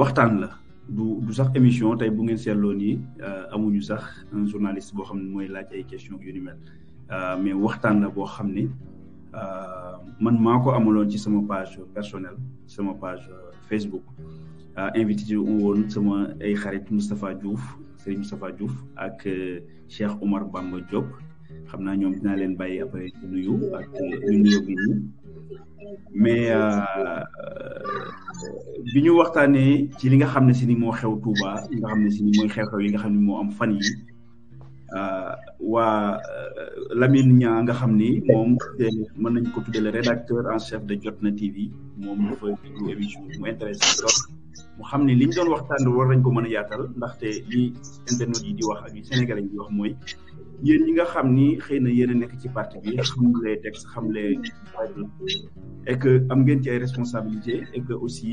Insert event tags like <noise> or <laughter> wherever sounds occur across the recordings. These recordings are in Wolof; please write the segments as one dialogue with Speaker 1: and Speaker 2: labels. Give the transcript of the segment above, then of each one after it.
Speaker 1: waxtaan la du du sax émission tey bu ngeen seetloo nii euh, amuñu sax un journaliste boo xam ne mooy laaj ay question yu ni mel euh, mais waxtaan la boo xam ne euh, man maa ko amaloon ci sama page personnelle sama page Facebook invité ci woon sama ay xarit Moustapha Diouf Serigne Moustapha Diouf ak Cheikh Omar Bamba Diop. xam naa ñoom dinaa leen bàyyi après nuyu ak ñu nuyu euh, euh, bi nii mais bi waxtaanee ci li nga xam ne si ni moo xew Touba li nga xam ne si ni mooy xew-xew yi nga xam ne moo am fan yi euh, waa Lamine Niang nga xam ni moom mën nañ ko tuddee le rédacteur en chef de Jotna TV moom dafa déglu émission mu intéressé mu xam ne liñ doon waxtaan war nañ ko mën a yaatal ndaxte li internet yi di wax ak yi sénégalais yi di wax mooy yéen ñi nga xam ni xëy na yéen a nekk ci parti bi xam les textes xam les et am ngeen ci ay responsabilités et que aussi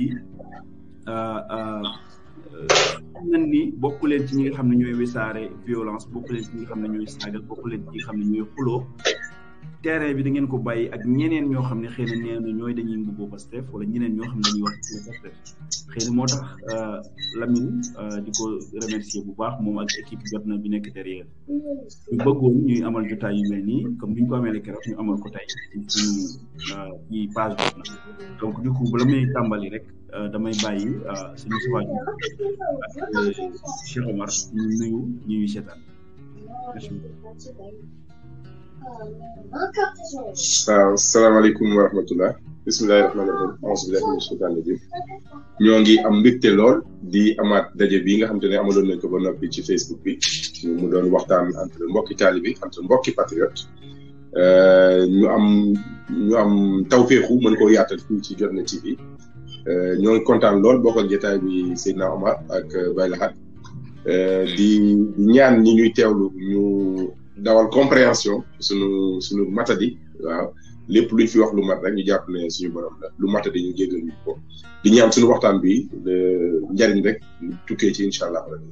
Speaker 1: euh, euh, xam nañ ni bokk leen ci ñi nga xam ne ñooy wisaare violence bokk leen ci ñi nga xam ne ñooy saagal bokk leen ci ñi xam ne ñooy xuloo terrain bi da ngeen ko bàyyi ak ñeneen ñoo xam ne xëy na na ñooy dañuy mbubboo Pastef wala ñeneen ñoo xam ne dañuy wax ci Pastef xëy na moo tax euh, Lamine euh, di ko remercier bu baax moom ak équipe jot na bi nekk derrière ñu bëggoon ñuy amal jotaay yu mel nii comme bi duñ ko amee keroog ñu amal ko tey suñu ci euh, page jot na donc du coup bala muy tàmbali rek damay bàyyi suñu suwaaju ak Cheikh ñu
Speaker 2: nuyu ñuy seetaan waaw salaamaaleykum wa rahmatullah bismillahi rahmaani ñoo ngi am mbégte lool di amaat daje bi nga xam te ne amaloon nañ ko ba noppi ci Facebook bi mu doon waxtaan entre mbokki taalibi entre mbokki patriote euh, ñu am ñu am tawféexu mën ko yaatal fii ci Jotna TV euh, ñoo ngi kontaan lool bokkal jotaay bi Seydina Omar ak Baye Lahad euh, di ñaan ñi ñuy teewlu ñu. dawal compréhension suñu suñu matadi waaw lépp luñ fi wax lu mat rek ñu jàpp ne suñu borom la lu matadi ñu jéggal ñu ko di ñaan suñu waxtaan bi euh, njariñ rek tukkee ci incha allah rabbi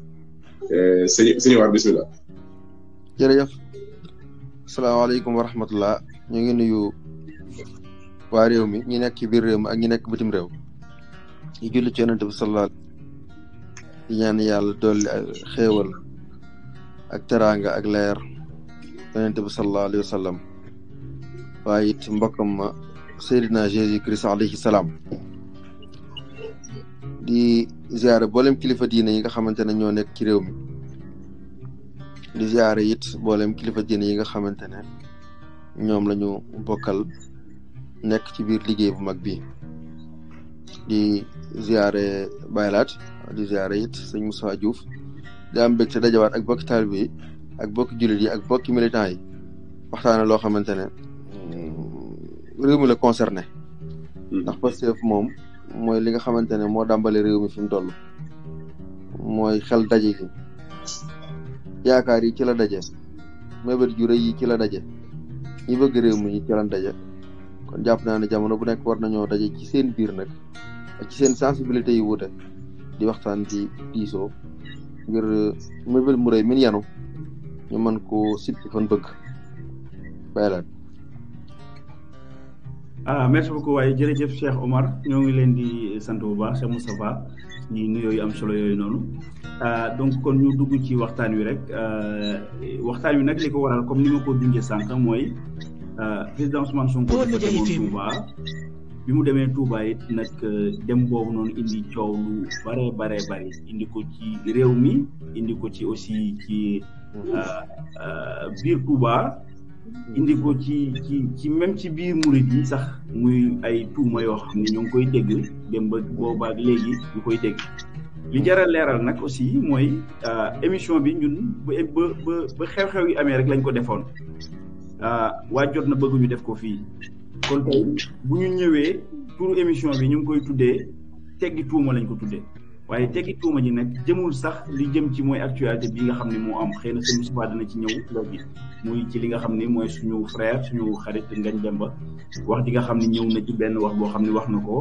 Speaker 2: euh, sëñ sëñ war bismillah
Speaker 3: jërëjëf asalaamaaleykum wa rahmatullah ñu ngi nuyu waa réew mi ñi nekk ci biir réew mi ak ñi nekk bitim réew ñu ci yonente bi sallallahu di ñaan yàlla dolli ak teraanga ak leer yonent bi sallallahu alayhi wa sallam waaye it mbokkam ma Seydina Jésus Christ alayhi salaam di ziare boolem kilifa diine yi nga xamante ne ñoo nekk ci réew mi di ziare it boolem kilifa diine yi nga xamante ne ñoom lañu ñu bokkal nekk ci biir liggéey bu mag bi di ziare baylaat di ziare it sëñ Moussa Diouf di am mbégte dajawaat ak bokk taalibe bi ak bokki jullit yi ak bokki militant yi waxtaane loo xamante ne mm, réew mi la concerné mm. ndax Pastef moom mooy li nga xamante ne moo dàmbale réew mi fi mu toll mooy xel daje gi yaakaar yi ci la daje mébét ju rëy yi ci la daje ñi bëgg réew mi ñi ci lan daje kon jàpp naa ne jamono bu nekk war nañoo daje ci seen biir nag ak ci seen sensibilité yi wuute di waxtaan ci diisoo ngir uh, mébét mu min yanu ñu mën koo sippi fan bëgg baylaat
Speaker 1: ah ko waaye jërëjëf Cheikh Omar ñoo ngi leen di sant bu baax Cheikh Moustapha ñi nuyoo am solo yooyu noonu ah, donc kon ñu dugg ci waxtaan wi rek ah, waxtaan wi nag li ko waral comme ni ma ko junjee sànq mooy ah, président Ousmane Sonko dafa demoon Touba bi mu demee tuubaayit it nag dem boobu noonu indi coow lu bare bare bare indi ko ci réew mi indi ko ci aussi ci Euh, mmh. euh, biir Touba mmh. indi ko ci ci ci même ci biir murit sax muy ay tuuma yoo xam ne ñoo ngi koy dégg dem ba boobaak léegi ñu koy dégg li jar a leeral nag aussi mooy euh, émission bi ñun ba ba ba xew-xew amee rek lañ ko defoon waa jot na bëgg ñu def ko fii kon bu ñu ñëwee turu émission bi ñu ngi koy tuddee teggi tuuma lañ ko tuddee waaye tekki tuuma ji nag jëmul sax li jëm ci mooy actualité bi nga xam ne moo am xëy na sëñ Moustapha dina ci ñëw léegi muy ci li nga xam ne mooy suñu frère suñu xarit Ngagne Demba wax ji nga xam ne ñëw na ci benn wax boo xam ne wax na ko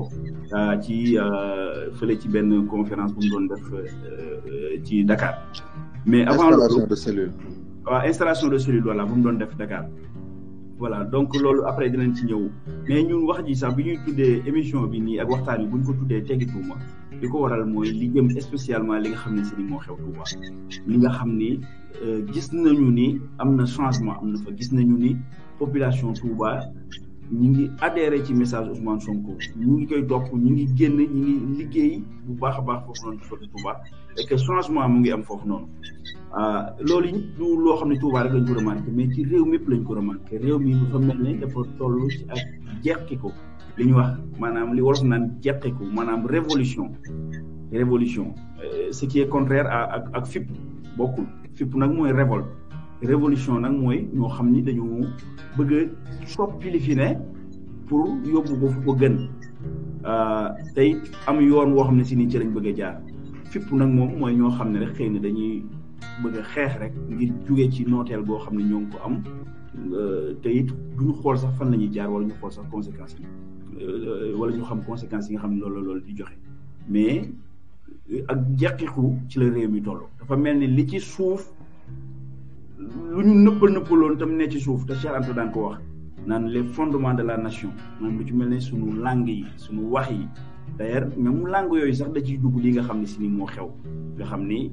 Speaker 1: euh, ci euh, fële ci benn conférence bu mu doon def euh, ci Dakar. mais avant installation de cellule. waaw installation de cellule voilà bu mu doon def Dakar. voilà donc loolu après dinañ ci ñëw mais ñun wax ji sax bi ñuy tuddee émission bi nii ak waxtaan bi bu ñu ko tuddee teggi tuuma li ko waral mooy li jëm spécialement li nga xam ne si ni moo xew Touba li nga xam ne euh, gis nañu ni am na changement am na fa gis nañu ni population Touba ñu ngi adhéré ci message Ousmane Sonko ñu ngi koy topp ñu ngi génn ñi ngi liggéey bu baax a baax foofu noonu ci Touba et que changement mu ngi am foofu noonu ah, loolu it du loo xam ne Touba rek lañ ko remarqué mais ci réew mépp lañ ko remarqué réew mi fa mel ne dafa toll ci ak jeex ki ko. li ñu wax maanaam li wolof naan jeqiku maanaam révolution révolution euh, ce qui est contraire à ak ak fipp bokkul fipp nag mooy révolte révolution nag mooy ñoo xam ni dañu bëgg a soppi li fi ne pour yóbbu ko fu ko gën euh, tey am yoon woo xam ne si ni ci lañ bëgg a jaar fipp nag moom mooy ñoo xam ne rek xëy na dañuy bëgg a xeex rek ngir jóge ci nooteel boo xam ne ñoo ngi ko am euh, te it duñu xool sax fan la ñuy jaar wala ñu xool sax conséquences Euh, wala ñu xam conséquences yi nga xam ne loolu loolu di joxe mais euh, ak jeqiku ci la réew mi toll dafa mel ni li ci suuf lu ñu nëppal nëppaloon tam ne ci suuf te Cheikh Anta daan ko wax naan les fondement de la nation naan lu ci mel ne suñu langue yi suñu wax yi d'ailleurs même langue yooyu sax da ciy dugg li nga xam ne si ni moo xew nga xam ni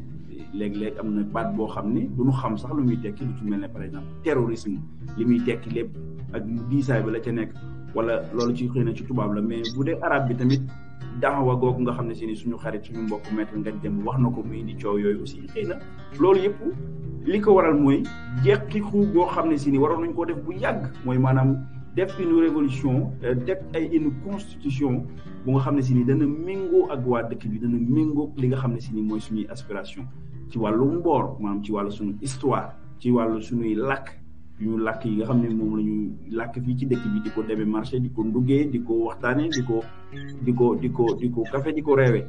Speaker 1: léeg-léeg am na baat boo xam ne lu ñu xam sax lu muy tekki lu ci mel ne par exemple terrorisme li muy tekki lépp ak diisaay ba la ca nekk wala loolu ci xëy na ci tubaab la mais bu dee araab bi tamit daawa googu nga xam ne si ni suñu xarit suñu mbokk maître nga dem wax na ko muy di coow yooyu aussi xëy na loolu yëpp li ko waral mooy jeqiku goo xam ne si ni waroon nañ koo def bu yàgg mooy maanaam def une révolution euh, def ay une constitution bu nga xam ne si ni dana méngoo ak waa dëkk bi dana méngoo li nga xam ne si ni mooy suñuy aspiration ci wàllu mboor maanaam ci wàllu suñu histoire ci wàllu suñuy làkk ñu làkk yi nga xam ne moom la ñu làkk fii ci dëkk bi di ko demee marché di ko nduggee di ko waxtaanee di ko di ko di ko di ko café di ko reewee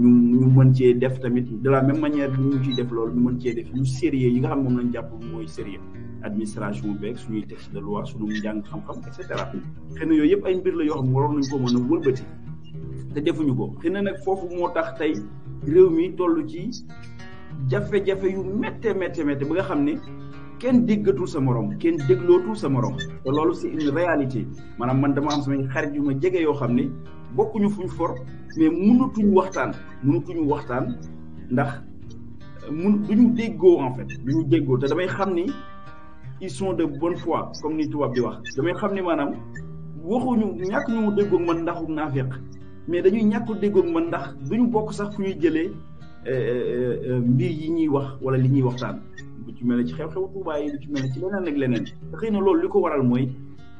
Speaker 1: ñu ñu mën cee def tamit de la même manière ñu ciy def loolu ñu mën cee def ñu sérieux yi nga xam moom lañ jàpp mooy sérieux administration su suñuy texte de loi suñu njàng xam-xam et cetera yooyu yëpp ay mbir la yoo xam waroon nañ ko mën a wëlbati te defuñu ko xëy na nag foofu moo tax tey réew mi toll ci jafe-jafe yu métte ba nga xam ne kenn déggatul sa morom kenn déglootul sa morom te loolu c'est une réalité maanaam man dama am samay xarit yu ma jege yoo xam ne bokkuñu fu fuñ for mais mënatuñ waxtaan mënatuñu waxtaan ndax mun duñu déggoo en fait ñu déggoo te damay xam ni ils sont de bonne fois comme ni tubaab di wax damay xam ni maanaam waxuñu ñàkk ñu déggoo man ndaxu naafeq mais dañuy ñàkku déggoo man ndax duñu bokk sax fu ñuy jëlee euh, euh, euh, mbir yi ñuy wax wala li ñuy waxtaan lu ci mel ne ci xew-xew Tuubaa yi lu ci mel ne ci leneen ak leneen te xëy na loolu li ko waral mooy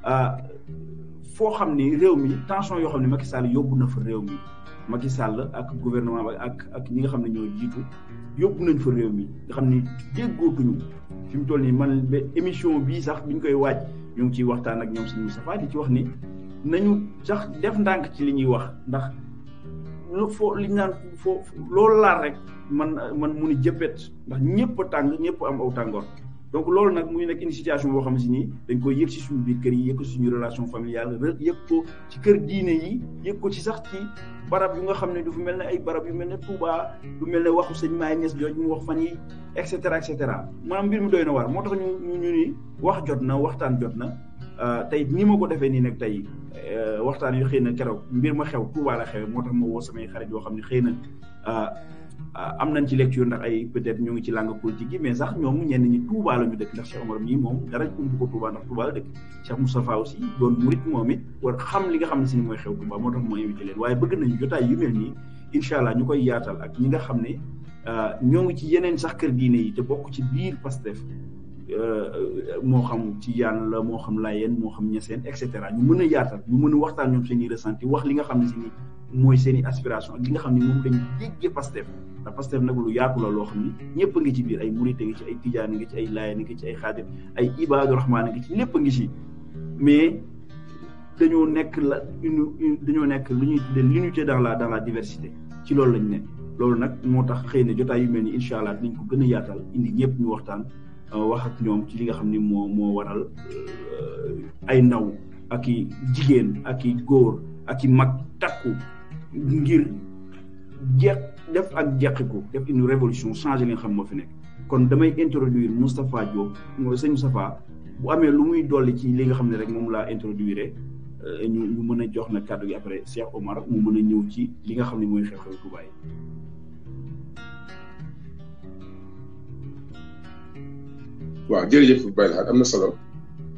Speaker 1: euh, foo xam ni réew mi tension yoo xam ne Macky Sall yóbbu na fa réew mi Macky Sall ak gouvernement ba ak ak ñi nga xam ne ñoo jiitu yóbbu nañ fa réew mi xam ni déggootuñu fi mu toll nii man ba émission bii sax biñ koy waaj ñu ngi ciy waxtaan ak ñoom suñu Moustapha di ci wax ni nañu sax def ndànk ci li ñuy wax ndax foo li ñu naan foo loolu laal rek. man man mun a jëppet ndax ñëpp a tàng ñëpp am aw tàngoor donc loolu nag muy nekk initiation boo xam si nii dañ koy yëg si suñu biir kër yi yëg ko suñu relation familiale yëg ko ci kër diine yi yëg ko ci sax ci barab yu nga xam ne du fi mel ne ay barab yu mel ne Touba du mel ne waxu sëñ Maay Ñas jooju mu wax fan yi et cetera et cetera maanaam mbir mi doy na waar moo tax ñu ñu ni wax jot na waxtaan jot na euh, tey ni ma ko defee nii nag tey euh, waxtaan yu xëy na keroog mbir ma xew Touba la moo tax ma woo samay xarit yoo xam ne xëy na euh, Euh, am nañ ci lecture ndax ay peut-être ñu ngi ci langue politique yi mais sax ñoom ñeen ñi Touba la ñu dëkk ndax Cheikh Omar mii moom dara umb ko Touba ndax Touba la dëkk moom it war xam li nga xam ne si mooy xew Touba moo tax moo invité waaye bëgg nañu jotaay yu mel nii incha allah ñu koy yaatal ak ñi nga xam ne euh, ñoo ngi ci yeneen sax kër diine yi te bokk ci biir Pastef euh, moo xam ci yaan la moo xam laa yen moo xam ñeseen et cetera ñu mën a yaatal ñu mën a waxtaan ñoom seen i ressenti wax li nga xam ne si mooy seen i aspiration ak li nga xam ne moom lañ déggee Pastef ndax Pastef nag lu yaatu la loo xam ne ñëpp a ngi ci biir ay murite ngi ci ay tijaan ngi ci ay laayeen ngi ci ay xaadir ay ibaadu rahmaan ngi ci lépp a ngi ci mais dañoo nekk la dañoo nekk lu ñuy tuddee l'unité dans la dans la diversité ci loolu lañ ne loolu nag moo tax xëy na jotaay yu mel ni incha allah dinañ ko gën a yaatal indi ñëpp ñu waxtaan euh, wax ñoom ci li nga xam ni moo moo waral euh, ay naw aki jigéen ak i góor ak i mag takku ngir jeex def ak jeqiku def une révolution changer li nga xam moo fi nekk kon damay introduir Moustapha Diop mooy sëñ Moustapha bu amee lu muy dolli ci li nga xam ne rek moom laa introduire euh, ñu ñu mën a jox na kàddu gi après Cheikh Omar mu mën a ñëw ci li nga
Speaker 2: xam ne mooy xew-xew Touba yi waaw jërëjëf Baye Lahad am na solo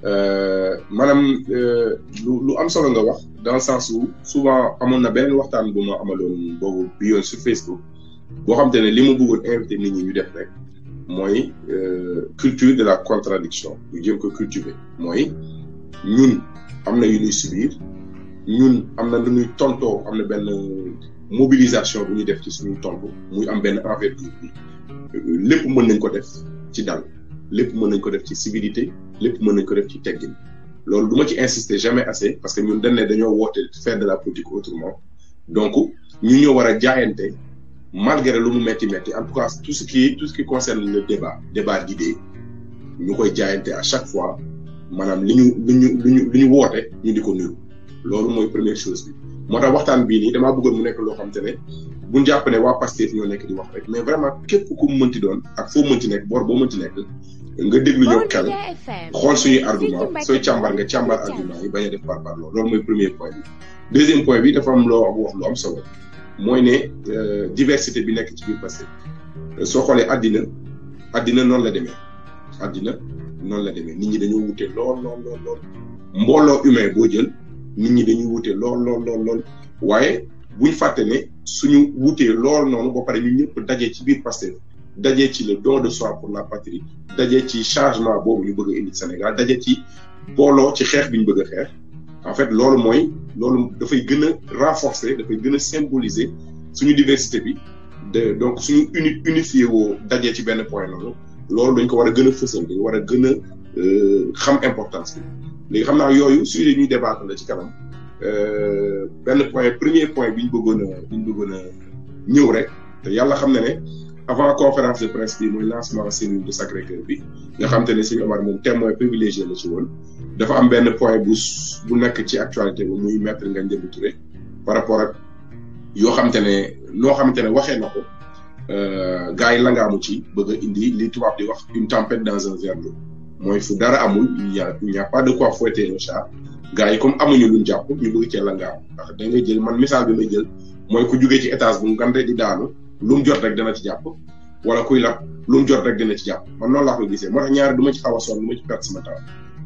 Speaker 2: Euh, maanaam euh, lu lu am solo nga wax dans le sens où souvent amoon na beneen waxtaan bu ma amaloon boobu bi yoon sur Facebook boo xam ne li ma bëggoon invité nit ñi ñu def rek mooy euh, culture de la contradiction ñu jëm ko cultiver mooy ñun am na yu ñuy subir ñun am na lu ñuy tontoo am na benn mobilisation bu ñuy def ci suñu tontu muy am benn envergure bi lépp mën nañ ko def ci dal lépp mën nañ ko def ci civilité lépp mën nañ ko def ci teggin loolu duma ci insister jamais assez parce que ñun dañ ne dañoo woote faire de la politique autrement donc ñu ñëw war a jaayante malgré lu mu metti metti en tout cas tout ce qui tout ce qui concerne le débat débat d'idées ñu koy jaayante à chaque fois maanaam li ñu li ñu li ñu li ñu woote ñu di ko niru loolu mooy première chose bi moo tax waxtaan bii nii damaa bëggoon mu nekk loo xam te ne bu jàpp ne waa Pastef ñoo nekk di wax rek mais vraiment képp ku mu mënti doon ak foo mënti nekk boor boo mënti nekk nga déglu ñoo kel xool suñuy argument sooy càmbar nga càmbar argument yi bañ a def par par loolu mooy premier point bi deuxième point am loo wax lu solo mooy ne euh, diversité bi nekk ci biir passé soo xoolee àddina addina noonu la demee addina noonu la demee nit ñi dañoo wute lool lool mbooloo humain boo jël nit ñi dañuy wute lool lool lool waaye buñ fàtte ne suñu wutee lool noonu ba pare ñu ñëpp dajee ci biir Pastef daje ci le don de soi pour la patrie daje ci changement boobu ñu bëgg indi Sénégal daje ci booloo ci xeex bi ñu bëgg a xeex en fait loolu mooy loolu dafay gën a renforcer dafay gën a symboliser suñu diversité bi de donc suñu uni unifié woo dajee ci benn point noonu loolu dañ ko war a gën a fësal dañ war a gën a euh, xam importance bi léegi xam naa yooyu sujet ñuy débattre la ci kanam euh, benn point premier point bi ñu bëggoon a bi ñëw rek te yàlla xam na ne avant conférence de presse bi mooy lancement cellule de Sacré-Cœur bi nga xam te ne suñu Omar moom témoin privilégié la ci woon dafa am benn point bu bu nekk ci actualité bi muy maître Ngagne Demba Touré par rapport ak yoo xam te ne loo xam te ne waxee na ko euh, gars yi langaamu ci bëgg a indi li tubaab di wax une tempête dans un verre d'eau mooy fu dara amul il y a il n'y a pas de quoi fouetter le chat gars yi comme amuñu luñ jàpp ñu bëgg cee langaamu ndax jël man misaal bi may jël mooy ku jugee ci étage bu mu gàndee di daanu lu mu jot rek dana ci jàpp wala kuy lab lu mu jot rek dana ci jàpp man noonu laa ko gisee moo tax ñaari du ci xaw a sonn du ma ci perte sama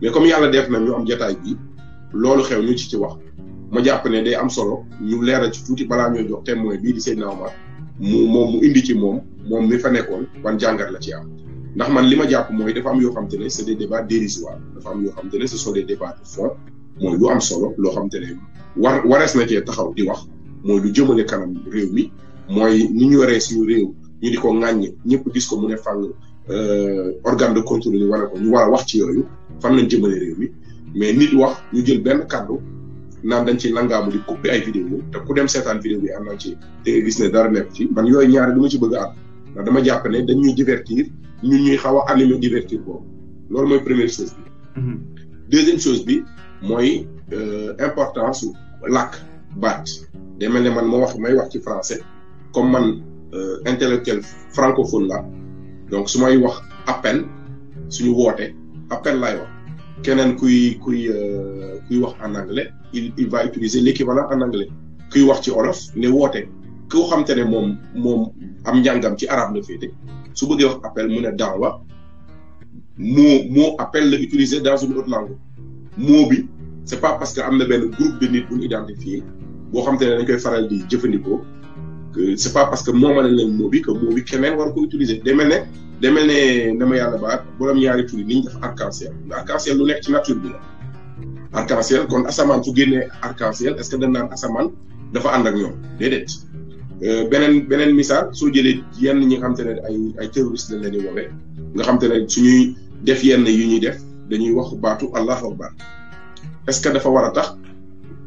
Speaker 2: mais comme yàlla def na ñu am jotaay loolu xew ñu ci ci wax ma jàpp ne day am solo ñu leeral ci tuuti balaa ñoo jox témoin bii di Seydina Omar mu moom mu indi ci moom moom mi fa nekkoon wan jàngar la ci am ndax man li ma jàpp mooy dafa am yoo xam te ne c'est des débats dérisoires dafa am yoo xam te ne ce sont des débats de mooy lu am solo loo xam te ne war warees na cee taxaw di wax mooy lu jëmale kanam réew mi mooy ni ñu yoree suñu réew ñu di ko ŋàññ ñëpp gis ko mu ne fàng euh, organe de contrôle ñu war ko ñu war a wax ci yooyu fan lañ jëmale réew mi mais nit wax ñu jël benn kàddu naan dañ ci langaamu di couper ay vidéo te ku dem seetaan vidéo bi am na ci te nga gis ne dara nekk ci man yooyu ñaari du ma ci bëgg a am ndax dama jàpp ne dañuy ñuy divertir ñun ñuy xaw a animer divertir boobu loolu mooy première chose bi. Mm-hmm. deuxième chose bi mooy euh, importance làkk baat day mel ne man moo wax may wax ci français. comme man euh, intellectuel francophone la donc su may wax appel suñu woote appel lay keneen kuy kuy euh, kuy wax en anglais il il va utiliser l'équivalent en anglais kuy wax ci olof ne woote ku xam ne moom moom am njàngam ci arabe la féete su bëggee wax appelle mu ne daawa mu mu appel la utiliser dans une autre langue mot bi c'est pas parce que am na benn groupe de nit bu ñu identifié boo xam ne dañ koy faral di jëfandikoo Euh, c' est pas parce que mooma nañ leen mot bi que mot bi keneen war ko utiliser day mel ne day mel ne dama yàlla baat borom ñaari tur yi ni ñu def lu nekk ci nature bi la arc kon asamaan su génnee arc-en-ciel est ce que dañ naan asamaan dafa ànd ak ñoom déedéet euh, beneen beneen misaal soo jëlee yenn ñi nga xam ne ay ay terroriste lañ leen di woowee nga xam te su ñuy def yenn yi ñuy def dañuy wax baatu allahu akbar est ce que dafa war a tax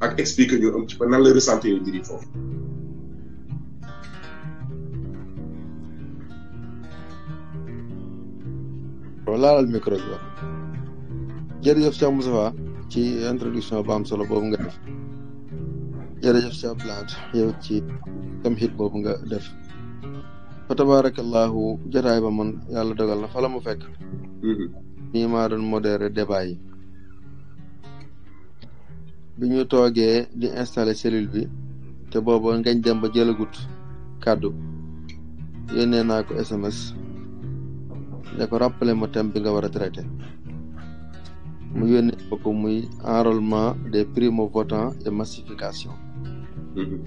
Speaker 2: ak expliquer ñu un petit peu nan la ressentir mbir yi foofu.
Speaker 3: laalal micro bi wax jërëjëf Cheikh Moustapha ci introduction bu am solo boobu nga def jërëjëf Cheikh Blanc yow ci tamhid boobu nga def fa tabarakallahu jotaay ba man yàlla dogal na fa la mu fekk mm-hmm. nii maa doon modéré débat bi toogee di installé cellule bi te booba ngañ dem ba jëlagut kàddu yónnee naa ko SMS ne ko rappelé ma thème bi nga war a traité mu yónnee muy enrôlement des primo votants et massification mm-hmm.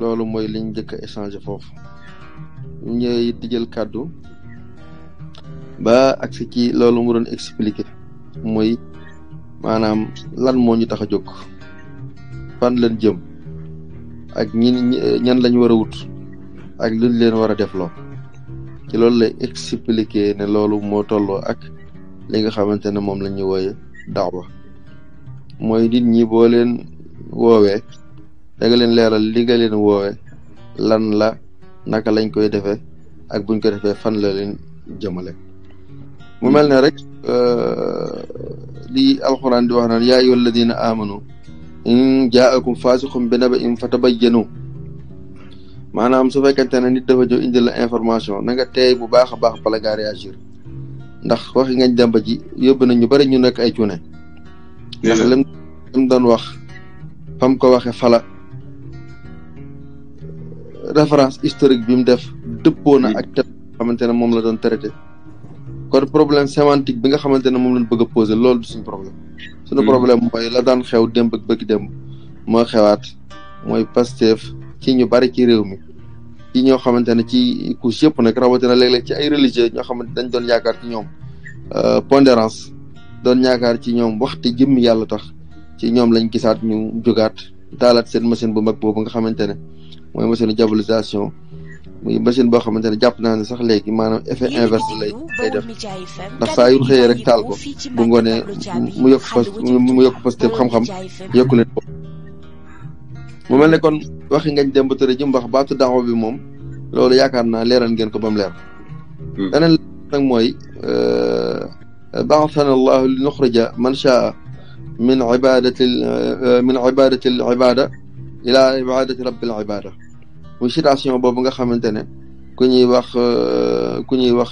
Speaker 3: loolu mooy liñ njëkk a échangé foofu ñu ñëwee di jël kàddu ba agsi ci loolu mu doon expliqué muy maanaam lan moo ñu tax a jóg fan lañ jëm ak ñi ñan lañ war a wut ak luñ leen war a defloo ci loolu lay expliquer ne loolu moo tolloo ak li nga xamante ne moom la ñuy wooye daawa mooy nit ñi boo leen woowee da nga leen leeral li leen woowee lan la naka lañ koy defee ak buñ ko defee fan la leen jëmale mu mel ne rek euh, li alxuraan di wax naan yaa ayyuha alladina amanu in jaakum faasiqum bi naba in fatabayyanu maanaam su fekkente ne nit dafa jow indi la information na nga teey bu baax a baax bala ngaa réagir ndax waxi ngañ dàmba ji yóbbu nañ ñu bari ñu nekk ay cuune ndax lim lim doon wax fam ko waxe fala référence historique bi mu def dëppoo na ak te xamante ne moom la doon traité kon problème sémantique bi nga xamante ne moom lañu bëgg a poser loolu du suñu problème suñu hmm. problème mooy la daan xew démb ak bëgg dem moo xewaat mooy Pastef ci ñu bari ci réew mi ci ñoo xamante ne ci couche yëpp nag rawatina léeg ci ay religieux ñoo xamante dañ doon yaakaar ñoom euh, pondérance doon yaakaar ci ñoom waxte jëmmi yàlla tax ci ñoom lañ gisaat ñu jógaat daalaat seen machine bu mag boobu nga xamante ne mooy machine diabolisation muy machine boo xamante ne jàpp naa ne sax léegi maanaam effet inverse lay lay def ndax saa yu xëyee rek taal ko bu ngoonee mu yokk pas mu yokk positif xam-xam yokk leen ko. mu mel ne kon waxi ngañ dem ba tëre ji mbax baatu daaw bi moom loolu yaakaar naa leeral ngeen ko ba mu leer. Hmm. beneen nag mooy euh, baaxatana allahu li nuxrija man shaa min ibadati euh, min ibadati al ibada ila ibadati rabbil ibada bu citation boobu nga xamante ne ku ñuy wax euh, ku ñuy wax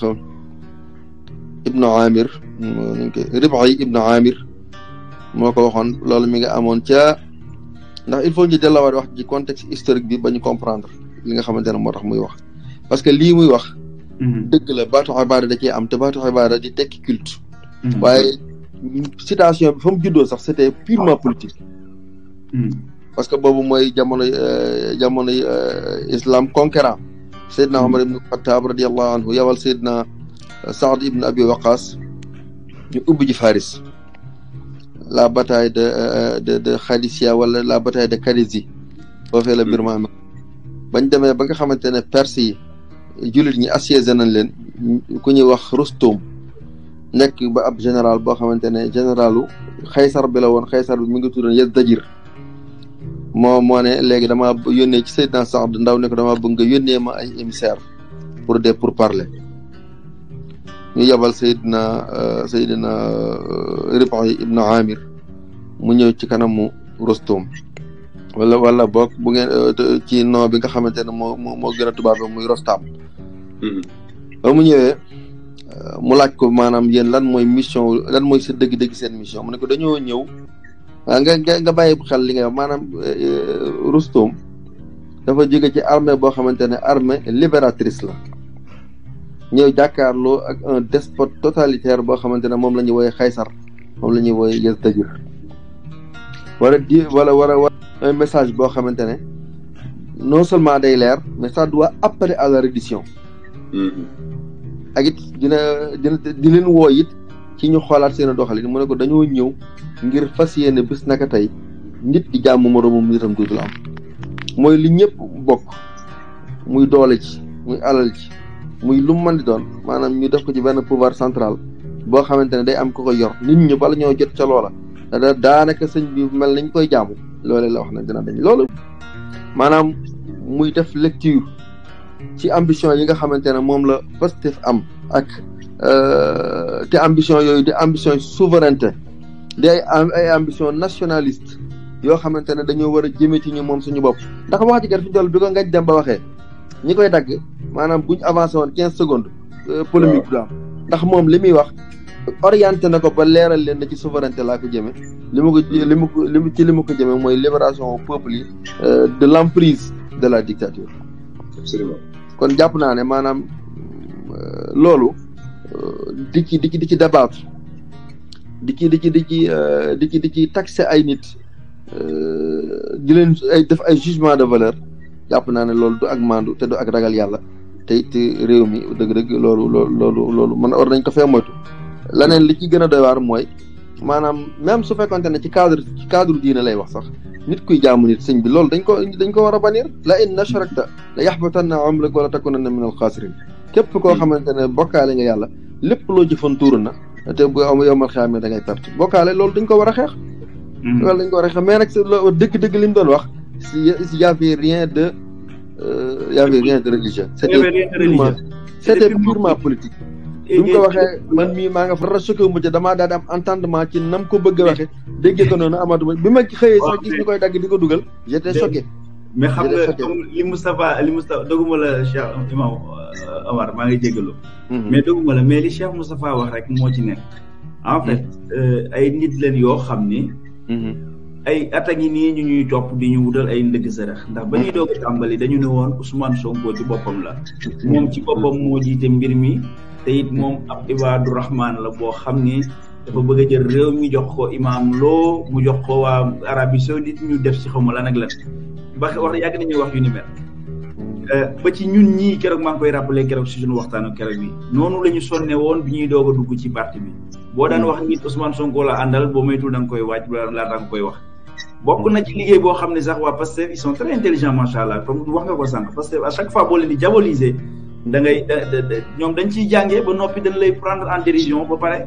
Speaker 3: ibnu amir nuñ koy ribayi ibnu amir moo ko waxoon loolu mi nga amoon ca ndax il faut ñu delluwaat wax ci contexte historique bi ba ñu comprendre li ne moo tax muy wax parce que lii muy wax mm-hmm. dëgg la baatu ibaada da cee am te baatu ibaada di tekki culte mm-hmm. waaye citation bi fa mu juddoo sax c'était purement politique mm-hmm. parce que boobu mooy jamono euh, jamono euh, islam conquérant Seydina hmm. Omar ibn Xattaab radiallahu anhu yawal Seydina euh, Saad ibn Abi Waqas ñu ubbi ji Faris la bataille de de de Khadisiya wala la bataille de Khadisi foofee la hmm. bañ demee ba nga xamante ne Perse yi jullit ñi assiégé nañ leen ku ñuy wax Rustum nekk ba ab général boo xamante ne généralu xaysar bi la woon xaysar bi mi ngi tuddoon Yazdajir moo moo ne léegi dama yónnee ci Seydina Saad Ndaw ne ko dama bëgg nga yónnee ma ay émissaire pour de pour parler ñu yabal Seydina euh, Seydina euh, Ribaay ibnu Amir mu ñëw ci kanamu Rostom wala wala boog bu ngeen euh, ci noo bi nga xamante ne moo moo gën a tubaab muy Rostam mm-hmm. ba mu ñëwee mu laaj ko maanaam yéen lan mooy mission lan mooy sa dëgg-dëgg seen mission mu ne ko dañoo ñëw waaw ah, nga nga bàyyi xel li nga wax maanaam eh, eh, Roustom dafa jege ci armée boo xamante ne armée libératrice la ñëw jàkkaarloo ak un despote totalitaire boo xamante ne moom la ñuy woowee xaysar moom la ñuy woowee Yazdajir wala di wala wala un message boo xamante ne non seulement day leer mais ça doit appeler à la reddition mm-hmm. ak dina dina di leen woo it ci ñu xoolaat seen doxalin mu ne ko dañoo ñëw ngir fas yéene bis naka tey nit di jàmm moroomam nitam mooy li ñëpp bokk muy doole ci muy alal muy lu mën di doon maanaam ñu def ko ci benn pouvoir central boo xamante ne day am ko ko nit ñi bala ñoo jot ca daanaka sëñ bi mel koy jaamu loolee la wax na dañ loolu maanaam muy def lecture ci ambition yi nga xamante ne moom la Pastef am ak euh, te ambition yooyu di ambition souveraineté di ay ambition nationaliste yoo xamante ne dañoo war a jëmee ci ñu moom suñu bopp ndax wax ci kat fi ñu bi ko ngañ dem ba waxee ñi koy dagg maanaam buñ avancé woon quinze secondes euh, polémique du am ndax moom li muy wax orienté na ko ba leeral leen ci souveraineté laa ko jëmee li ma ko li ma ko li ci li ma ko jëmee mooy libération au peuple euh, de l' emprise de la dictature kon jàpp naa ne maanaam euh, loolu di ci di di ci débattre di ci di ci di ci euh, di ci di ci taxé ay nit euh, di leen ay def ay jugement de valeur jàpp naa ne loolu du ak maandu te du ak ragal yàlla te it réew mi dëgg-dëgg loolu loolu loolu loolu mën war nañ ko fee moytu leneen li ci gën a doy waar mooy maanaam même su fekkonte ne ci cadre ci cadre diine lay wax sax nit kuy jaamu nit sëñ bi loolu dañ ko dañ ko war a banir la in ashrakta la yaxbatanna amrak wala takunanna min alxaasirin képp koo hmm. xamante ne bokkaale nga yàlla lépp loo jëfantuuru na te bu am yow mal xeam ne da ngay perte bokkaale loolu dañ ko war a xeex hmm. loolu dañ ko war a xeex mais nag dëgg-dëgg doon wax si y avait rien de euh, y avait rien de religieux c'était purement c'était purement politique bi mu ko waxee man mii maa nga fa rasukkee mu ca damaa daal di am entendement ci nam ko bëgg a waxee déggee ko noonu amatuma bi ma xëyee sax gis ñu koy dagg
Speaker 1: di ko dugal j'étais choqué mais xam nga comme li Moustapha li Moustapha doguma la Cheikh Imam euh, Omar maa ngi jégalu. Mhm. mais mais li Cheikh Moustapha wax rek moo ci nekk. en fait mhm. euh, ay nit leen yoo xam ni. Mhm. ay attaques yi nii ñu ñuy topp di ñu wutal ay ndëgg sërëx ndax ba ñuy doog a tàmbali dañu ne woon Ousmane Sonko ci boppam la. moom ci boppam moo jiite mbir mi te it moom ab ibaadu rahmaan la boo xam ni. dafa bëgg a jël réew mi jox ko imaam loo mu jox ko waa Arabie Saoudite ñu def ci xaw ma la ak lan. ba wax yàgg nañuy wax yu mel euh, ba ci ñun ñii keroog maa ngi koy rappelé keroog si suñu waxtaanu keroog bi noonu la ñu sonne woon bi ñuy doog a dugg ci parti bi boo daan wax nit Ousmane Sonko la àndal boo moytul da koy wax bokk na xam ne sax waa Pastef ils sont très intelligents macha allah comme wax nga ko sànq ngay ñoom dañ ciy jàngee ba noppi dañ lay prendre en ba pare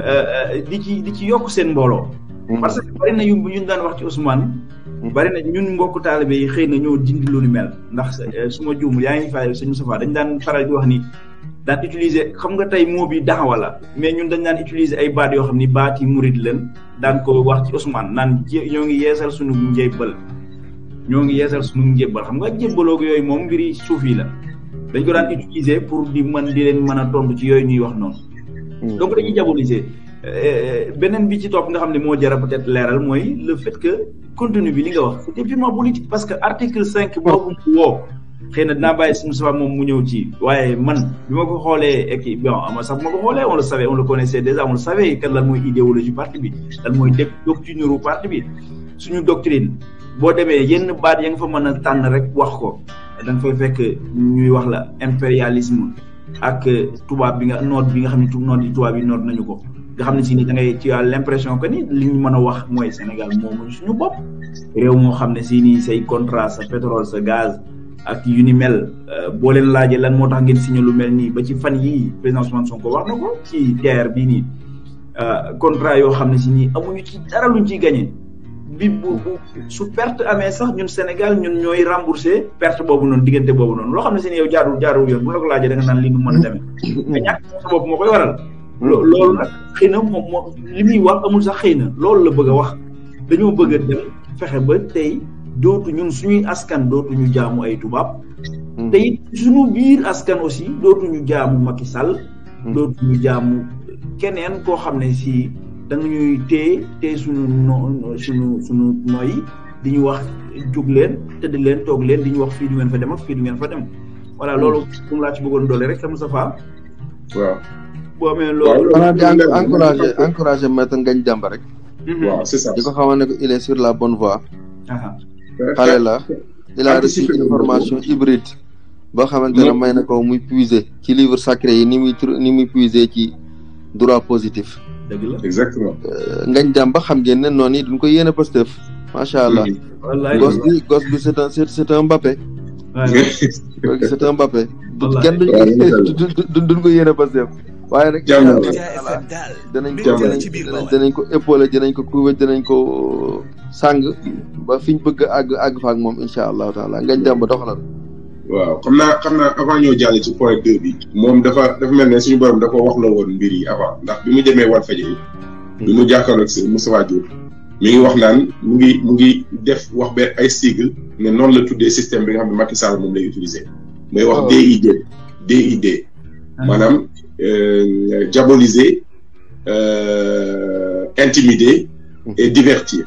Speaker 1: euh, euh, di ci ci yokk seen mbooloo mm. parce que bari na yu ñu daan bari na ñun mbokku taalibe yi xëy na ñoo dindi lu ni mel ndax eh, suma ma yaa ngi fay sëñ Moustapha dañ daan faral di wax ni daan utiliser xam nga tey moo bi daxawa la mais ñun dañ daan utiliser ay baat yoo xam ni baat yi murid leen daan ko wax ci Ousmane naan ñoo ngi yeesal sunu njébbal ñoo ngi yeesal sunu njébbal xam nga njébbaloog yooyu moom mbiri suuf yi la dañ ko daan utiliser pour di man di leen mën a tontu ci yooyu ñuy wax noonu hmm. donc dañuy diaboliser Euh, beneen bi ci topp nga xam ne moo jara peut-être leeral mooy le fait que contenu bi li nga wax c'était purement politique parce que article cinq boobu woo xëy na dinaa bàyyi suñu sabab moom mu ñëw ci waaye man bi ma ko xoolee et puis bon ama sax bi ma ko xoolee on le savait on le connaissait déjà on le savait kat lan mooy idéologie parti bi lan mooy def doctrine parti bi suñu doctrine boo demee yenn baat ya nga fa mën a tànn rek wax ko da nga fay fekk ñuy wax la impérialisme ak tubaab bi nga noot bi nga xam ne noot yi tubaab yi noot nañu ko nga xam ne si ni da ngay ci l' impression que ni li ñu a wax mooy Sénégal moomuñ suñu bopp réew moo xam ne si nii say contrat sa pétrole sa gaz ak yu ni mel euh, boo leen laajee lan moo tax ngeen signé lu mel nii ba ci fan yii président soo ko wax na ko ci TER bii nii euh, contrat yoo xam ne si nii amuñu ci dara luñ ciy gagné bi bu su perte amee sax ñun Sénégal ñun ñooy remboursé perte boobu noonu diggante boobu noonu loo xam ne si ni yow jaarul jaarul yoon bu la ko laajee naan lii nu mën a demee. Mm-hmm. bopp moo koy loolu nag xëy na moom moo li muy wax amul sax xëy na loolu la bëgg a wax dañoo bëgg a fexe ba tey dootu ñun suñuy askan dootuñu jaamu ay tubaab. Hmm. te it suñu biir askan aussi dootuñu jaamu Macky Sall. Hmm. dootuñu jaamu keneen koo xam ne si da nga ñuy téye téye suñu no suñu suñu noyyi di ñu wax jóg leen tëdd leen toog leen di ñu wax fii du ngeen fa dem ak fii du ngeen fa dem. voilà hmm. loolu moom laa ci bëggoon doole rek sama sa waaw. boo amee loolu. xanaa di encouragé
Speaker 3: encouragé maître Ngagne Demba rek.
Speaker 1: Mhm. waaw c'est ça ko
Speaker 3: xamal ne il est sur la bonne voie.
Speaker 4: xale la <laughs> il a reçu une hybride.
Speaker 3: boo xamante ne mm. may na ko muy puiser ci livre sacré yi ni muy ni muy puiser ci droit positif. dëgg la exactement. Euh, Ngagne Demba xam ngeen ne noonu yi duñ ko yéene Pastef. macha allah mm. gos bi gos bi c'est un c'est un Mbappé. c'est un Mbappé. kenn duñ duñ ko yéene Pastef. waaye nag danañ ko danañ ko épaulé dinañ ko couver dinañ ko sàng ba fi ñu bëgg a àgg àgg fa ak moom incha allahu taala ngañ dem ba doxalal
Speaker 2: waaw xam naa xam naa avant ñoo jàll ci point deux bi moom dafa dafa mel ne suñu borom dafa wax la woon mbir yi avant ndax bi mu demee wan faje yi bi mu jàkkaarloog si Moustapha Diop mi ngi wax naan mu ngi mu ngi def wax ba ay sigle ne noonu la tuddee système bi nga xam ne Macky Sall moom lay utiliser mooy wax oh. DID DID ah. euh, diaboliser euh, intimider et divertir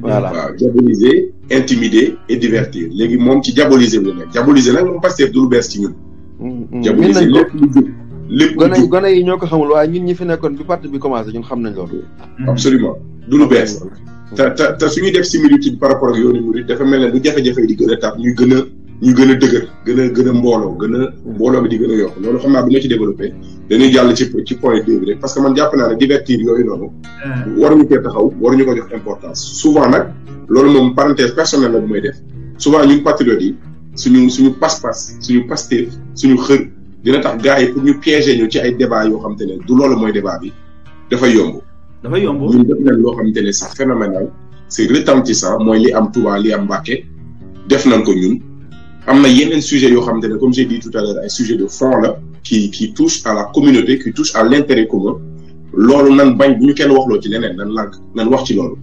Speaker 2: voilà waaw diaboliser intimider et divertir léegi moom ci diaboliser bi la nekk diaboliser nag moom Pastef du lu bees ci ñun mm, mm. diaboliser lépp lu jub lépp gone
Speaker 3: gone yi ñoo ko xamul waaye ñun ñi fi nekkoon bi parti bi commencé
Speaker 2: ñun xam nañ loolu mm. absolument du lu bees te te te suñuy def similitude par rapport ak yoonu murid dafa mel ne lu jafe-jafe di gën a tax ñuy gën ñu gën a dëgër gën a gën a mbooloo gën a mbooloo bi di gën a yokk loolu xam naa du ma ci développé dañuy jàll ci ci point deux bi rek parce que man jàpp naa ne divertir yooyu noonu hmm. waruñu ko taxaw waruñu ko jox importance souvent nag loolu moom parenthèse personnelle la bu may def souvent ñun patriotes yi suñu suñu pas-pas suñu xër dina tax gars yi pour ñu piéger ñu ci ay débat yoo xam te ne du loolu mooy débat bi dafa yomb dafa yomb ñun def nañ loo xam te ne sax phénoménal c'est retentissant mooy li am Touba li am Mbacké def nañ ko ñun am na yeneen sujet yoo xamante ne comme j'ai dit tout à l'heure ay sujet de fond la qui qui touche à la communauté qui touche à l'intérêt commun loolu nan bañ bu ñu kenn waxloo ci leneen nan lànk nan wax ci loolu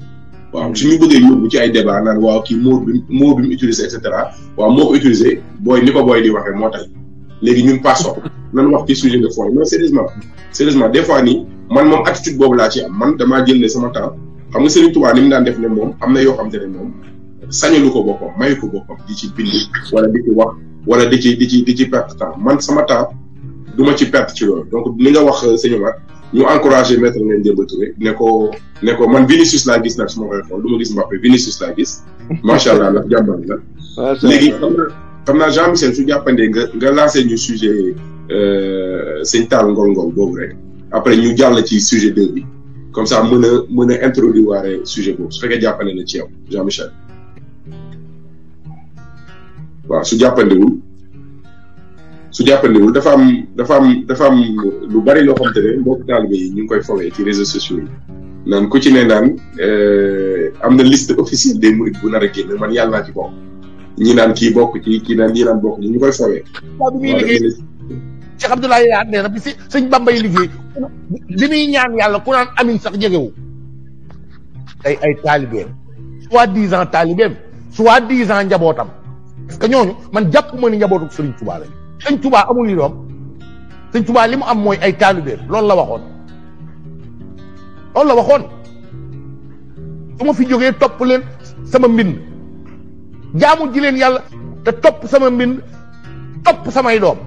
Speaker 2: waaw mm. suñu bëggee yóbbu ci ay débat naan waaw kii mot bi mot bi mu utilisé et cetera waaw moo ko utilisé booy ni ko booy di waxee moo tax léegi ñun passons nan wax ci sujet de fond non sérieusement sérieusement des fois nii man moom attitude boobu laa ci am man damaa jël ne sama temps xam nga Serigne Touba def ne moom am na yoo xamante ne moom sañalu ko boppam mayu ko boppam di ci bind wala di ci wax wala di ci di ci di ci perte temps man sama temps du ma ci perte ci loolu donc li nga wax euh, sëñ Omar ñu encouragé maître ngeen Demba Touré ne ko ne ko man Vinicius laa gis nag su ma koy xool du ma gis Mbappé Vinicius laa gis macha allah nag jàmbar la léegi xam naa xam naa Jean Michel su jàppandee nga nga lancé ñu sujet euh, sëñ Tall Ngol Ngol boobu rek après ñu jàll ci sujet bi comme ça mën a mën a introduire sujet boobu su fekkee jàppande na ci yow Jean Michel waaw su jàppandiwul su jàppandiwul dafa am dafa am dafa am lu bari loo xam te ne mbokk taalibe yi ñu ngi koy fowee ci réseaux sociaux yi naan ku ci ne naan euh, am na liste officielle des mourides bu nar a génn man yàlla naa ci bokk ñi naan kii bokk ci kii naan ñi naan bokk ci ñu koy fowee.
Speaker 5: waaw bi muy bi si sëñ Bamba yi liggéey bi muy ñaan yàlla ku naan amin sax jegewu ay ay taalibeem soit disant taalibeem soit disant njabootam. parce que ñooñu man jàpp ma ni njabootu Sëriñ Tuubaa lañu Sëriñ Tuubaa amul yi doom Sëriñ Tuubaa li mu am mooy ay taalibe loolu la waxoon loolu la waxoon su ma fi jógee topp leen sama mbind jaamu jileen leen yàlla te topp sama mbind topp samay doom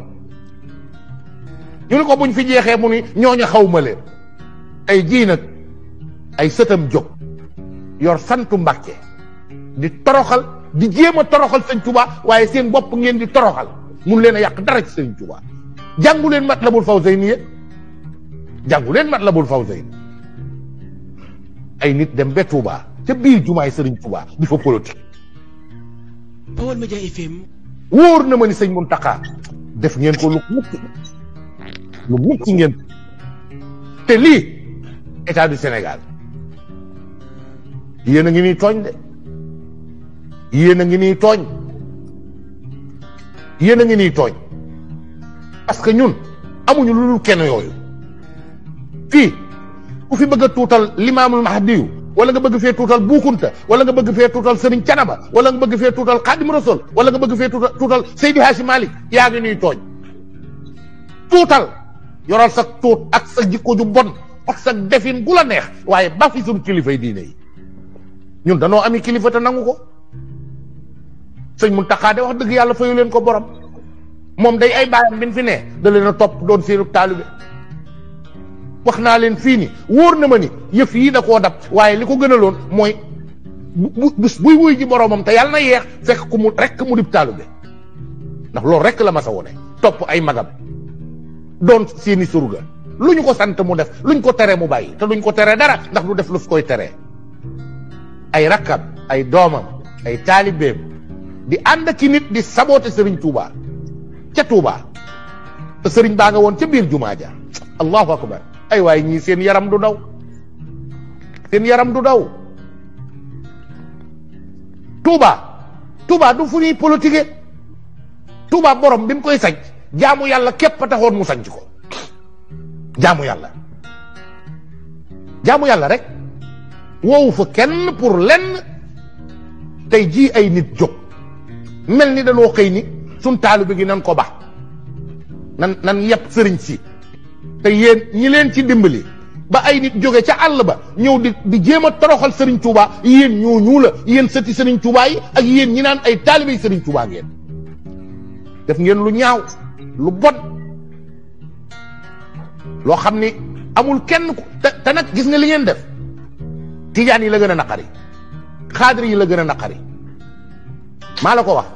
Speaker 5: ñu ne ko buñ fi jeexee mu ni ñooñu xaw ma leen tey jii nag ay sëtam jóg yor santu Mbàkke di toroxal di jéem a toroxal sëñ Touba waaye seen bopp ngeen di toroxal mun leen a yàq dara ci sëñ Touba jàngu leen Matlabul Fawzayni yéen jàngu leen Matlabul Fawzayni ay nit dem be Touba ca biir jumaay sëriñ Touba di fa politique. wóor na ma ni sëñ Mountakha def ngeen ko lu mucc ngeen te lii état du Sénégal yéen a ngi tooñ de. yéen a ngi nii tooñ yéen a ngi nii tooñ parce que ñun amuñu lu dul kenn yooyu fii ku fi bëgg a tuutal limaamul mahdiyu wala nga bëgg fee tuutal buukunta wala nga bëgg fee tuutal sëriñ canaba wala nga bëgg fee tuutal xaadim rasul wala nga bëgg fee tuutal tuutal seydi haaji malik yaa ngi nuy tooñ tuutal yoral sa tuut ak sa jikko ju bon ak sa defin gu la neex waaye ba fi suñ kilifay diine yi ñun danoo ami kilifa nangu ko sëñ Muntaxa de wax dëgg yàlla fayu leen ko borom moom day ay baayam bin fi ne da a topp doon seenu taalibe wax naa leen fii ni wóor na ma ni yëf yii da koo dab waaye li ko gënaloon mooy bu bés buy wuy ji te yàlla na yeex fekk ku mu rek mu dib taalibe ndax loolu rek la ma sa wone topp ay magam doon seeni surga lu ñu ko sant mu def luñ ko tere mu bàyyi te duñ ko tere dara ndax du def lu fi koy tere ay rakkam ay doomam ay taalibeem di ànd ki nit di saboote Serigne Touba ca Touba te baa nga woon ca biir jumaa ja allahu akbar ay waaye ñii seen yaram du daw seen yaram du daw Touba Touba du fu ñuy politique Touba borom bi mu koy sañc jaamu yàlla képp a taxoon mu sanc ko jaamu yàlla jaamu yàlla rek woowu fa kenn pour lenn tey jii ay nit jóg mel ni danoo xëy ni suñ taalibe gi nan ko ba nan nan yëpp sëriñ si te yéen ñi leen ci dimbali ba ay nit jóge ca àll ba ñëw di di jéem a toroxal sëriñ Touba yéen ñoo ñuula yéen sëti sëriñ Touba yi ak yéen ñi naan ay taalibe yi sëriñ Touba ngeen def ngeen lu ñaaw lu bon loo xam ni amul kenn ku te nag gis nga li ngeen def tijaan yi la gën a naqari xaadir yi la gën a naqari maa la ko wax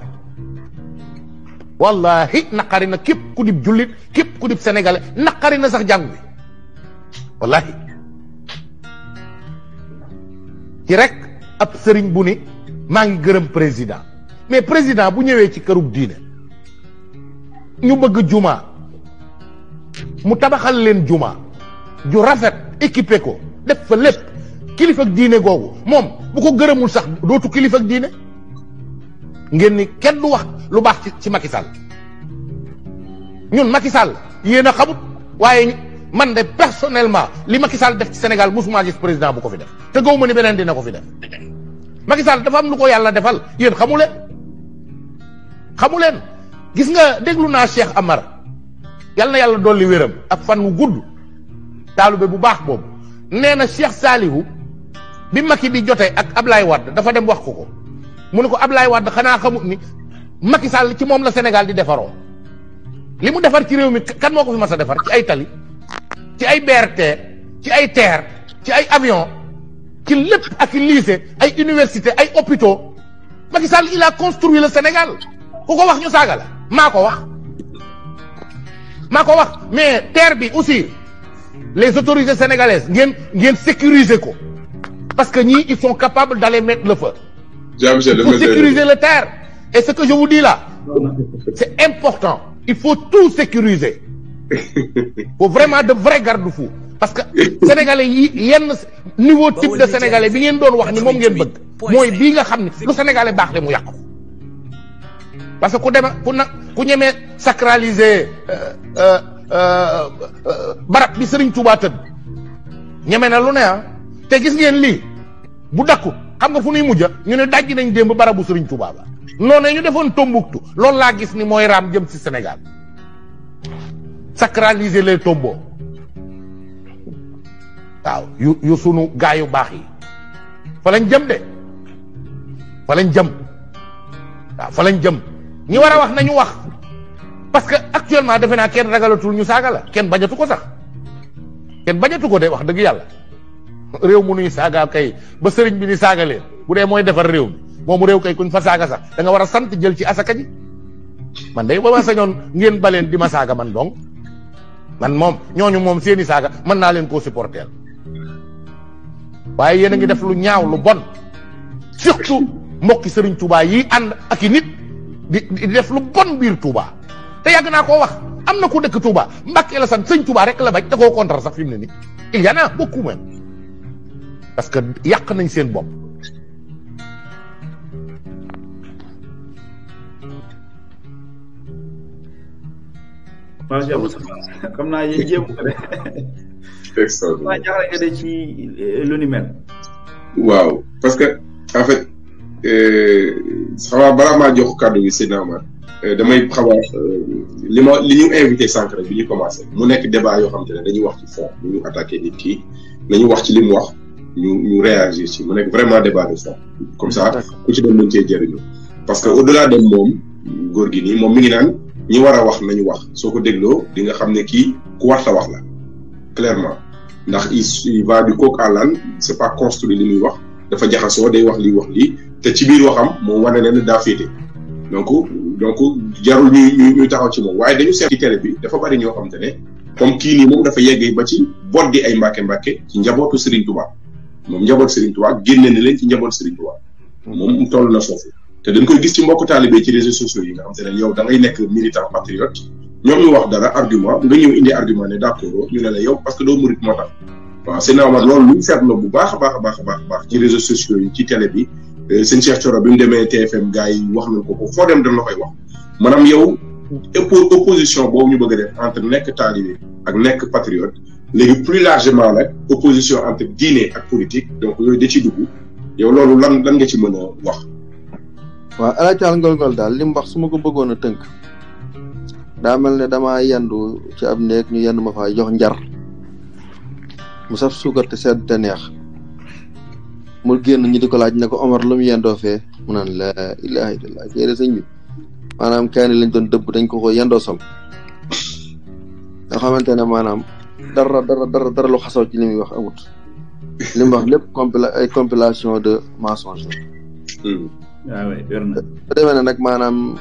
Speaker 5: wallahi naqari na képp ku dib jullit képp ku dib sénégalais naqari na sax jàngu bi wallahi ci rek ab sëriñ bu ni maa ngi gërëm président mais président bu ñëwee ci kërub diine ñu bëgg juma mu tabaxal leen jumaa ju rafet équipe ko def fa lépp kilifa diine googu moom bu ko gërëmul sax dootu kilifa diine ngeen ni kenn du wax lu baax ci ci Macky Sall ñun Macky Sall yéen a xamut waaye man de personnellement li Macky Sall def ci Sénégal musuma gis président bu ko fi def te gëw ma ni beneen dina ko fi def Macky Sall dafa am lu ko yàlla defal yéen xamu leen xamu leen gis nga déglu naa Cheikh Amar yal na yàlla dolli wéram ak fan wu gudd taalube bu baax boobu nee na Cheikh Salihu bi Macky bi jotee ak Ablaye Wade dafa dem wax ko ko mu ne ko Ablaye Wade xanaa xamut ni Macky Sall ci moom la Sénégal di defaroo li mu defar ci réew mi kan moo ko fi mas a defar ci ay tali ci ay BRT ci ay terre ci ay avion ci lépp ak lycée ay université ay hôpitaux Macky Sall il a construit le Sénégal ku ko wax ñu saaga la maa ko wax maa ko wax mais terre bi aussi les autorités sénégalaises ngeen ngeen sécuriser ko parce que ñii ils sont capables d'aller mettre le feu Jean-Michel pour sécuriser le terre et ce que je vous dis là c'est important il faut tout sécuriser <laughs> faut vraiment de vrais garde-fous parce que sénégalais yi yenn niveau type de sénégalais bi ngeen doon wax ni moom ngeen bëgg mooy bii nga xam ne lu sénégalais baax le mu yàqu parce que ku deme ku na ku ñemee sacraliser euh, euh, euh, barab bi Sëriñ Tuubaa ñeme na lu ne ah. te gis ngeen lii bu dakku xam nga fu nuy mujj ñu ne dajji nañ démb barabu Sëriñ Tuubaa ba noonu ñu defoon Tombouctou loolu laa gis ni mooy raam jëm ci Sénégal sacraliser les tombeaux waaw yu yu sunu gaa yu baax yi fa jëm de fa jëm waaw fa lañ jëm ñi war a wax ñu wax parce que actuellement defe naa kenn ragalatul ñu saaga kenn bañatu ko sax kenn bañatu ko de wax dëgg yàlla réew mu nuy saaga kay ba sëriñ bi ni saaga leen bu dee mooy defar réew mi moomu réew kay koñ fa saaga sax danga war a sant jël ci asaka ji man day ba ma sañoon ngeen baleen di ma saaga man dong man moom ñooñu moom seeni saaga mën naa leen koo supporter waaye yéen a ngi def lu ñaaw lu bon surtout mbokki sëriñ Touba yi ànd ak i nit di di def lu bon biir Touba te yàgg naa koo wax am na ku dëkk Touba Mbàkke la sant sëñ Touba rek la bañ te koo contre sax fi mu ne nii il y parce que yàq nañ seen bopp
Speaker 1: macha allah xam naa
Speaker 2: ko de. ci euh, lu ni mel. waaw parce que en fait euh, xaw balaa maa jox kàddu gi Seydina Omar euh, damay xaw li ma li ñu invité sànq bi ñu commencé mu nekk débat yoo xam te ne dañuy wax ci fond bu ñu attaqué nit kii nañu wax ci li wax ñu ñu réagir ci mu nekk vraiment débat de fond comme ça ku ci dem mën cee jëriñu parce que au delà de moom góor gi nii moom mi ngi naan ñi war a wax nañu wax soo ko dégloo di nga xam ne kii ku war wax la clairement ndax il va du coq à l'âne c'est li muy wax dafa jaxasoo day wax lii wax lii te ci biir waxam moom wane na ne daa féete donc donc jarul ñuy ñu taxaw ci moom waaye dañu seet ci télé bi dafa bari ñoo xam te ne comme kii nii moom dafa yegg ba ci boot gi ay mbàkke mbàkke ci njabootu Serigne Touba. moom njaboot Serigne Touba génne na leen ci njaboot Serigne Touba. moom toll na foofu. te dañ koy gis ci mbokk taalibe ci réseaux sociaux yi nga xam te ne yow da ngay nekk militant patriote ñoom wax dara argument nga ñëw indi argument ne d'accord ñu ne la yow parce que doo murit moo tax. waaw sëñ Amar loolu lu ñu seetloo bu baax a baax a baax a baax ci réseaux sociaux yi ci télé bi euh, sëñ Cheikh Thioro bi mu demee TFM gars yi wax nañ ko ko foo dem dañ la koy wax maanaam yow. opposition boobu ñu bëgg a def entre nekk taalibe ak nekk patriote. léegi plus largement nag opposition entre diine ak politique donc yooyu da yow loolu lan lan nga ci mën a wax.
Speaker 3: waaw El Hadj Ngol Ngol daal lim wax su ma ko bëggoon a tënk daa mel ne damaa yendu ci ab néeg ñu yendu ma fa jox njar mu saf suukar te sedd te neex mu génn ñu di ko laaj ne ko Omar lu mu yendoo fee mu naan la ilaha illallah kii sëñ bi maanaam kaani lañ doon dëbb dañ ko ko sol nga xamante ne maanaam. dara dara dara dara lu xasaw ci wax amut. li lépp compila ay compilation de mensonge la. Hmm. Ah waaw na. nag maanaam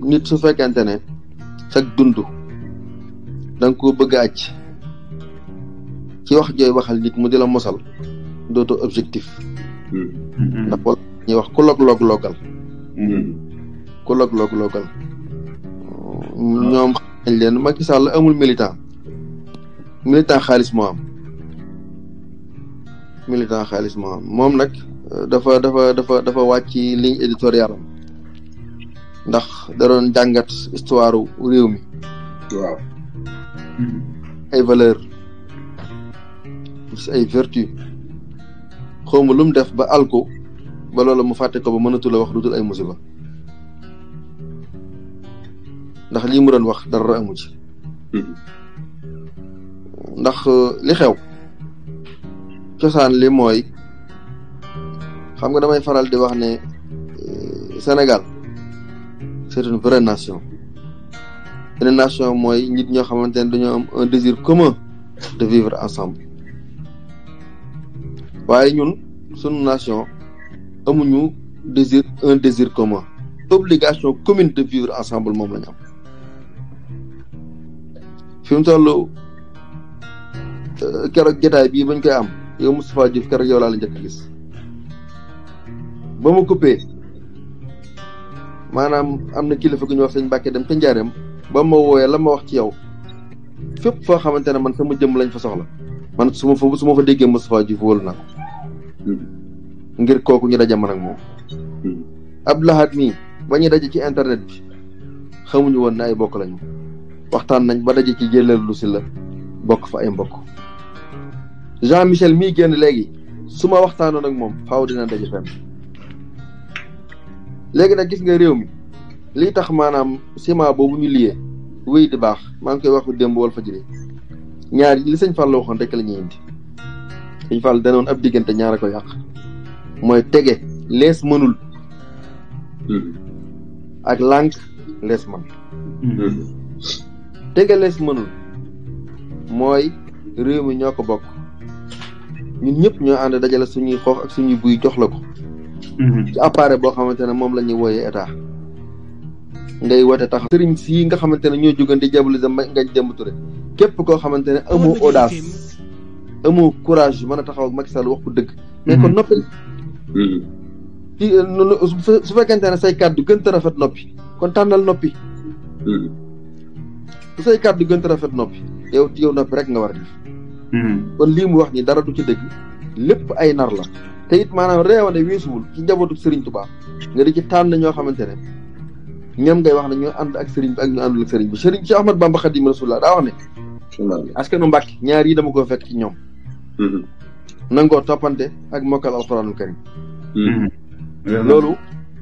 Speaker 3: nit su fekkente ne sag dund da ko koo bëgg a àcc ci wax jooy waxal nit mu di la mosal dootoo objectif. Hmm. Hmm. ñuy wax ku log log logal. ku log log logal. ñoom xam nañ amul militant. militant xaalis moo am militant xaalis moo moom nag euh, dafa dafa dafa dafa wàcc ligne éditoriale ndax da doon jàngat histoire réew mi. waaw. ay valeur ay vertu xaw ma lu mu def ba àll ko ba loola mu fàtte ko ba mënatul a wax lu dul ay musiba ndax lii mu doon wax dara amu ci. Mm-hmm. ndax euh, li xew cosaan li mooy xam nga damay faral di wax ne euh, Sénégal c'est une vraie nation une nation mooy nit ñoo xamante ne dañoo am un désir commun de vivre ensemble waaye ñun sunu nation amuñu désir un désir commun obligation commune de vivre ensemble moom la ñu am keroog jotaay bii bañ koy am yow Moustapha Diouf keroog yow la njëkk gis ba ma coupé maanaam am na kilifa gu ñu wax sëñ Mbàkke dem ca Njaareem ba ma wooyee la ma wax ci yow fépp foo xamante ne man sama jëmm lañ fa soxla man suma ma fa su ma fa déggee Moustapha Diouf wóolu na ngir kooku ñu daje man ak moom. Abdoulahad mii ba ñuy daje ci internet bi xamuñu woon ne ay bokk lañu waxtaan nañ ba daje ci lu si la bokk fa ay mbokk. Jean Michel mii génn léegi suma ma waxtaanoon moom faaw dina daje fenn léegi nag gis nga réew mi lii tax maanaam ciment boobu ñu liyee wéy di baax maa ngi koy wax démb wal fajiri ñaar li sëñ Fall la waxoon rek la ñuy indi sëñ Fall danoon ab diggante ñaar a ko yàq mooy tege lees mënul ak lànk lees man hmm. tege lees mënul mooy réew mi ñoo bokk ñun ñëpp ñoo ànd dajale suñuy xoox ak suñuy buy jox la ko. Mhm. ci appareil boo xamante ne moom la ñuy wooyee état. ngay woote tax sëriñ sii nga xamante ne ñoo jógoon di diabolisme Ngagne Demba Touré képp koo xamante ne amoo audace amoo courage man a taxaw ak Macky Sall wax ko dëgg. mais kon mhm. noppi. Mhm. Euh, su fekkente ne say kàddu gën a rafet noppi kon tànnal noppi. su say kàddu gën a rafet noppi yow yow noppi rek nga war a def. kon lii mu wax ni dara du ci dëgg lépp ay nar la te it maanaam réewande weesuwul ci njabootu Serigne Touba nga di ci tànn ñoo xamante ne ñoom ngay wax ne ñoo ànd ak Serigne bi ak ñu àndul ak Serigne bi Serigne Cheikh Ahmad Bamba Khadim Rasulullah daa wax ne. askanu Mbàkke ñaar yi dama ko fekk ci ñoom. nangoo toppante ak mokkal alxuraanul karim loolu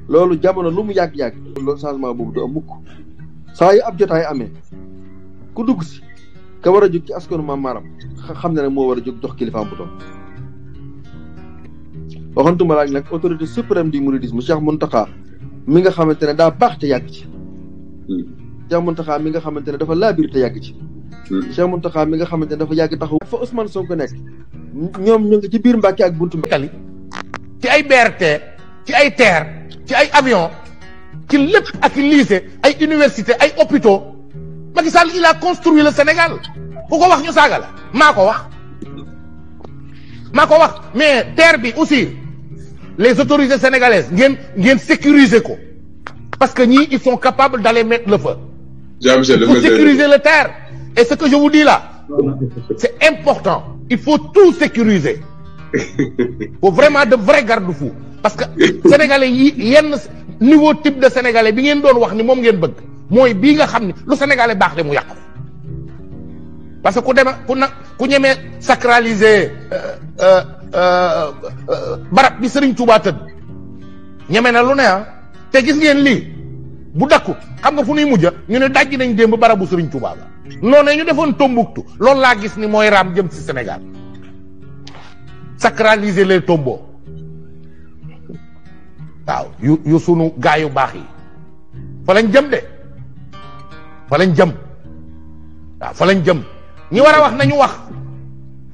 Speaker 3: loolu jamono lu mu yàgg-yàgg loolu changement boobu du am mukk saa yu ab jotaay amee ku dugg si ka war a jóg ci askanu ma maaram xam ne nag moo war a jóg jox kilifaam bu toog waxantuma laaj nag autorité suprême du mouridisme Cheikh Mountakha mi nga xamante ne daa baax te yàgg ci. Hmm. Cheikh mi nga xamante ne dafa laabir te yàgg ci. Hmm. Cheikh Mountakha mi nga xamante ne dafa yàgg taxaw. fa Ousmane Sonko nekk
Speaker 5: ñoom ñu ci biir Mbàkke ak buntu Mbàkke. ci ay BRT ci ay TER ci ay avion ci lépp ak ay université ay hôpitaux. Macky Sall il a construit le Sénégal ku ko wax ñu saaga la maa ko wax maa ko wax mais terre bi aussi les autorités sénégalaises ngeen ngeen sécuriser ko parce que ñii ils sont capables d'aller mettre le feu pour sécuriser le terre et ce que je vous dis là c'est important il faut tout sécuriser <laughs> faut vraiment de vrais garde-fous parce que <laughs> sénégalais yi yenn nouveau type de sénégalais bi ngeen doon wax ni moom ngeen bëgg mooy bii nga xam ne lu sénégalais baax le mu yàqu parce que ku deme ku na ku ñemee sacralise euh, euh, euh, barab bi sëriñ Tuubaa ñeme na lu ne ah te gis ngeen lii bu dakku xam nga fu nuy mujja ñu ne dajji nañ démb barabu sëriñ Tuubaa la noonu ñu defoon Tombouctou loolu laa gis ni mooy raam jëm si Sénégal sacraliser les tombeaux waaw yu yu sunu gaa yu baax yi fa lañ jëm de fa jëm waaw fa lañ jëm ñi war a wax nañu wax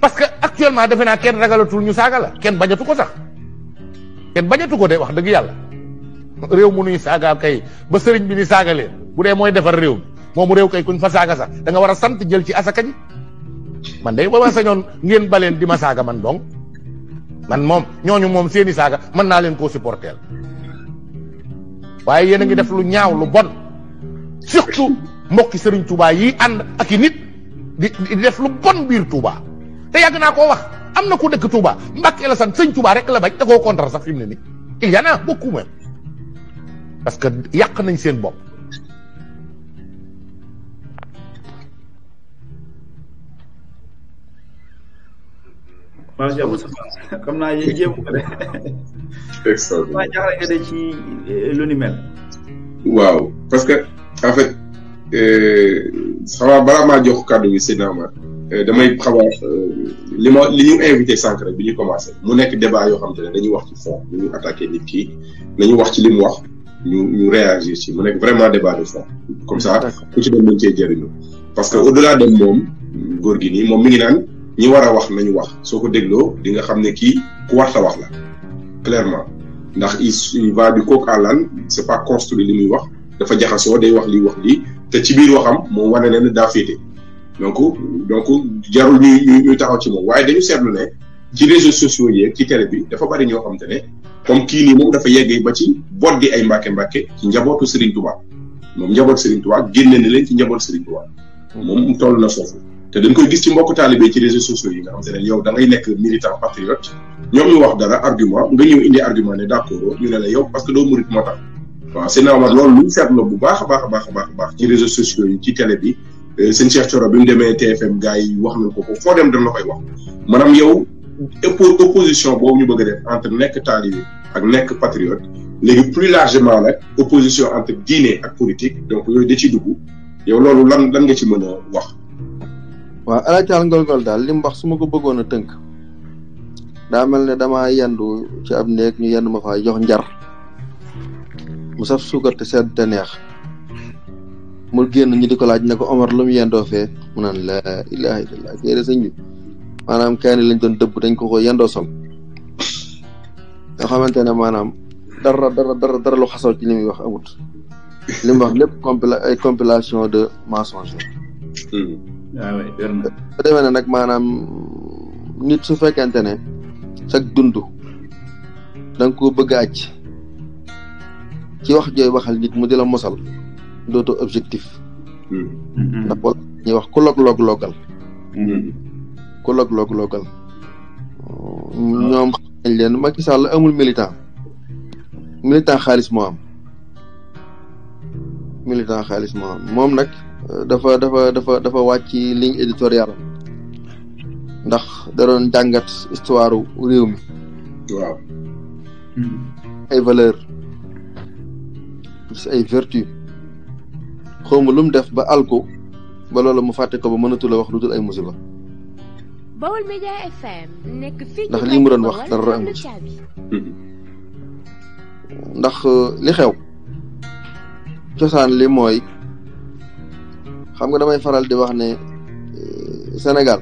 Speaker 5: parce que actuellement defe naa kenn ragalatul ñu saaga la kenn bañatu ko sax kenn bañatu ko de wax dëgg yàlla réew mu nuy saaga kay ba sëriñ bi ni saaga leen bu dee mooy defar réew mi moomu réew kay koñ fa saaga sax da nga war a sant jël ci asaka ji man day booba sañoon ngeen baleen di ma saaga man donc man moom ñooñu moom seeni saaga mën naa leen koo supporter waaye yéen a ngi def lu ñaaw lu bon mbokki sëriñ Touba yi ànd ak i nit di di def lu bon biir Touba te yàgg naa koo wax am na ku dekk Touba Mbàkke la sant sëñ Touba rek la bañ da koo contre sax fi mu ne nii il y en a parce que yàq nañ seen bopp.
Speaker 1: macha
Speaker 2: allah waaw parce que en xaw euh, balaa maa jox kàddu gi sëñ Amar euh, damay xawa euh, li ma li ñu invité sànq bi ñu commencé mu nekk débat yoo xam ne dañuy wax ci kii nañu wax ci li mu wax ñu ñu réagir ci mu nekk vraiment débat de fond comme ça ku ci dem mën cee jëriñu parce que au delà de moom góor gi nii moom mi ngi naan ñi war a wax nañu wax soo ko dégloo di nga xam ne kii ku warta wax la clairement ndax il va du coq à l'âne c'est pas construit li muy wax dafa jaxasoo day wax lii wax lii te ci biir waxam moom wane na ne daa féete donc donc jarul ñuy ñuy taxaw ci moom waaye dañu seetlu ne ci réseaux sociaux yeeg ci télé bi dafa bari ñoo xam te ne comme kii nii moom dafa yeggee ba ci boddi ay mbàkke mbàkke ci njabootu Serigne Touba moom njaboot Serigne Touba génne na leen ci njaboot Serigne Touba moom toll na foofu te dañ koy gis ci mbokk taalibe ci réseaux sociaux yi nga xam te ne yow da ngay nekk militant patriote ñoom wax dara argument nga ñëw indi argument ne d'accord ñu yow parce que doo murit waaw sëñ Omar loolu lu ñu seetloo bu baax a baax baax a baax ci réseaux sociaux yi ci télé bi eh, sëñ Cheikh Thioro bi mu demee TFM gars yi wax nañ ko ko foo dem dañ la koy wax maanaam yow opposition boobu ñu bëgg a def entre nekk taalibe ak nekk patriote léegi plus largement nag opposition entre diine ak politique donc yooyu da ciy dugg yow loolu lan lan nga ci mën a wax. waaw a Hadj Tall Ngol daal li mu wax su ma ko bëggoon a tënk
Speaker 3: daa mel ne damaa yendu ci ab néeg ñu yendu ma faa jox njar. mu saf suukar te sedd te neex mu génn ñu di ko laaj ne ko Omar lu mu yendoo fee la ilaha de sëñ bi maanaam kaani lañ doon dëbb dañ ko ko yendoo sol nga xamante ne maanaam dara dara dara lu xasaw ci wax amut li mu wax lépp compila ay compilation de mensonge hmm. ah la su demee ne nag maanaam nit su fekkente ne sag dund da nga ko bëgg ci wax jooy waxal nit mu di la mosal dootoo objectif hmm. Hmm. ñuy wax ku log log logal hmm. ku log log amul militan militant xaalis moo am xaalis moo moom nag euh, dafa dafa dafa dafa wàcc ligne éditoriale ndax da doon jàngat histoire réew mi waaw ay valeur ci ay vertu xawma lu mu def ba àll ba loolu mu fàtte ko ba mënatu a wax lu dul ay musiba ndax li mu doon wax dara amu ci mhm. ndax euh, li xew cosaan li mooy xam nga damay faral di wax ne euh, Sénégal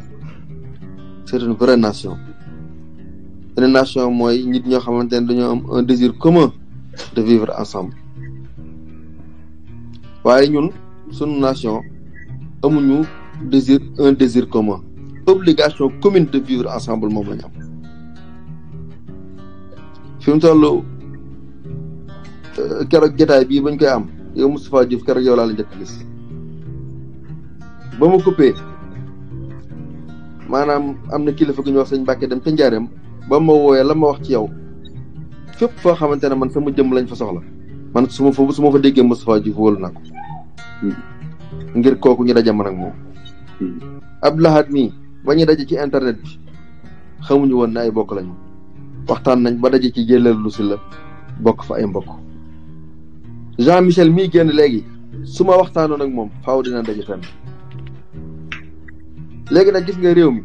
Speaker 3: c'est une vraie nation une nation mooy nit ñoo xamante ne dañoo am un désir commun de vivre ensemble waaye ñun sunu nation amuñu désir un désir commun obligation commune de vivre ensemble moom la ñu am fi mu toll euh, keroog jotaay bii bañ koy am yow Moustapha Diouf keroog yow laa la njëkk ba ma coupé maanaam am na kilifa gu ñu wax sëñ Mbàkke dem ca njaareem ba ma wooyee la ma wax ci yow fépp foo xamante ne man sama jëmm lañ fa soxla man suma ma fa su ma fa déggee Moustapha Diouf wóolu naa ko ngir kooku ñu daje man moom Abdou Lahad mii ba ñu daje ci internet bi xamuñu woon ne ay bokk lañu waxtaan nañ ba daje ci jëlal lu si la bokk fa ay mbokk Jean Michel mii génn léegi suma ma waxtaanoon moom faaw dina daje fenn léegi nag gis nga réew mi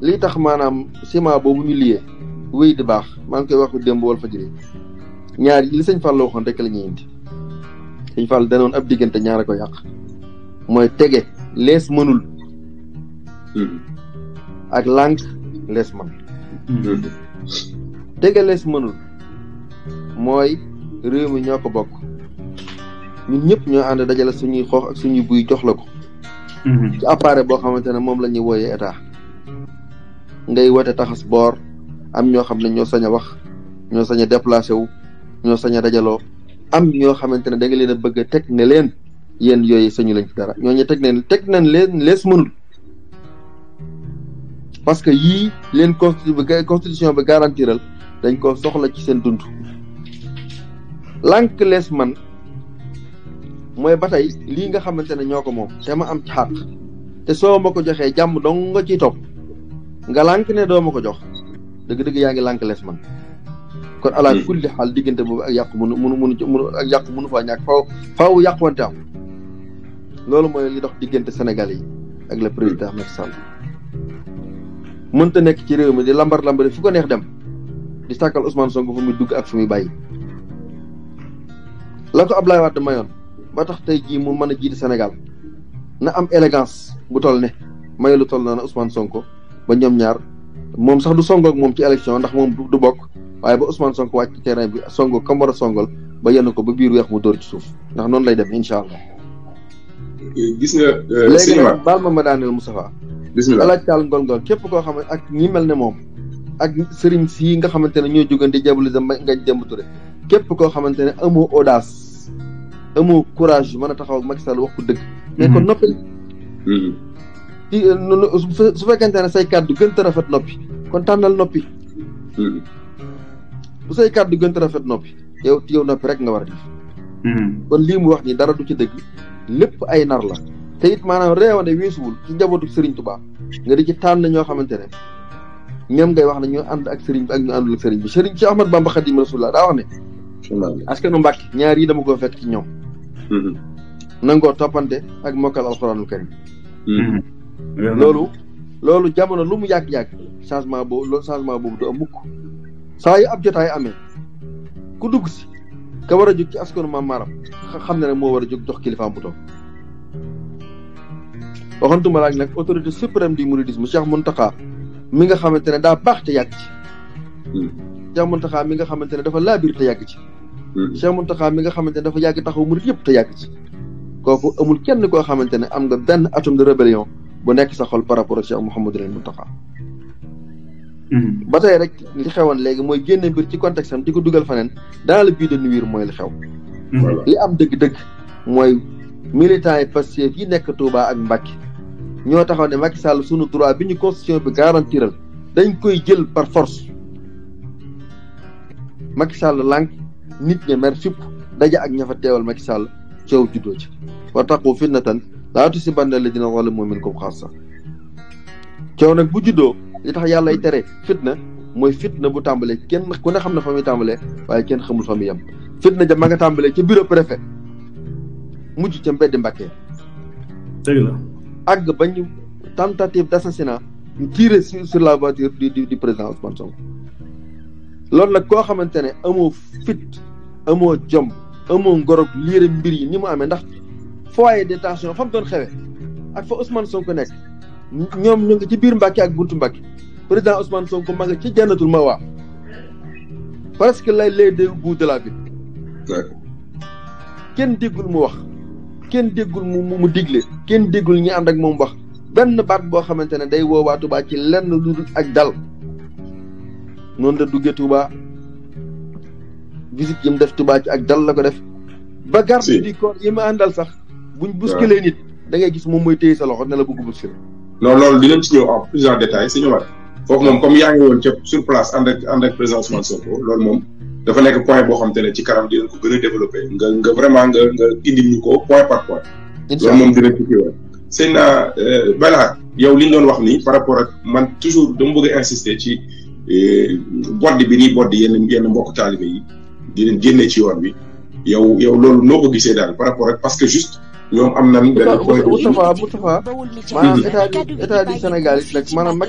Speaker 3: lii tax maanaam ciment boobu ñu liyee wéy di baax maa ngi koy waxu démb wal fajiri ñaar yi li sëñ Fall waxoon rek la ñuy indi sëñ Fall danoon ab diggante ñaar a ko yàq mooy tege lees mënul mm-hmm. ak lànk lees man mm-hmm. tege lees mënul mooy réew mi ñoo ko bokk ñun ñëpp ñoo ànd dajale suñuy xoox ak suñuy buy jox la ko mm-hmm. ci appareil boo xamante ne moom la ñuy wooyee état ngay wote taxas boor am ñoo xam ne ñoo sañ a wax ñoo sañ a déplacé wu ñoo saña a dajaloo am ñoo xamante ne da leen a bëgg a teg ne leen yéen yooyu sañu lañ ci dara ñooñu teg nañ teg nañ leen lees mënul parce que yii leen constitution bi garantiral dañ ko soxla ci seen dund lànk lees man mooy ba tey lii nga xamante ne ñoo ko moom te ma am ci xàq te soo ma ko joxee jàmm dong nga ciy topp nga lànk ne doo ma ko jox dëgg-dëgg yaa ngi lànk lees man kon ala mm. kulli xaal diggante boobu ak yàqu munu munu munu munu ak yàqu munu faa ñàkk faaw faaw yàquwante am loolu mooy li dox diggante Sénégal yi ak la président mm. Macky Sall mënta nekk ci réew mi di lambar lambari fu ko neex dem di sàkkal Ousmane Sonko fu ak fu muy bàyyi la mayoon ba tax tey jii mu mën a jiite Sénégal na am élégance bu toll ne may lu toll na Ousmane Sonko ba ñoom ñaar moom sax du songoog moom ci élection ndax moom du bokk waaye ba Ousmane Sonko wàcc ci terrain bi songo kam war a songal ba yenn ko ba biir weex mu dóor ci suuf ndax noonu lay dem incha allah.
Speaker 2: gis nga. Euh, léegi
Speaker 3: nag baal ma ma daaneel Moustapha. bisimilah El Hadj Tall Ngol Ngol képp koo xam ne ak ñi mel ne moom. ak sëriñ sii nga xamante ne ñoo jógeen di jabali sa ngañ jëmb ture képp koo xamante ne amoo audace amoo courage mën a taxaw ak Macky Sall wax ko dëgg. mais kon noppi. ci su fekkente ne say kàddu gën a rafet noppi kon tànnal noppi. Mhm. bu say kàddu gën a rafet noppi yow yow noppi rek nga war a def hmm. mu wax ni dara du ci dëgg lépp ay nar la te it maanaam réewande weesuwul ci njabootu Serigne Touba nga di ci tànn ñoo xamante ne ñoom ngay wax ne ñoo ànd ak Serigne bi ak ñu àndul ak Serigne bi Serigne ci Ahmad Bamba Khadim Rasulullah daa wax ne. askanu Mbàkke ñaar yi dama ko fekk ci ñoom. Hmm. nangoo toppante ak mokkal alxuraanul karim hmm. loolu loolu jamono lu mu yàgg-yàgg changement boobu loolu changement boobu du am mukk saa yu ab jotaay amee ku dugg si ka war a jóg ci askanu maam maaram xam ne nag moo war a jóg jox kilifaam bu toog waxantuma laaj nag autorité suprême du mouridisme Cheikh Mountakha mi ga xamante ne daa baax te yàgg ci hmm. Cheikh Mountakha mi nga xamante ne dafa laabir yàgg ci hmm. Cheikh Mountakha mi nga xamante ne dafa yàgg taxaw murid yëpp te yàgg kooku amul kenn koo xamante ne am nga benn atome de rébellion bu nekk sa xol par rapport ak Cheikh Mouhamadou Mountakha ba tey rek li xewoon léegi mooy génne mbir ci contexte di ko dugal faneen daal le but de nuire mooy li xew. li am dëgg-dëgg mooy militants yi Pastef yi nekk Touba ak Mbacké ñoo taxaw ne Macky Sall sunu droit bi ñu constitution bi garantiral dañ koy jël par force Macky Sall lànk nit ña mer fipp daja ak ña fa teewal Macky Sall coow juddoo ci wa taqu fitnatan laa tusibanna alladina zalamu minkum xaasa coow nag bu juddoo. li tax yàlla ay tere fitna mooy fitna bu tàmbalee kenn ku ne xam na fa muy tàmbalee waaye kenn xamul fa muy yem fitna ja ma nga tàmbalee ca bureau préfet mujj ca mbedd Mbàkke. dëgg la àgg ba ñu tentative d' ñu tiré sur la voiture di du président Ousmane Sonko. loolu nag koo xamante ne amoo fit amoo jom amoo ngorog liire mbir yi ni mu amee ndax foyer de tension fa mu doon xewee ak fa Ousmane Sonko nekk. ñoom ñu ngi ci biir Mbàkke ak buntu Mbàkke président Ousmane Sonko ma nga ci jannatul ma parce que lay lay dégg bout de kenn déggul mu wax kenn déggul mu mu digle kenn déggul ñi ànd ak moom wax benn baat boo xamante ne day woowaa Touba ci lenn du dul ak dal noonu la duggee Touba visite yi def Touba ci ak dal la ko def. ba garde du corps yi ma àndal sax. bu buñ bousculer nit da ngay gis moom mooy téye sa loxo
Speaker 2: ne la bëgg bousculer. non loolu dinañ ci ñëw en plus en détail si ñëwaat foofu moom comme yaa ngi woon ca sur place ànd ak ànd ak présence loolu moom dafa nekk point boo xam te ne ci kanam dinañ ko gën a développé nga nga vraiment nga nga indil ko point par point. loolu moom dina ci kiiwaat. sëñ naa euh, balaa yow li ñu doon wax nii par rapport ak man toujours dama bëgg a insister ci euh, bodd bi nii bodd yenn yenn mbokk taalibe yi di leen ci yoon bi yow yow loolu noo ko gisee daal par parce que juste. ñoom am na benn point de vue Moustapha maanaam mmh.
Speaker 3: état du état du Sénégal yi nag maanaam mmh.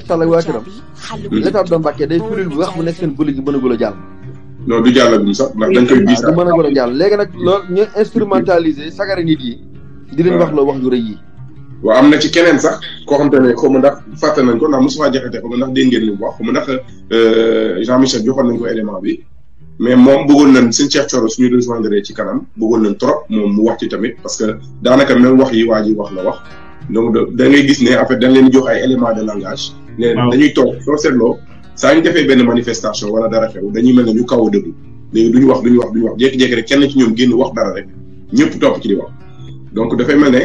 Speaker 3: day firil wax mu nekk seen bëli gi mën a gul a jàll non
Speaker 2: du jàllagum sax
Speaker 3: ndax dañ koy biis du mën a gul a jàll léegi nag
Speaker 2: mmh. loolu ñu instrumentaliser sagari nit yi di leen wax loo wax yu rëy yi waaw am na ci keneen sax ko xamante ne ko ma ndax fàtte nañ ko ndax Moustapha Diakhaté xaw ma ndax dégg ngeen li mu wax xaw ma ndax euh, Jean Michel joxoon nañ ko élément bi mais moom bëggoon nañ seen Cheikh Thioro suñu rejoindre ci kanam bëggoon nañ trop moom mu wax ci tamit parce que daanaka même wax yi waa ji wax la wax donc da ngay gis ne en fait dañ leen jox ay éléments de langage. ne dañuy toog soo seetloo saa ñu defee benn manifestation wala dara xew dañuy mel ne ñu kaw a dëgg léegi duñu wax duñu wax duñu wax jékki-jékki rek kenn ci ñoom génn wax dara rek ñëpp topp ci di wax donc dafay mel ne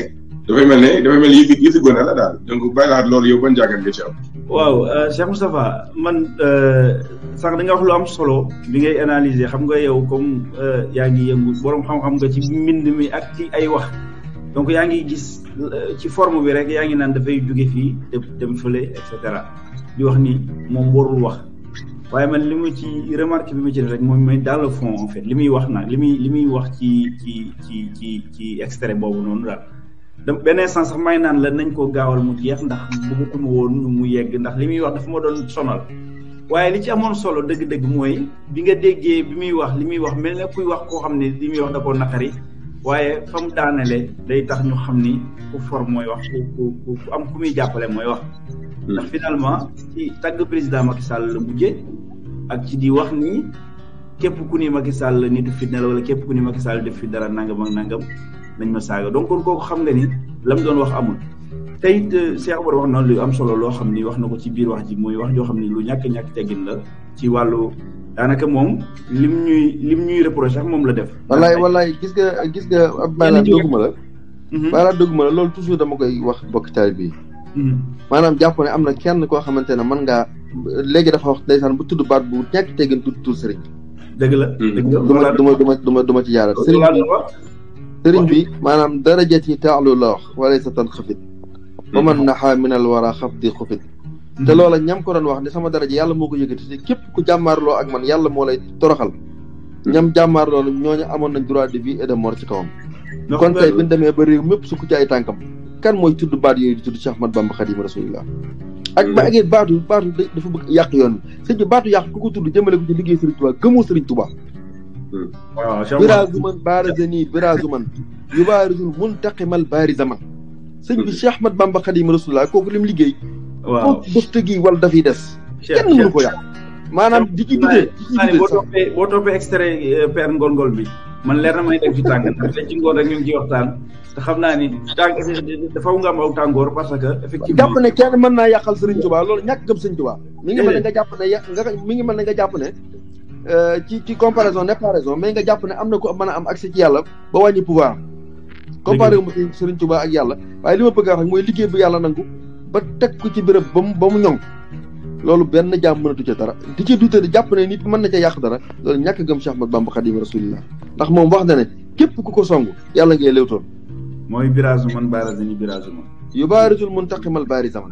Speaker 2: dafay mel ne dafay mel ne yëfi yëfi gone la daal donc bàyyi laa loolu yow ban jàngat nga ci am.
Speaker 1: waaw euh, Cheikh Moustapha man euh, sànq da nga wax lu am solo bi ngay analyser xam nga yow comme euh, yaa ngi yëngu borom xam-xam nga ci mbind mi ak ci ay wax donc yaa ngi gis ci forme bi rek yaa ngi naan dafay jóge fii dem fële et cetera di wax ni moom warul wax waaye man li mu ci remarque bi ma ci def rek moom mooy dans le fond en li muy wax naa li muy li muy wax ci ci ci ci ci extrait boobu noonu daal. benn instant sax may naan la nañ koo gaawal mu jeex ndax bëgguñu woon mu yegg ndax li muy wax dafa ma doon sonal waaye li ci amoon solo dëgg-dëgg mooy bi nga déggee bi muy wax li muy wax mel na kuy wax koo xam ne li muy wax da koo naqari waaye fa mu daanale day tax ñu xam ni ku for mooy wax ku ku ku am ku muy jàppale mooy wax. ndax finalement ci tàgg président Macky Sall la mujjee ak ci di wax ni képp ku ni Macky Sall nitu fitna la képp ku ni Macky Sall def fi dara nangam ak nangam. nañ ma saaga donc kon kooku xam nga ni la mu doon wax amul te it euh, Cheikh Oumar wax na lu am solo loo xam ni wax na ko ci biir wax ji mooy wax yoo xam ni lu ñàkk ñàkk teggin la ci wàllu daanaka moom lim ñuy lim ñuy reproché ak moom la def. wallaay wallaay
Speaker 3: gis nga gis nga Abdoulaye dëgguma
Speaker 1: la. balaa mhm. dëgguma la loolu toujours dama koy wax bokk
Speaker 3: taalibe bi mhm. maanaam jàpp ne am na kenn koo xamante ne mën ngaa léegi dafa wax ndeysaan bu tudd baat bu ñàkk teggin tudd tur sëriñ.
Speaker 1: dëgg la mhm. dëgg la du
Speaker 3: ma du ma du ma du ma ci jaaral sëriñ sëriñ bi maanaam darajat yi taalu la wax wala sa tan xafit ba man naxaa minal wara xafdi xufit te hmm. loola ñam ko doon wax ne sama daraja yàlla moo ko yëkkati te képp ku jàmmaarloo ak man yàlla moo lay toroxal ñam jàmmaar ñoo ñooñu amoon nañ droit de vie et de mort ci kawam kon tey bi ba réew mépp sukk ci ay tànkam kan mooy tudd baat yooyu di tudd Cheikh Ahmad Bamba Xadim Rasulillah ak ba hmm. agee baatu dafa bëgg yàq yoon bi sëñ bi baatu yàq ku ko tudd jëmale ko ci liggéey Sëriñ Tuubaa gëmoo Hmm. Ah, biraazuman baarazani biraazuman yubaarisul muntaqimal baarizaman sëñ bi hmm. Cheikh Ahmad Bamba ma Rasulullah kooku lim liggéey waaw bofte gi wala dafay des kenn mënu ko yàq
Speaker 1: maanaam di ci duggee di ci duggee boo toppee boo toppee extrait euh, père ngol ngol bi man leer na may def ci tàng xam naa ni tàng dafa nga am aw tàngoor parce que effectivement jàpp ne kenn mën naa yàqal sëriñ Tuubaa loolu ñàkk gëm sëriñ Tuubaa mi mën ne nga
Speaker 3: jàpp ne ne nga jàpp ne Euh, ci ci comparaison n'est pas raison nga jàpp ne am na ko mën a am accès ci yàlla ba wàññi pouvoir am comparé mu Sëriñ Tuubaa ak yàlla waaye li ma bëgg ba teg ko ci béréb benn jaam mënatu ca dara di ci duute jàpp ne nit mën na ca yàq dara loolu ñàkk gëm Cheikh Ahmad Bamba Xaadimu Rasulillah ndax moom wax na ne
Speaker 1: képp ku ko song yàlla ngay léewtoon mooy biraasu man barazini biraasu man yu baarisul muntaqimal baari zaman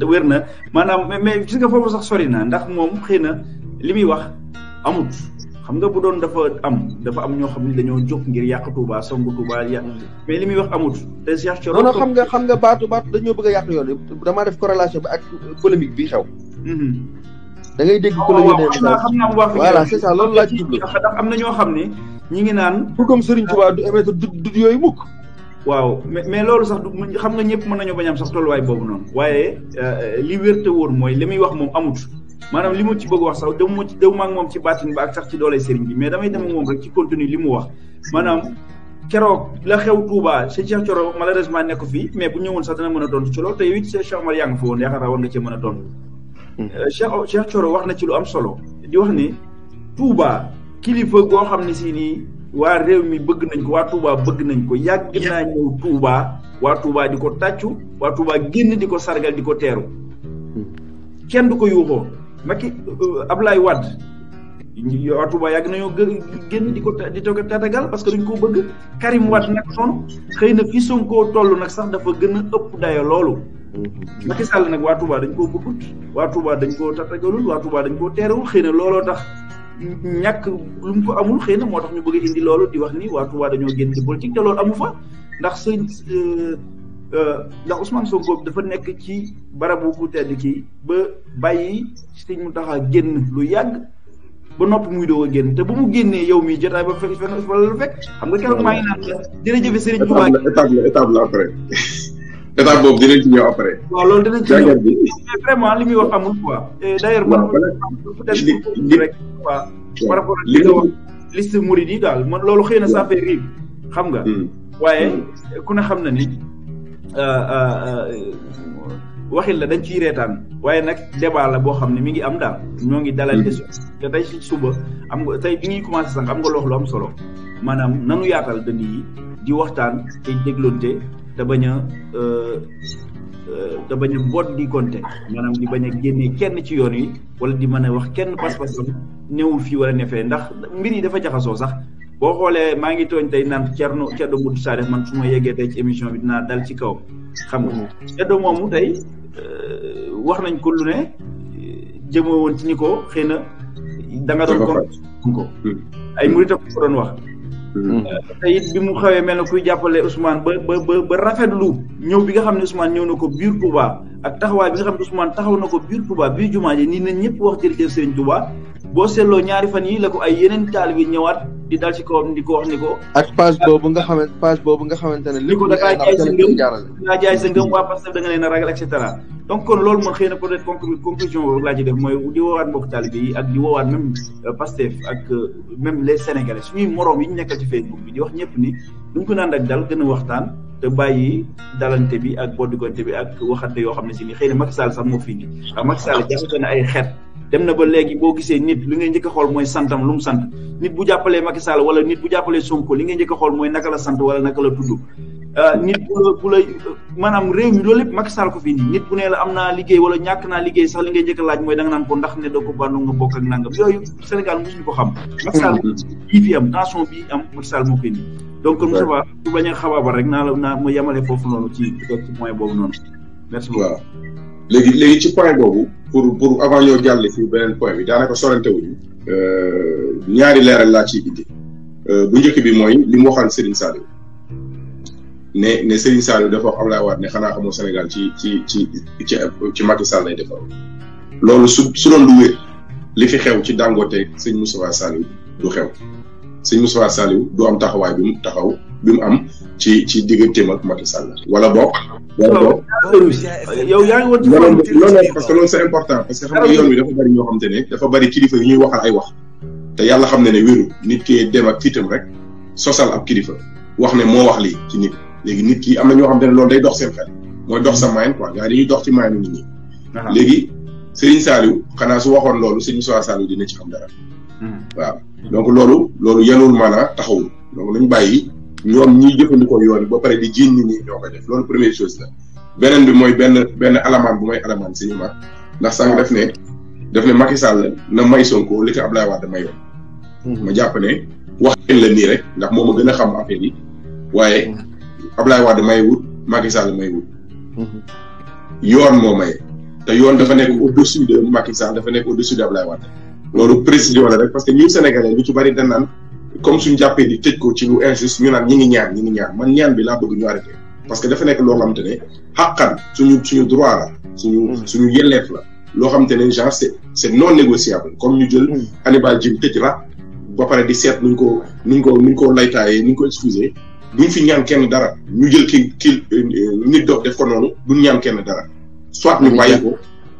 Speaker 1: wér na maanaam mais gis nga foofu sax sori na moom xëy na li muy wax amut xam nga bu doon dafa am dafa am ñoo xam ne dañoo jóg ngir yàq Touba songu Touba yàq mm. mais li muy wax amut te Cheikh xam
Speaker 3: nga xam nga baatu baatu dañoo bëgg a damaa def corrélation bi ak bi xew
Speaker 1: mm-hmm. da
Speaker 3: ngay dégg ko la yónnee xam naa bu baax voilà
Speaker 1: loolu laa ci jublu ndax ñoo xam ne ñi ngi naan bëggam Serigne Touba du émettre du du waaw mais loolu sax du xam nga ñëpp mën nañu bañ am sax tolluwaay boobu noonu waaye euh, li wérte woon mooy li muy wax moom amut maanaam li mu ci bëgg wax sax dem mu ci dem moom ci baatin ba ak sax ci doole sëriñ bi mais damay dem ak moom rek ci contenu li mu wax maanaam keroog la xew Touba Cheikh Cheikh Thioro malheureusement nekk fii mais bu ñëwoon sax dana mën a tontu ci te yow it Cheikh Omar yaa ngi fa a tontu. Hmm. Euh, Cheikh Cheikh Thioro wax na ci lu am solo di wax ni Touba kilifa goo xam ne si nii waa réew mi bëgg nañ ko waa Touba bëgg nañ ko yàgg naa ñëw Touba waa Touba di ko tàccu waa Touba génn di ko sargal di ko teeru hmm. du ko yuuxoo Macky euh, Ablaye Wade waa Touba yàgg nañoo génn di ko di ko tatagal parce que duñ ko bëgg Karim Wade nag son xëy na fi Sonko toll nag sax dafa gën a ëpp dayo loolu. Mhm. Macky Sall nag waa Touba dañ koo bëggut waa Touba dañ koo tatagalul waa dañ koo teerewul xëy na looloo tax ñàkk lu mu ko amul xëy na moo tax ñu bëgg indi loolu di wax ni waa dañoo génn ci politique te loolu amu fa ndax sëñ euh, Euh, ndax soo Sonko dafa nekk ci barabu ku tedd kii ba bàyyi mu Mountakha génn lu yàgg ba nopp muy doog a génn te ba mu génnee yow mii jotaay ba fekk fa la fekk xam nga keroog maa ngi naan jërëjëf Serigne
Speaker 2: Touba étape la étape la après <laughs> étape boobu dinañ ci ñëw après. waaw loolu dinañ ci
Speaker 1: li muy wax amul quoi. d' ailleurs man peut-être li rek waa par rapport ak li nga loolu xëy na ça fait xam nga. Hmm. waaye hmm. ku ne xam na ni. Euh, euh, euh, waxin la dañ ciy reetaan waaye nag débat la boo xam ne mi ngi am daal ñoo ngi dalal hmm. question te tey suba am tey bi ñuy commencé sànq am nga loox lu am solo maanaam nanu yaatal dënn yi di waxtaan te dégloonte te bañ a te bañ a boot di konte maanaam di bañ a génnee kenn ci yoon wi wala di mën a wax kenn pas-pasam newul fii wala ne fee ndax mbir yi dafa jaxasoo sax boo xoolee maa ngi tooñ tey naan Thierno Thierno Moudou Salif man su ma yeggee tey ci émission bi dinaa dal ci kawam. xam nga mm-hmm. Thierno moomu tey euh, wax nañ ko lu ne jëmoo woon ci ni ko xëy na. da nga doon ko mm-hmm. ay murit ko doon wax. Mm-hmm. Euh, te it bi mu xawee mel na kuy jàppale Ousmane ba ba ba ba rafetlu ñëw bi nga xam ne Ousmane ñëw na ko biir Touba ak taxawaay bi nga xam ne Ousmane taxaw na ko biir Touba biir jumaa ji nii na ñëpp wax jërëjëf Serigne Touba boo seetloo ñaari fan yi la ko ay yeneen taalibe ñëwaat di dal ci kawam di ko wax ni ko. ak
Speaker 3: page boobu nga xamante boobu nga xamante ne. li ko da ngaa
Speaker 1: jaay sa ngëm da waa Pastef da nga leen a ragal et cetera. donc kon loolu man xëy na peut être conclusion boobu laa ci def mooy di woowaat mbokk taalibe yi ak di woowaat même euh, Pastef ak euh, même les sénégalais suñuy moroom yi ñu nekkal ci Facebook bi di wax ñëpp ni duñ ko naan ak dal gën a waxtaan. te bàyyi dalante bi ak boddigante bi ak waxante yoo xam ne si ni xëy na Macky Sall sax moo fii nii ndax ay xeet dem na ba léegi boo gisee nit li ngay njëkk xool mooy santam lu mu sant nit bu jàppalee Macky Sall wala nit bu jàppalee Sonko li ngay njëkk xool mooy naka la sant wala naka la tudd euh, nit bu la bu la maanaam réew mi loolu lépp Macky Sall ko fi indi nit bu ne la am naa liggéey wala ñàkk naa liggéey sax li ngay njëkk laaj mooy da nga naan ko ndax ne doo ko bànnu nga bokk ak nangam yooyu Sénégal mosuñu ko xam Macky Sall mm-hmm. bii fi am tension bii am Macky moo ko indi donc kon Moussa Ba su bañ a xabaabal rek naa la naa ma yemale foofu noonu ci ci moyen boobu noonu
Speaker 2: merci beaucoup léegi léegi ci point boobu pour pour avant ñoo jàll fii beneen point bi daanaka sorante wuñu euh, ñaari leeral laa ci indi euh, bu njëkk bi mooy li mu waxoon Serigne Saliou ne ne Serigne Saliou dafa xam Abdoulaye Wade ne xanaa xamoo Sénégal ci ci ci ci ci Macky Sall lay defaroo loolu su su doon lu wér li fi xew ci Dangote sëñ Moustapha Saliou du xew sëñ Moustapha Saliou du am taxawaay bi mu taxaw bi mu am ci ci digganteem ak Macky Sall wala bokk yow yaa ngi woon ci non non parce que loolu c'est important parce que xam nga ah yoon bi dafa bari ñoo xam te ne dafa bari kilifa yu ñuy waxal ay wax te yàlla xam ne ne wéru nit ki dem ak fitam rek sosal ab kilifa wax ne moo wax li ci nit léegi nit ki am na ñoo xam te ne loolu day dox seen xel mooy dox sa mayen quoi gars yi dañuy dox ci mayenu nit ñi léegi Serigne Saliou xanaa su waxoon loolu Serigne Soa Saliou dina ci xam dara hmm. waaw donc loolu loolu yanul maanaa taxawul donc nañ bàyyi ñoom ñiy jëfandikoo yoon ba pare di jiiñ nit ñi ñoo ko def loolu première chose la beneen bi mooy benn benn alamaan bu may alamaan si ñu ma ndax sànq def ne def ne Macky na may Sonko li ko Abdoulaye Wade mayoon. Hmm. ma jàpp ne waxin la ndax moom a a xam affaire waaye hmm. Abdoulaye Wade may wut Macky Sall may wut. Hmm. yoon moo may te yoon dafa nekk au-dessus de Macky Sall dafa nekk au-dessus de Abdoulaye Wade loolu précision la rek parce que ñun sénégalais lu ci bari dañ naan. comme suñu jàppee ni tëj ko ci lu injuste ñu naan ñi ngi ñaan ñi ngi ñaan man ñaan bi laa bëgg ñu arrêté parce que dafa nekk loo xamante ne xàqan suñu suñu droit la suñu mm. suñu yelleef la loo xamante ne genre c'est c'est non négociable comme ñu jël mm. Hannibal Jim tëj la ba pare di seet nuñ ko nuñ ko nuñ ko laytaayee nuñ ko excusé ñu fi ñaan kenn dara ñu jël ki ki euh, nit dof def ko noonu duñ ñaan kenn dara soit ñu bàyyi ko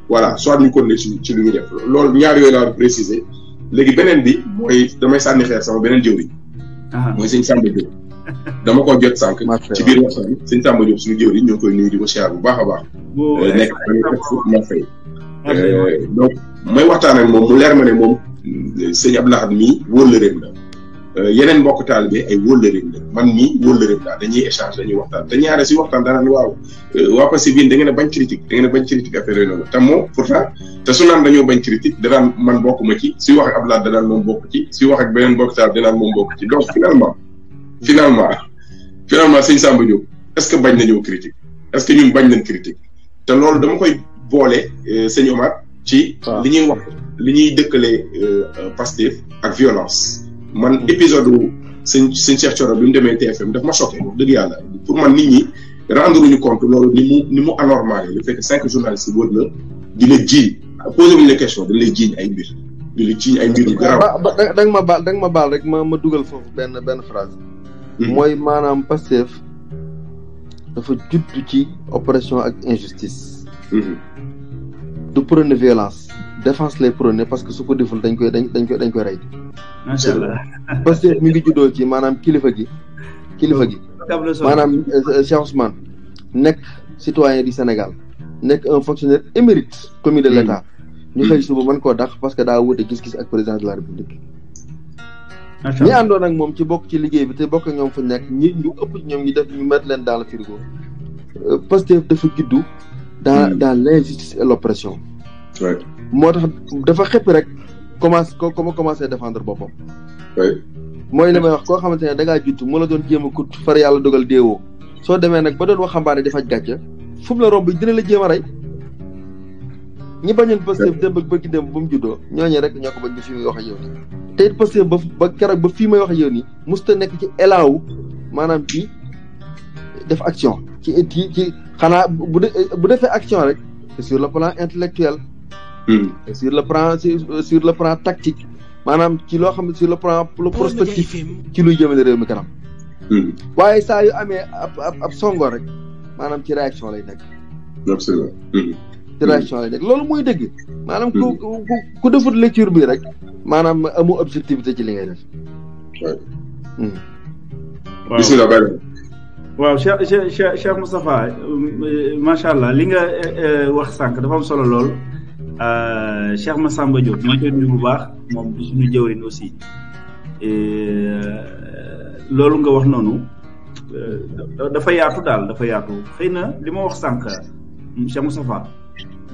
Speaker 2: voilà soit ñu continuer ci ci lu ñu def loolu ñaar yooyu laa préciser léegi beneen bi mooy damay sànni xeer sama beneen jëwriñ ah. mooy sëñ Samba Diop dama koo jot sànq <laughs> ci biir waxtaan bi sëñ Samba Diop suñu jëwriñ ñoo ngi koy nuyu di ko siyaar bu baax a baax eh, nekk ma fay eh, donc may waxtaan ak moom mu leer ma ne moom eh, sëñ Abdoulahad mii wóor la réew la Euh, yeneen mbokk taalibe ay wóllëreem la man mii wóllëreem laa dañuy échange dañuy waxtaan te ñaare si waxtaan daanaan waaw euh, waa Pastef bi da ngeen a bañ critique da ngeen a bañ critique affaire yooyu noonu te su naan dañoo bañ critique danaan man bokk ma ci si wax ak Abdoulaye danaan moom bokk ci suy wax ak beneen mbokk taalibe danaan moom bokk ci donc finalement finalement finalement sëñ Samba Diop est-ce que bañ nañoo critique est-ce que ñu bañ nañ critique te loolu dama koy boole euh, sëñ Omar ci li ñuy wax li ñuy dëkkale Pastef ak violence man mm. épisode sëñ sëñ Cheikh Thioro bi mu demee TFM daf ma choqué wax dëgg yàlla pour man nit ñi rendre ñu compte loolu ni mu ni mu anormal le fait que cinq journalistes yi wër la di la jiiñ posé wuñu la question dañ jiiñ ay mbir di la jiiñ ay mbir yu garaaw
Speaker 3: ma baal da ma baal rek ma ma dugal foofu benn benn phrase hmm. mooy maanaam Pastef dafa judd ci oppression ak injustice hmm. du prône violence défense lay prôné parce que su ko deful dañ koy dañ dañ koy dañ koy rey. macha allah <laughs> parce que mi ngi juddoo ci maanaam kilifa gi. kilifa gi maanaam euh, euh, Cheikh Ousmane nekk citoyen du Sénégal nekk un fonctionnaire émérite commis de l' état. ñu xëy suba man koo dax parce que daa wute gis-gis ak président de la république. ñu allah àndoon ak moom ci bokk ci liggéey bi te bokk ñoom fu nekk ñi ñu ëpp ñoom ñu def ñu mettre leen dans le frigo. Euh, Pastef dafa juddu. dans hmm. dans l' injustice moo tax dafa xëpp rek commencé ko commencé défendre boppam. mooy li may wax koo xamante ne da ngaa juttu mu la doon jéem a kut far yàlla dogal deewoo soo demee nag ba doon waxambaane di faj gàcce fu mu la romb dina la jéem a rey. ñi bañoon Pastef démb ak bëgg démb bu mu juddoo ñooñu rek ñoo ko bañ ba fii may wax ak yow nii te it ba keroog ba fii may wax ak yow nii musta nekk ci elaawu maanaam ci def action ci ci ci xanaa bu bu defee action rek sur le plan intellectuel Hmm. sur le plan sur le plan tactique maanaam ci loo xam ne sur le plan le prospectif ci luy jëmale réew mi kanam hmm. waaye saa yu amee ab songo rek maanaam ci réaction lay nekk absolument hmm. ci réaction lay loolu muy dëgg maanaam ku ku ku defut lecture bi rek maanaam amu objectivité ci li ngay def
Speaker 2: waaw bisimilah bari
Speaker 1: waaw Cheikh Cheikh Cheikh macha allah li nga euh, euh, wax sànq dafa am solo lool Euh, Cheikh Massamba Diop maa ngi bu baax moom du suñu jëwrin aussi euh, loolu nga wax noonu euh, dafa yaatu daal dafa yaatu xëy na li ma wax sànq Cheikh Moustapha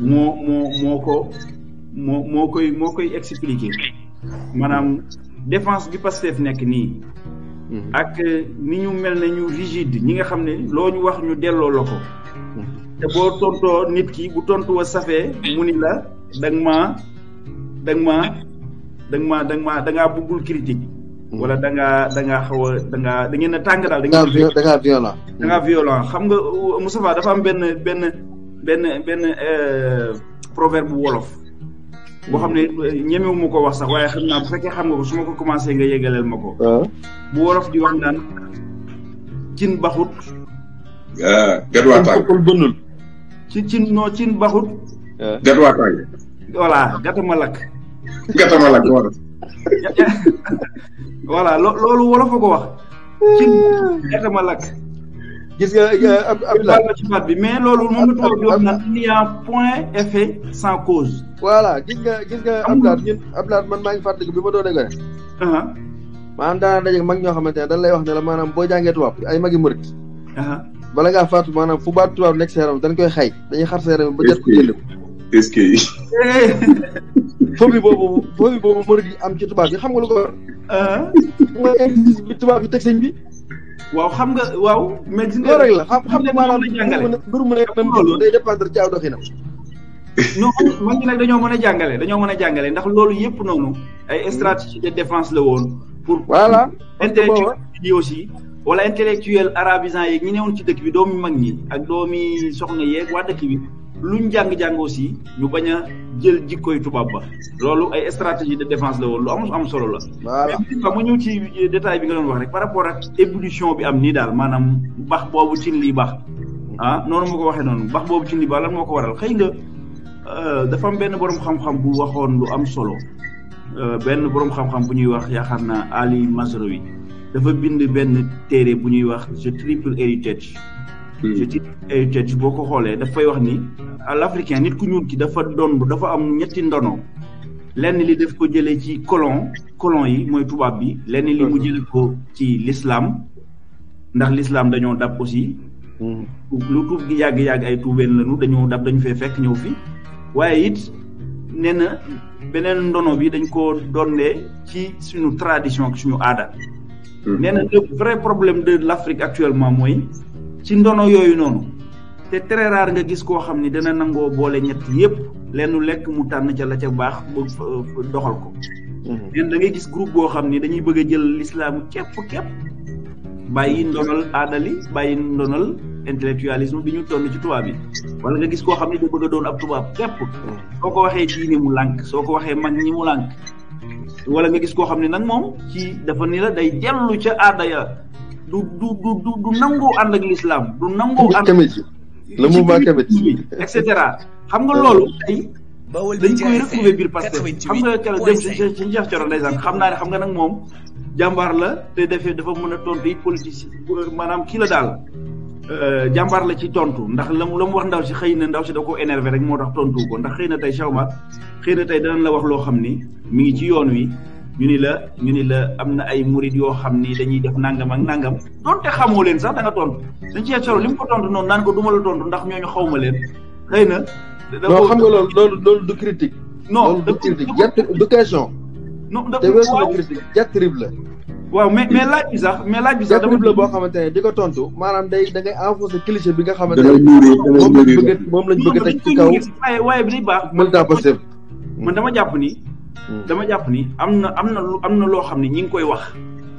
Speaker 1: moo moo moo ko moo moo koy moo koy expliquer maanaam défense bi Pastef nekk nii. Mhm. ak ni ñu mel na ñu rigide ñi nga xam ne loo ñu wax ñu delloo la ko. te boo tontoo nit ki bu tontu wa safee mu ni la da nga maa da nga maa da maa da ngaa buggul critique hmm. wala danga ngaa da ngaa xaw a da ngaa tàng daal. da ngaa da ngaa violent. da ngaa violent xam nga euh, Moustapha dafa am benn benn benn benn euh, proverbe bu wolof. boo xam ne hmm. euh, ñemewu ma ko wax sax waaye xam naa bu fekkee xam nga ko su ma ko commencé nga yëgaleel ma ko. Ah. bu wolof di wax naan cin baxut. gën waa tàng bënnul. ci cin noo cin baxut. gàtt waa tàng. voilà gàtt ma lakk. gàtt ma lakk
Speaker 3: wala. <laughs>
Speaker 1: voilà loolu wolof a ko wax. cin gàtt ma lakk. gis nga euh, ab ab la ci baat bi mais loolu moom la tubaab di wax naan il a point effet sans cause.
Speaker 3: voilà gis nga gis nga Abdoulaye ñun Abdoulaye man maa ngi fàttaliku bi ma doon gone. Uh-huh. maanaam daanaka daje xamante ne dañ lay wax ne la maanaam boo jàngee ay magi murit. Uh-huh. bala ngaa faatu maanaam fu baatu tubaab nekk sa yaram dañ koy xay dañuy xar sa yaram ba
Speaker 2: jot ko jëlee ko. est-ce bo
Speaker 3: phobie <laughs> eh. boobu phobie
Speaker 1: boobu murid yi am ci yi xam nga lu ko war. Ah. mooy indice bi tubaab yi teg sëñ bi. waaw xam nga waaw. mais gis nga loolu rek la xam xam nga maanaam mbir mu nekk même loolu day dépendre ci aw non man ngi dañoo mën a jàngale dañoo mën a jàngale ndax loolu yëpp noonu ay stratégie de défense la woon. pour voilà intellectuel yi aussi. wala intellectuel arabisant yeeg ñi newoon ci dëkk bi doomi mag ñi ak doomi soxna yéeg waa dëkk bi luñ jàng-jàng aussi ñu bañ a jël jikkoy tubaab ba loolu ay stratégie de défense la woon lu am solo la voilà mu ñëw ci détail bi nga doon wax rek par rapport ak évolution bi am nii daal maanaam bax boobu cin lii baax ah noonu ma ko waxee noonu bax boobu cin lii baax moo ko waral xëy nga euh, dafa am benn borom xam-xam bu waxoon lu am solo euh, benn borom xam-xam bu ñuy wax yaakaar naa Ali Mazraoui dafa bind benn téere bu ñuy wax je triple héritage je hmm. triple héritage boo ko xoolee dafay wax ni à nit ku ñuul ki dafa doon dafa am ñetti ndono lenn li daf ko jëlee ci colon colon yi mooy tubaab bi lenn li mu hmm. jële ko ci l'islam ndax lislaam dañoo dab aussi hmm. lu tuub gi yàgg-yàgg ay tuubeen lañu dañoo dab dañu fee fekk ñëw fii waaye it nee na beneen ndono bi dañ ko donnee ci suñu tradition ak suñu aada Mhm. nee na le vrai problème de l' actuellement mooy ci ndono yooyu noonu te très nga gis koo xam ni dana nangoo boole ñett yépp lenn lekk mu tànn ca la ca baax ba doxal ko. Mhm. neen da gis groupe boo xam ni dañuy bëgg a jël lislaam képp képp bàyyi ndonal aadali bàyyi ndonal intellectualisme bi ñu tonn ci tubaab yi wala nga gis koo xam ni da bëgg a doon ab tubaab képp mhm. soo ko waxee diine mu lànk soo ko waxee mag ñi mu lànk wala nga gis koo xam ne nag moom ci dafa ni la day jellu ca aada ya du du du du nangoo ànd ak lislaam du nangoo ànd le mouvement Kébémer et cetera xam nga euh, loolu tey dañ koy retrouver biir Pastef xam nga keroog dem si ci njax Cheikh Thioro ndeysaan xam naa ne xam nga nag moom jàmbaar la te defee dafa mën a tontu yi politique maanaam kii la daal Euh, jàmbaar la ci tontu ndax la mu la mu wax ndaw si xëy na ndaw si da ko énervé rek moo tax tontu ko ndax xëy na tey Chawma xëy na tey danañ la wax loo xam ni mi ngi ci yoon wi ñu ni la ñu ni la am na ay murid yoo xam ni dañuy def nangam ak nangam donte xamoo leen sax da nga tontu dañ ci solo li mu ko tontu noonu daan ko du ma la tontu ndax ñooñu xaw ma leen xëy na. non xam nga loolu loolu loolu du critique no du critique du question. non
Speaker 3: critique jàpp la. waaw mais mais laaj bi sax mais laaj bi la boo xamante ne di ko tontu maanaam day da ngay cliché bi nga xamante ne moom lañ bëgg moom lañ bëgg a teg ci kaw
Speaker 1: jàpp ni hmm. dama jàpp ni am na am na am na loo xam ne ñi ngi koy wax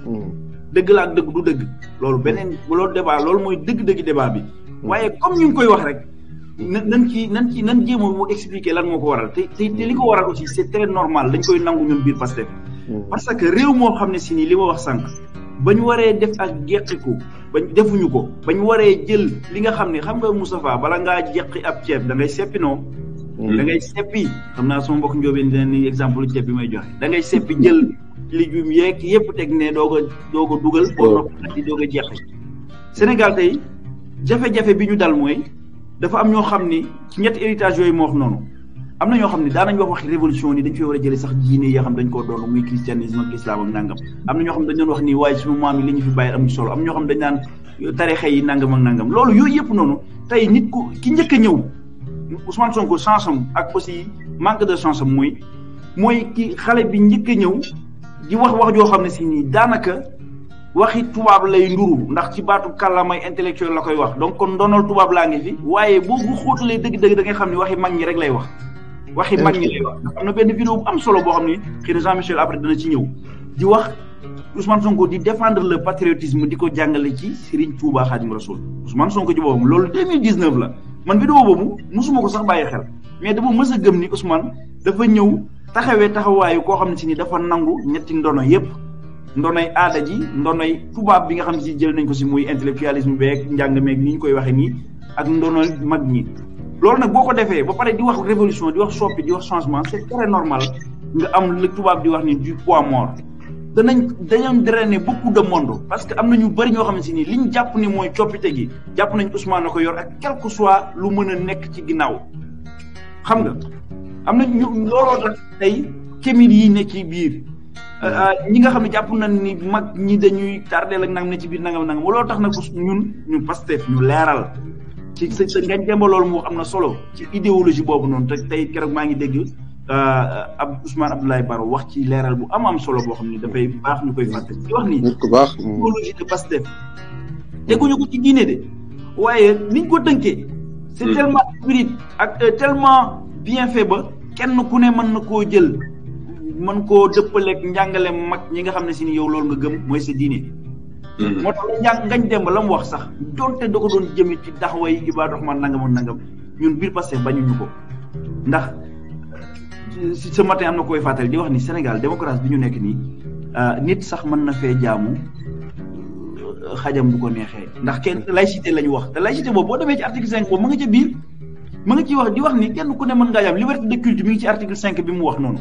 Speaker 1: hmm. dëgg la dëgg du dëgg loolu beneen loolu débat loolu mooy dëgg-dëgg débat bi hmm. waaye comme ñu ngi koy wax rek na nan ci nan ci nan jéem a mu expliquer lan moo ko waral te li ko waral aussi c'est très normal dañ koy nangu ñun biir Pastef parce que réew moo xam ne si nii li ma wax sànq ba ñu waree def ak jeqiku ba defuñu ko ba ñu waree jël li nga xam ne xam nga Moustapha bala ngaa jeqi ab ceeb da seppi non mm. da ngay seppi xam naa sama mbokk njóobeen dina exemple ceeb bi may joxe da ngay seppi jël lijum yeeg yëpp teg ne doog a doog a dugal boo mm. nopp di doog a jeqi Sénégal tey jafe-jafe bi ñu dal mooy dafa am ñoo xam ni ci ñetti héritage yooyu moo wax noonu am na ñoo xam ne daanañ wax wax révolution ni dañ fee war a jëlee sax diine yoo xam dañ koo doon muy christianisme ak islam ak nangam am na ñoo xam dañ doon wax nii waaye suñu maam yi li ñu fi bàyyi amul solo am ñoo xam dañ naan tarixa yi nangam ak nangam loolu yooyu yëpp noonu tey nit ko ki njëkk a ñëw Ousmane Sonko chance am ak aussi manque de chance am mooy mooy ki xale bi njëkk a ñëw di wax wax joo xam ne si nii daanaka waxi tubaab lay nduru ndax ci baatu kàllaamay intellectuel la koy wax donc kon ndonal tubaab laa ngi waaye boo bu xóotalee dëgg-dëgg da ngay xam ne mag ñi rek lay wax waxi mag ñi lay wax benn vidéo bu am solo boo xam ne xëy na Jean Michel après dana ci ñëw di wax Ousmane Sonko di defendre la patriotisme di ko jàngale ci Serigne Touba Khadim Rasoul Ousmane Sonko ci boppam loolu 2019 la man vidéo boobu mosuma ko sax bàyyi xel mais dama mës a gëm ni Ousmane dafa ñëw taxawee taxawaayu koo xam ne si ni dafa nangu ñetti ndono yépp ndonoy aada ji ndonoy tubaab bi nga xam ne si jël nañ ko si muy intellectualisme beeg njàng meeg ni ñu koy waxee nii ak ndonoy mag ñi loolu nag boo ko defee ba pare di wax révolution di wax soppi di wax changement c'est très normal nga am tubaab di wax ni du poids mort danañ dañoon drainer beaucoup de monde parce que am na ñu bëri ñoo xam ne ni li ñu jàpp ni mooy coppite gi jàpp nañ Ousmane na ko yor ak quel soit lu mën a nekk ci ginnaaw xam nga am na ñu looloo tax tey kémit yi ne ci biir euh, euh, ñi nga xam ne jàpp nañ ni mag ñi dañuy tardeel ak nangam ne ci biir nangam nangam looloo tax nag ñun ñu Pastef ñu leeral ci sa sa ngañ demba loolu moo am na solo ci idéologie boobu noonu te tey keroog maa ngi dégg euh, ab Ousmane Abdoulaye Baro wax ci leeral bu am am solo boo xam ni dafay baax ñu koy fàtte ci wax ni mm. idéologie de Pastef teguñu ko ci diine de waaye niñ ko tënkee c'est mm. tellement hybride ak euh, tellement bien fait ba kenn ku ne mën na koo jël mën koo dëppaleeg njàngale mag ñi nga xam ne si ni yow loolu nga gëm mooy sa diine Mm-hmm. moo tax njàng dem ba la mu wax sax donte doo ko doon jëme ci taxawaay yi Ibaadu Rahmaan nangam ak nangam ñun biir passé bañuñu ko ndax ce matin am na koy fàttali di wax ni Sénégal démocratie bi ñu nekk nii euh, nit sax mën na fee jaamu euh, xajam bu ko neexee ndax kenn mm-hmm. laïcité lañu wax te laïcité boobu boo demee ci article cinq boobu mu nga ca biir mu nga ciy wax di wax ni kenn ku ne mën ngaa jaam liberté de culte bi ngi ci article cinq bi mu wax noonu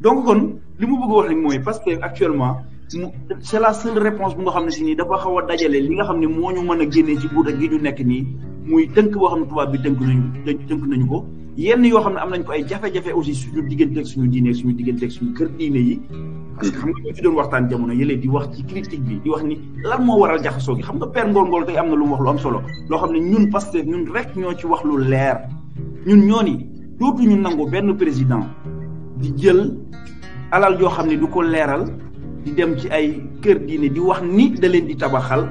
Speaker 1: donc kon li mu bëgg mooy parce que actuellement mu c'est la seule réponse bu nga xam ne si nii dafa xaw a dajale li nga xam ne moo ñu mën a génnee ci buuta gi ñu nekk nii muy tënk boo xam ne tubaab bi tënk nañu tënk nañu ko yenn yoo xam ne am nañ ko ay jafe-jafe aussi suñu digganteeg suñu diine suñu digganteeg suñu kër diine yi parce que xam nga ñu fi doon waxtaan jamono yële di wax ci critique bi di wax ni lan moo waral jaxasoo xam nga père Ngor Ngor tey am na lu mu wax lu am solo loo xam ne ñun Pastef ñun rek ñoo ci wax lu leer ñun ñoo ni dootuñu nangu benn président di jël alal yoo xam ne du ko leeral di dem ci ay kër diine di wax ni da leen di tabaxal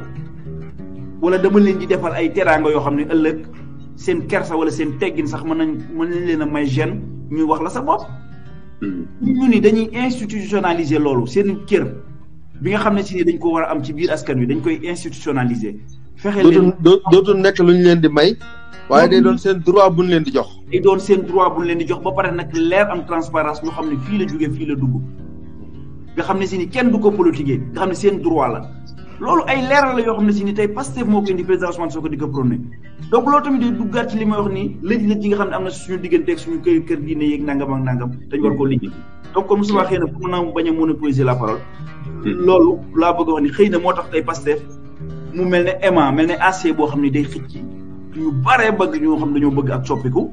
Speaker 1: wala dama leen di defal ay teraanga yoo xam ne ëllëg seen kersa wala seen teggin sax mën nañ mën nañ leen a may gêne ñuy wax la sa bopp hmm. ñu ni dañuy institutionnaliser loolu seen kër bi nga xam ne si ne dañ ko war a am ci biir askan wi dañ koy institutionnaliser fexe leen dootul nekk lu ñu leen di may waaye day doon seen droit bu ñu leen di jox day doon seen droit bu ñu leen di jox ba pare nag leer am transparence xam ne fii la jógee fii la dugg nga xam ne si ni kenn du ko politiquer nga xam ne seen droit la loolu ay leeral la yoo xam ne si ni tey Pastef moo ko indi président Ousmane Sonko di ko prôné donc loolu ne am na suñu diggante ak suñu kër kër diine yeeg nangam a a monopoliser la parole loolu laa bëgg a wax ni xëy na moo tax tey Pastef mu mel ne aimant mel ne AC boo xam ne day xëcc ñu bare bëgg ñoo xam dañoo bëgg ak soppiku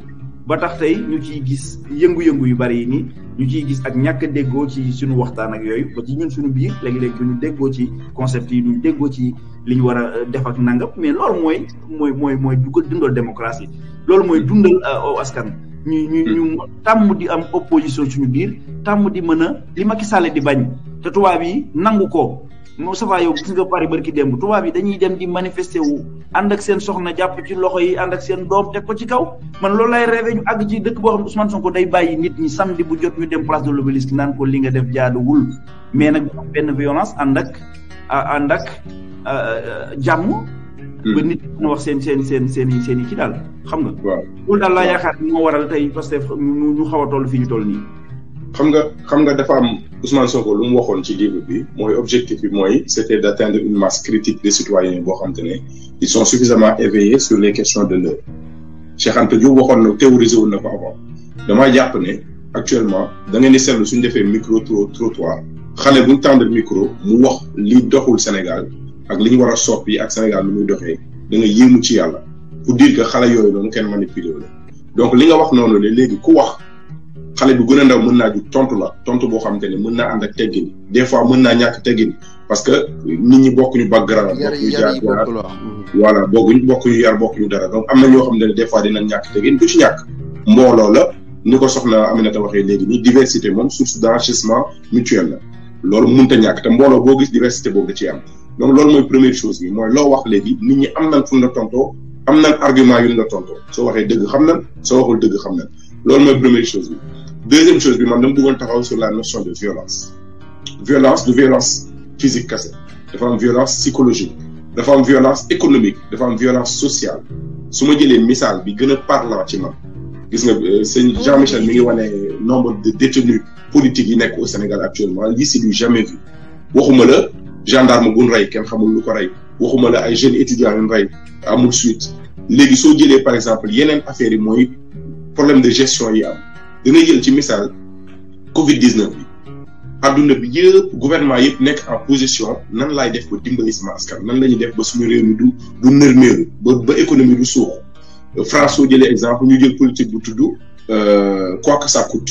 Speaker 1: ba tax tey ñu ci gis yëngu-yëngu yu bari yi nii ñu ciy gis ak ñàkk déggoo ci suñu waxtaan ak yooyu ba ci ñun suñu biir léegi-léegi ñu déggoo ci concept yi ñu déggoo ci li ñu war a euh, def ak nangam mais loolu mooy mooy mooy mooy du dundal démocratie loolu mooy dundal euh, askan ñu ñu mm. ñu tàmm di am opposition suñu biir tàmm di mën a li Macky Sall di bañ te tubaab yi nangu ko Moustapha yow gis nga Paris barki démb tubaab yi dañuy dem di manifester wu ànd ak seen soxna jàpp ci loxo yi ànd ak seen doom teg ko ci kaw man loolu lay rêvé ñu àgg ci dëkk boo xam ne Ousmane Sonko day bàyyi nit ñi samedi jot ñu dem place de l'Obélisque naan ko li nga def jaaduwul mais nag benn violence ànd ak ànd ak euh, euh, jàmm. Hmm. ba nit ñi wax seen seen seen seen i seen ci daal xam nga. waaw loolu daal laa yaakaar ni moo waral tey parce que ñu xaw a toll fii ñu toll nii.
Speaker 2: xam nga xam nga dafa am Ousmane Sonko lu mu waxoon ci livre bi mooy objectif bi mooy c'était d'atteindre une masse critique des citoyens boo xam ne ils sont suffisamment éveillés sur les questions de l'heure Cheikh Anta Diop waxoon na théorisé woon na ko avant damaa jàpp ne actuellement da ngeen di seetlu suñu defee micro trottoir xale buñ tendre micro mu wax li doxul Sénégal ak li ñu war a soppi ak Sénégal lu muy doxee da nga yéemu ci yàlla pour dire que xale yooyu noonu kenn manipulé la donc li nga wax noonu la léegi ku wax xale bi gën a ndaw mën naa ju tontu la tontu boo xamante ne mën naa ànd ak des fois mën naa ñàkk teggin parce que nit ñi bokkuñu background bokkuñu jaar jaar mhm. voilà bokkuñu bokkuñu yar bokkuñu dara donc am na ñoo xamante ne des fois dinañ ñàkk teggin du ci ñàkk mbooloo la ni ko soxna Aminata waxee léegi nii diversité moom source d'enrichissement mutuel la loolu mënta ñàkk te mbooloo boo gis diversité boobu da ciy am donc loolu mooy première chose bi mooy loo wax léegi nit ñi am nañ fu ñu am nañ argument yu ñu la tontoo soo waxee dëgg xam nañ soo waxul dëgg xam nañ loolu mooy première chose bi deuxième chose bi man dama bëggoon taxaw sur la notion de violence violence de violence physique kese dafa am violence psychologique dafa am violence économique dafa am violence sociale su ma jëlee misaal bi gën a parlant ci man gis nga euh, sëñ Jean-Michel mi ngi wane nombre de détenus politiques yi nekk au Sénégal actuellement lii c'est du jamais vu waxuma la gendarme bu ñu rey kenn xamul lu ko rey waxuma la ay jeunes étudiants yu ñu rey amul suite léegi soo jëlee par exemple yeneen affaires yi mooy problème de gestion yi am. dina jël ci misaal Covid 19 bi adduna bi yëpp gouvernement yëpp nekk en position nan laay def ba dimbali sama askan nan la ñuy def suñu réew mi du du ba ba économie du suux France soo jëlee exemple ñu jël politique bu tudd euh, quoi que ça coûte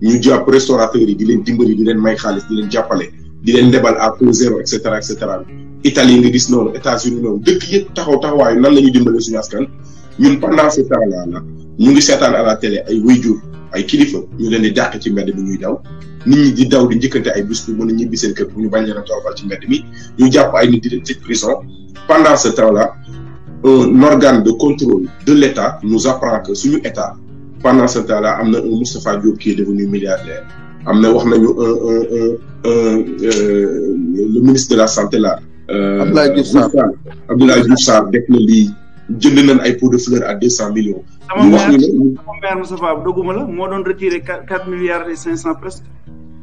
Speaker 2: ñu jàpp restaurateurs yi di leen dimbali di leen may xaalis di leen jàppale di leen lebal à taux zéro et cetera et Italie nga gis noonu États-Unis noonu dëkk yëpp taxaw taxawaayu nan la ñuy dimbale suñu askan ñun pendant ce temps là la ñu ngi seetaan à ay wayjur ay kilifa ñu leen di dàq ci mbedd bi ñuy daw nit ñi di daw di njëkkante ay bus pour mën a ñibbi seen kër pour ñu bañ leen a toogal ci mbedd mi ñu jàpp ay nit di leen tëj prison pendant ce temps là un organe de contrôle de l' état nous apprend suñu état pendant ce temps là am na un Moustapha Diop qui est devenu milliardaire am na wax nañu un un un euh, le ministre de la santé là. Euh, Abdoulaye Diouf Sarr Abdoulaye Diouf Sarr def na lii jënd nañ ay pots de fleurs à deux cent millions. ñu wax ñu ne sama
Speaker 1: maire Moussa la moo doon retiré quatre milliards et cinq cent presque.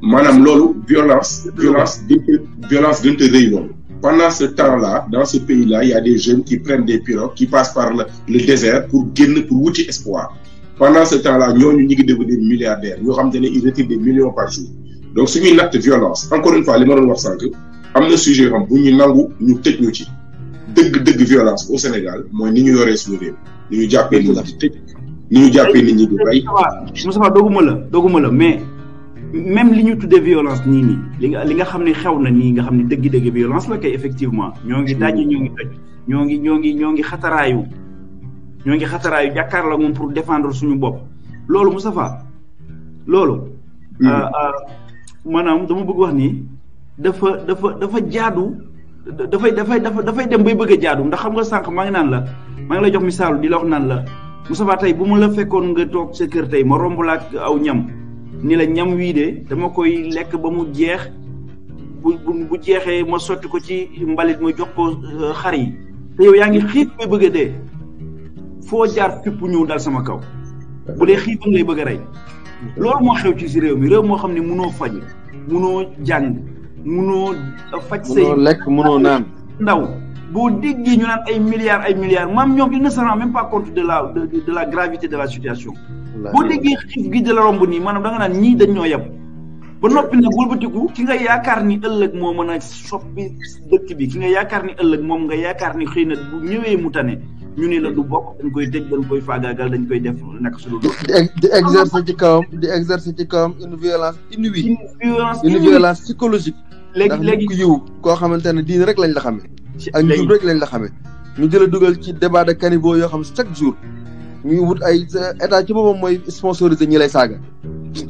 Speaker 2: maanaam loolu violence. violence gën violence gën te rëy loolu. pendant ce temps-là dans ce pays-là des jeunes qui prennent des pirogues qui passent par le, le désert pour génn pour wuti espoir pendant ce temps-là ñooñu ñu ngi devenir milliardaires yoo xam te ne ils retirent des millions par jour donc suñuy natt violence encore une fois li ma wax sànq am na sujet yoo bu ñu nangu ñu tëj ñu ci dégg dégg violence au Sénégal mooy ni ñu yoree suñu ni ñu jàppee nit ñu jàppee nit ñi di rey. Moustapha doguma la doguma la mais
Speaker 1: même li ñu tuddee violence nii nii li nga li nga xam ne xew na nii nga xam ne dëgg-dëgg violence la kay effectivement ñoo ngi daj ñu ngi toj ñoo ngi ñoo ngi ñoo ngi xataraayu ñoo ngi xataraayu jàkkaar la moom pour défendre suñu bopp loolu Moustapha loolu. Hmm. Euh, euh, maanaam dama bëgg wax nii dafa dafa dafa jaadu. dafay dafay dafay dem bay bëgg a jaadu ndax xam nga sànq maa ngi naan la maa ngi lay jox misaalu di la wax naan la Moustapha tey bu ma la fekkoon nga toog sa kër tey ma romb laak aw ñam ni la ñam wii de dama koy lekk ba mu jeex bu bu jeexee ma sotti ko ci mbalit ma jox ko euh, xar yi te yow yaa ngi xiif bay bëgg de foo jaar fépp ñëw dal sama kaw bu dee xiif nga lay bëgg a rey loolu moo xew ci réew mi réew moo xam ne munoo faj mënoo jàng munoo faj say lekk munoo naan ndaw boo déggee ñu naan ay milliards ay milliards maam ñoom ils ne se rendent même compte de la de, de, de la gravité de la situation boo déggee xiif gi de la romb nii maanaam da nga naan ñii dañ ñoo yem ba noppi nag wëlbatiku ki nga yaakaar ni ëllëg moo mën a soppi dëkk bi ki nga yaakaar ni ëllëg moom nga yaakaar ni xëy nag bu ñëwee mu ñu ni la du bokk dañ koy tëj dañ koy faagaagal dañ koy def naka su dul.
Speaker 3: di exercer ci kawam di exercer ci kawam
Speaker 1: une violence inouïe. une
Speaker 3: violence psychologique. léegi léegi ndax yiw koo xamante ne diin rek lañ la xamee. ak njub rek lañ la xamee. ñu jëla dugal ci débat de caniveau yoo xam chaque jour ñuy wut ay état ci boppam mooy sponsorisé ñi lay saaga.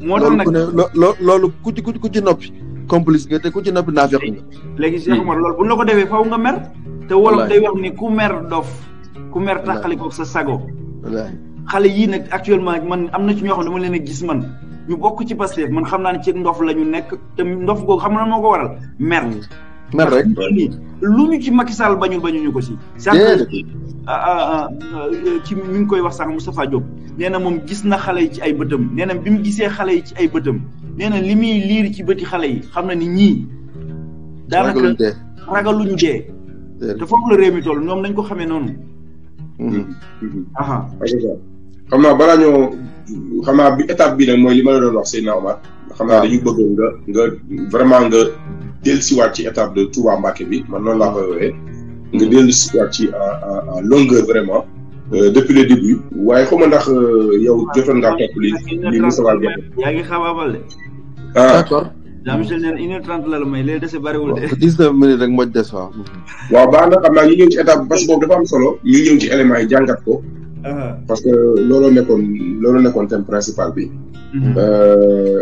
Speaker 3: moo tax nag loolu loolu ku ci ku ci noppi. complice nga te ku ci noppi naafeq nga.
Speaker 1: léegi Cheikh Omar loolu bu ñu ko defee faw nga mer. te wolof day wax ko ku mer dof. ku mer taxali ko sa sago. xale yii nag actuellement man am na ci ñoo xam ne dama leen a gis man ñu bokk ci Pastef man xam naa ne ci ndof la ñu nekk te ndof googu xam na moo ko waral mer. Mm. mer rek lu ñu ci Macky Sall bañul bañuñu ko si. déedéet ci mi ngi koy wax sax Moustapha Diop nee na moom gis na xale yi ci ay bëtam nee bi mu gisee xale yi ci ay bëtam nee li muy liir ci bëti xale yi xam na ni ñii. daanaka ragaluñu dee. te foofu la réew mi toll ñoom nañ ko xamee noonu.
Speaker 2: Mm-hmm. xam naa balaa ñoo xam bi étape bi nag mooy li ma la doon wax Seydina Omar. xam naa dañu bëgg nga nga vraiment nga dellusiwaat ci étape de Touba Mbacké bi man noon laa koy woowee. nga dellusiwaat ci en en longueur vraiment. Euh, depuis le début. waaye xaw ma ndax euh, yow jotoon ngaa topp li li Moussa Wade ah. d'accord.
Speaker 1: Jean Michel nee de.
Speaker 2: dix neuf minutes rek moo des waaw. waaw baax na xam naa ñu ñëw ci que boobu dafa am solo. ñu ñëw ci yi jàngat ko. Uh-huh. parce que looloo nekkoon looloo nekkoon thème principal bi. Mm-hmm. Euh,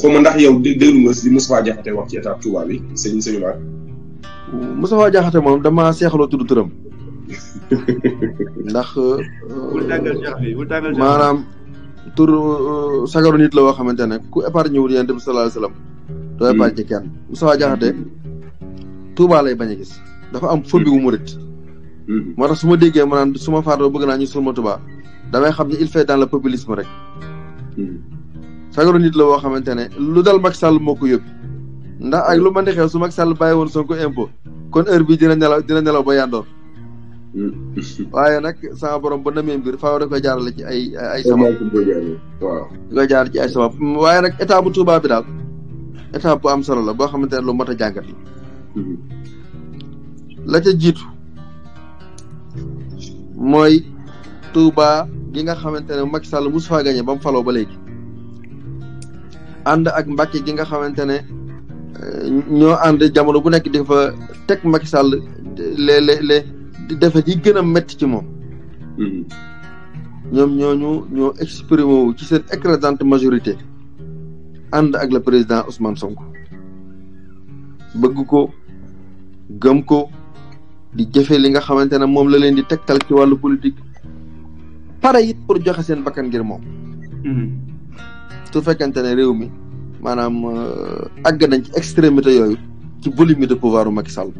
Speaker 2: xaw ma ndax yow déglu nga si Moustapha Diakhaté wax ci étape Touba bi sëñ sëñu Mar.
Speaker 3: Moustapha Diakhaté moom damaa seexaloo tudd turam. <laughs> ndax. wul euh, tur euh, sagaru nit la woo xamante ne ku épargne wul yonent bi sallallahu alayhi wa sallam doo hmm. épargne kenn Moustapha Diakhaté Touba lay bañ a gis dafa am phobie mu murit hmm. moo tax su déggee ma naan su ma bëgg naa ñu sul ma Touba damay xam ne il fait dans le populisme rek hmm. sagaru nit la woo xamante ne lu dal mak Sall moo ko ndax ak lu ma di xew su Macky Sall bàyyi woon Sonko impôt kon heure bi dina nelaw dina nelaw ba yandoor Mm. <laughs> waaye nag sama borom ba namee mbir faaw da koy ci ay ay sabab waaw da koy jaar ci ay waaye nag état bu Touba bi daal état bu am solo la boo xamante ne lu mot a jàngat mm-hmm. la ca jiitu mooy Touba gi nga xamante ne mak Sall mosu faa gañe ba mu faloo ba léegi ànd ak Mbàkke gi nga xamante ne eh, ñoo ànd jamono bu nekk di fa teg le le di defe ci a métti ci moom mm-hmm. ñoom ñooñu ñoo exprimé wu ci seen écrasante majorité ànd ak le président Ousmane Sonko bëgg ko gëm ko di jëfe li nga xamante ne moom la leen di tegtal ci wàllu politique pare it pour joxe seen bakkan ngir moom mm-hmm. su fekkente ne réew mi maanaam euh, àgg nañ ci extrémité yooyu ci volume de pouvoir u Macky Sall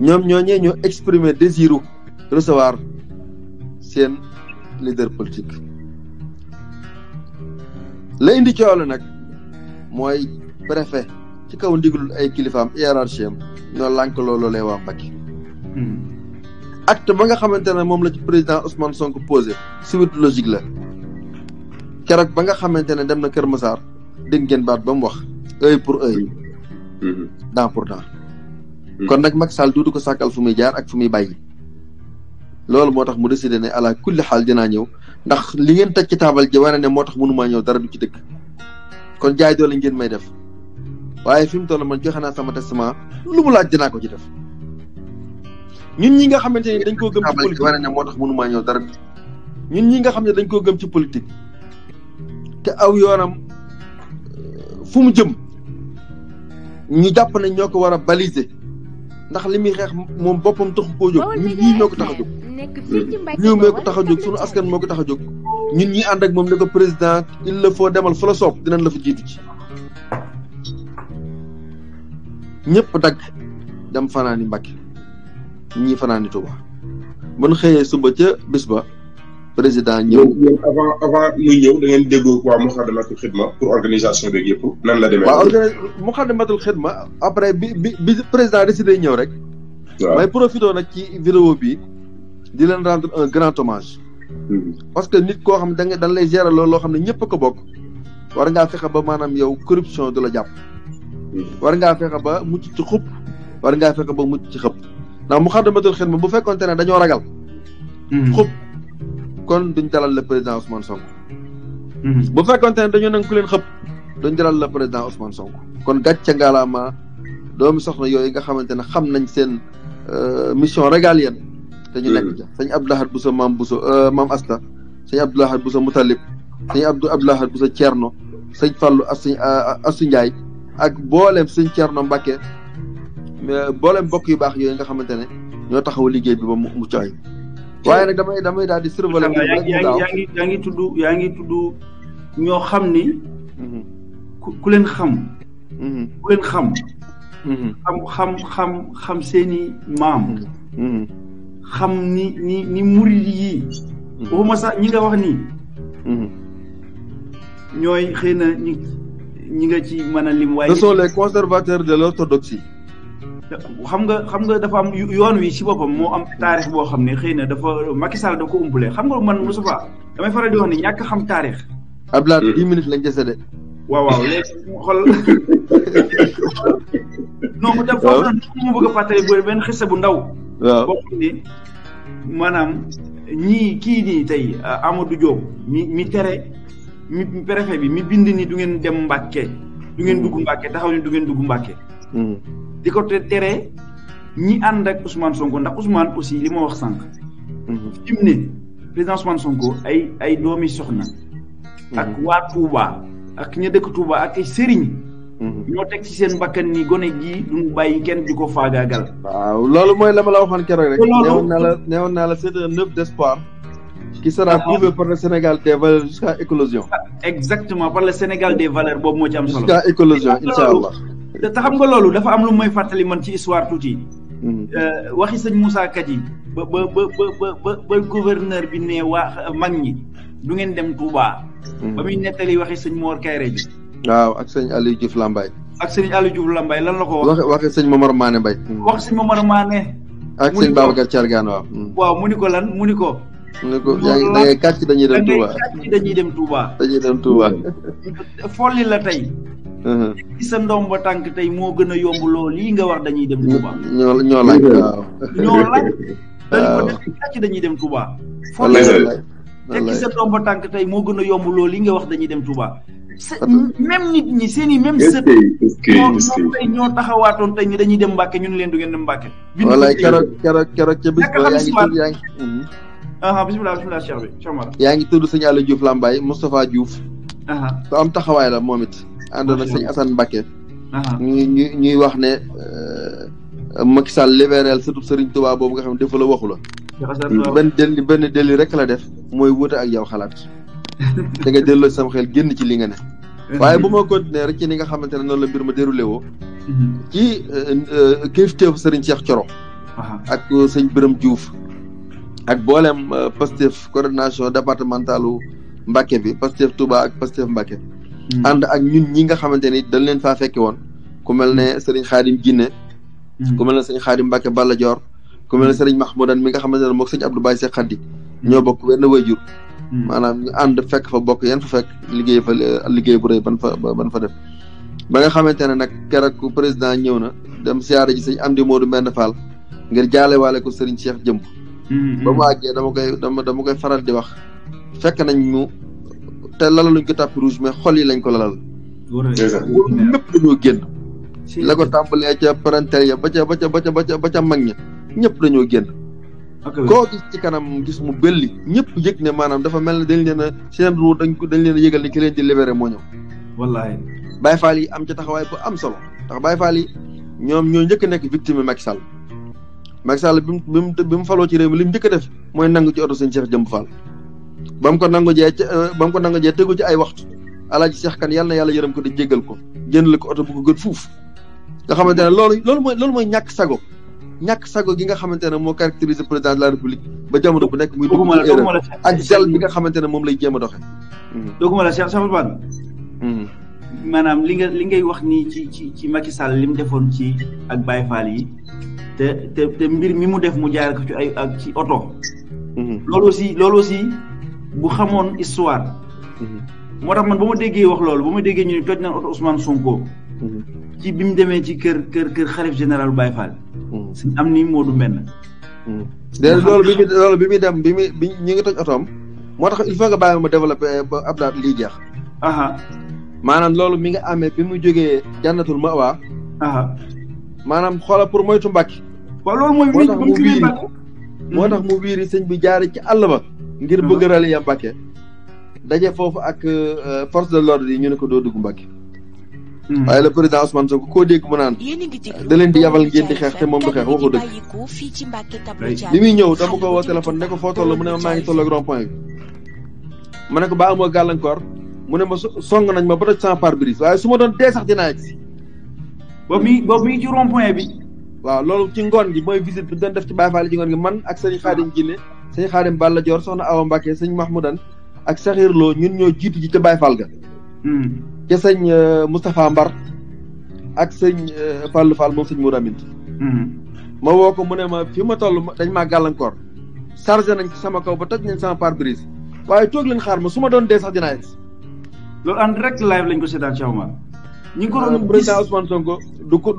Speaker 3: ñoom ñoo ñooñee ñoo exprimer désiru recevoir seen leader politique la indi coow nag mooy préfet ci kaw ndigalul ay kilifaam hiérarchie am ñoo lànk loolu lay waa Mbacké hmm. acte ba nga xamante ne moom la ci président Ousmane Sonko posé suite logique la keroog ba nga xamante ne dem na Kër Massar dégg ngeen baat ba mu wax œil pour œil hmm. dent pour dent Hmm. kon nag Macky Sall duutu ko sàkkal fu muy jaar ak fu muy bàyyi. loolu moo tax mu décidé ne ala kulli xaal dinaa ñëw ndax li ngeen teg ci taabal ji wane ne moo tax mënumaa ñëw dara du ci dëkk kon jaay doole ngeen may def waaye fi mu toll man joxe naa sama testament lu mu laaj dinaa ko ci def. ñi nga xamante ne dañ koo gëm ci politique wane ne moo tax mënumaa ñëw dara ñun ñi nga xam ne dañ koo gëm ci politique te aw yoonam fu mu jëm ñu jàpp ne ñoo ko war a baliser. ndax li muy xeex moom boppam taxu koo jóg ñun ñii ñoo ko tax a jóg askan moo ko tax a jóg ñun ñi ànd ak moom ne ko président il le faut demal fu la soob dinañ la fa jiitu ci ñëpp dagg dem fanaani Mbàkke ñii fanaani Tuuba ban xëyee suba ca bis ba président
Speaker 2: ñëw avant avant muy ñëw da ngeen déggoo waa Muxaddamatul Xidma pour organisation beeg yëpp nan la demee. waaw Muxaddamatul Xidma après bi bi bi président décidé ñëw rek.
Speaker 3: waaw may profité ci vidéo bi di leen rendre un grand hommage. Hmm. parce que nit koo xam da nga dañ lay gérer loolu loo xam ne ñëpp a ko bokk. war ngaa fexe ba maanaam yow corruption du la jàpp. Hmm. war ngaa fexe ba mucc ci xupp. war ngaa fexe ba mucc ci xëpp ndax Muxaddamatul Xidma bu fekkonte ne dañoo ragal. Hmm. xupp. kon duñ dalal le président Ousmane Sonko. Mhm. bu fekkonte ne dañoo nangu ku leen xëpp duñ dalal le président Ousmane Sonko. kon gàcce ngalaama doomi soxna yooyu nga xamante ne xam nañ seen euh, mission régalienne. te ñu nekk mhm. ca sëñ Abdou Lahad Bousso maam Bousso euh, maam Asta sëñ Abdou Lahad Bousso Moutalib sëñ Abdou Abdou Lahad Bousso Thierno sëñ Fallou Assou euh, Assou Ndiaye ak booleem sëñ Thierno Mbacke booleem mbokk yu baax yooyu nga xamante ne ñoo taxaw liggéey bi ba mu mucc waaye nag damay damay daal di survolé. yaa ngi
Speaker 1: yaa ngi tudd yaa ngi tuddu ñoo xam ni. Mhm. ku leen xam. Mhm. ku xam. Mhm. xam xam xam xam seeni maam. xam ni ni ni murid yi. waxuma sax ñi nga wax nii. ñooy xëy na ñi ñi nga ci mën a lim waaye. ce sont les
Speaker 3: conservateurs de l'orthodoxie
Speaker 1: xam nga xam nga dafa am yoon wi si boppam moo am taarix boo xam ne xëy na dafa Macky Sall da ko umpule xam nga man Moustapha damay faral di wax ni ñàkk xam taarix. Abdoulaye hmm. dix minutes lañ dese de. waaw waaw léegi xol <laughs> non mu dem foofu nag mu bëgg fàttali bu benn xiste bu ndaw. waaw maanaam ñii kii nii tey uh, Amadou Diop mi mi tere mi préfet bi mi bind nii du ngeen dem Mbàkke du ngeen dugg Mbàkke taxaw ni du ngeen dugg Mbàkke. di ko tere ñi ànd ak Ousmane Sonko ndax Ousmane aussi li ma wax sànq. Mhm. fi mu ne président Ousmane Sonko ay ay doomi soxna. Mhm. ak waa Touba ak ña dëkk Touba ak ay sëriñ. Mhm. ñoo teg ci seen bakkan ni gone gii duñu bàyyi kenn di ko faagaagal.
Speaker 3: waaw loolu mooy la ma keroog rek. loolu neewoon naa la
Speaker 1: neewoon naa la c'est un œuf d'espoir. qui
Speaker 3: sera prouvé par le Sénégal des valeurs jusqu'à éclosion.
Speaker 1: exactement par le Sénégal des valeurs boobu moo ci am solo. jusqu'à éclosion incha allah. te xam nga loolu dafa am lu may fàttali man ci histoire tuuti. Mm-hmm. Euh, waxi sëñ musa Kat yi ba ba ba ba bi ne waa euh, man ñi du ngeen dem Touba. Mm-hmm. ba muy nettali waxi sëñ Mor Kayre bi.
Speaker 3: waaw ak sëñ Aliou Diouf Lambaye.
Speaker 1: ak sëñ Aliou Diouf Lambaye lan la ko wax. waxi
Speaker 3: sëñ Momar Mané Mbaye. Mm-hmm.
Speaker 1: wax sëñ a Mané.
Speaker 3: ak sëñ ka Thiargane waaw.
Speaker 1: waaw mu ni ko lan mu ni ko. mu ni ko yaa
Speaker 3: ngi dañuy dem Touba
Speaker 1: da ngay dem Touba. dañuy dem Touba. folli la tey. ci sa ndomba tànk tey moo gën a yomb lool lii nga wax dañuy dem Touba.
Speaker 3: ñoo ñoo laaj waaw.
Speaker 1: dañuy dem Touba. wallaay wallaay foo ci sa tànk tey moo gën a yomb lool lii nga wax dañuy dem Touba. même nit ñi seeni i même ñoo taxawaatoon tey ñu dañuy dem Mbàkke ñun leen du ngeen dem Mbàkke wallaay keroog
Speaker 3: keroog keroog ca bis ba yaa ngi tudd yaa ngi
Speaker 1: mhm. aa bisimilah bisimilah cheikh bi cheikh Mara
Speaker 3: yaa ngi tudd sëñ Aliou Diouf Lambaye Moustapha Diouf te am taxawaay la moom àndoon ak sëñ Assane Mbacke. Ah. ñuy ñuy ñuy wax ne euh, Macky Sall libéral surtout Serigne Touba boobu nga xam ne defu la waxu la. benn deli benn deli rek la def mooy wuute ak yow xalaat. <laughs> danga nga sam xel génn ci li nga ne. <laughs> waaye bu ma continuer ci ni nga xamante ne noonu la mbir ma déroulé woo. Mhm. ci euh, kilifteefu Serigne Cheikh Thioro. ak euh, sëñ Birame Diouf. ak boolem Pastef coordination départementalu mbake bi Pastef Touba ak Pastef Mbacke. Mm. ànd ak ñun ñi nga xamante ni dañ leen faa fekke woon ku mel ne mm. sëriñ xaadim Ginne mm. ku mel ne sëriñ xaadim mbake Balla Joor ku mel ne sëriñ Mahmoudan mi ga xamante ne moog sëriñ Abdou Baye Seck Xaddi ñoo bokk wenn wayjur maanaam ñu ànd fekk fa bokk yan fa fekk liggéey fa liggéey bu rëy ban fa ban fa def ba nga xamante ne nag keroog président ñëw na dem siyaare ji sëñ Amdi Modou Mbène Fall ngir jaale waale ko sëriñ Cheikh Jëmb ba mu àggee dama koy dama dama koy faral di wax fekk nañ ñu te lalaluñ ko tapis rouge mais xol yi lañ ko lalal. ñëpp dañoo génn. la ko tàmbalee ca parentel ya ba ca ba ca ba ca ba ca mag ña ñëpp dañoo génn. koo gis ci kanam gis mu belli ñëpp yëg ne maanaam dafa mel ne dañ leen seen ruu dañ ko dañ leen a yëgal ne ki leen di libéré moo ñëw. wallaay. Baye Fall yi am ca taxawaay bu am solo ndax Baye Fall yi ñoom ñoo njëkk nekk victime yi Macky Sall. bi mu bi mu faloo ci réew mi li mu njëkk def mooy nangu ci oto seen Cheikh Jëmb Fall. ba mu ko nangu jee euh, ba mu ko nangu jee tegu ci ay waxtu alaaji Seex Kan yàlla na yàlla ko di jéggal ko jëndal ko oto bu ko gën fuuf nga xamante lool loolu loolu mooy loolu mooy ñàkk sago ñàkk sago gi nga xamante ne moo caractériser président de la république ba jamono bu nekk muy dugg ak
Speaker 1: gel bi nga xamante ne moom lay jéem a doxe hmm. dooguma la Cheikh Cheikh Ousmane hmm. maanaam li nga li ngay wax nii ci ci ci Macky Sall li mu defoon ci ak Baye Fall yi te te te mbir mi mu def mu jaar ci ay ak ci oto hmm. aussi loolu aussi bu xamoon histoire. Mhm. moo tax man ba ma déggee wax loolu ba ma déggee ñu ne toj naan oto Ousmane Sonko. Mhm. ci bi mu demee ci kër kër kër xalif général Baye Fall. Mhm. suñ am ni Modou Mbenn. de loolu bi muy bi muy dem bi muy bi ñu ngi toj otoom.
Speaker 3: moo tax il faut nga bàyyi ma développé ba Abdoulaye lii jeex. maanaam loolu mi nga amee bi mu jógee jànnatul Mawa. maanaam xoola pour moytu mbàkk. waaw loolu mooy moo tax mu wiiri moo sëñ bi jaari ci àll ba. ngir bëgg rallier Mbacke daje foofu ak euh, force de l'ordre yi ñu ne ko doo dugg Mbacke hmm. waaye le président Ousmane Sonko koo dégg mu naan da leen di yabal ngeen di xeex te moom du xeex waxu
Speaker 4: dëgg
Speaker 3: li muy ñëw dama ko woo téléphone ne ko foo toll mu ne ma maa ngi toll ak rond point bi ma ne ko ba amoo gàllankoor mu ne ma song nañ ma ba toj sans pare waaye su ma doon dee sax dinaa yegsi boobu mi boobu mi ci rond point bi waaw loolu ci ngoon gi mooy visite bi doon def ci Baye Fall ci ngoon man ak sëriñ sëñ Xaadim Balla Joor soxna Awa Mbàkke sëñ Mahmoudan ak Saxiir Lo ñun ñoo jiitu ji ca Baay Fall ga
Speaker 4: hmm.
Speaker 3: ca sëñ euh, Mbar ak sëñ euh, Fallou Fall moom sëñ Mourou Amint hmm. ma woo ko mu ne ma fi ma toll dañ maa gàllankoor chargé nañ sama kaw ba toj nañ sama pare-brise waaye toog leen xaar ma su ma doon dee sax dinaa yegg loolu en direct live lañ ko seetaan ma
Speaker 1: ñu ngi ko doon ah, président Ousmane Sonko du ko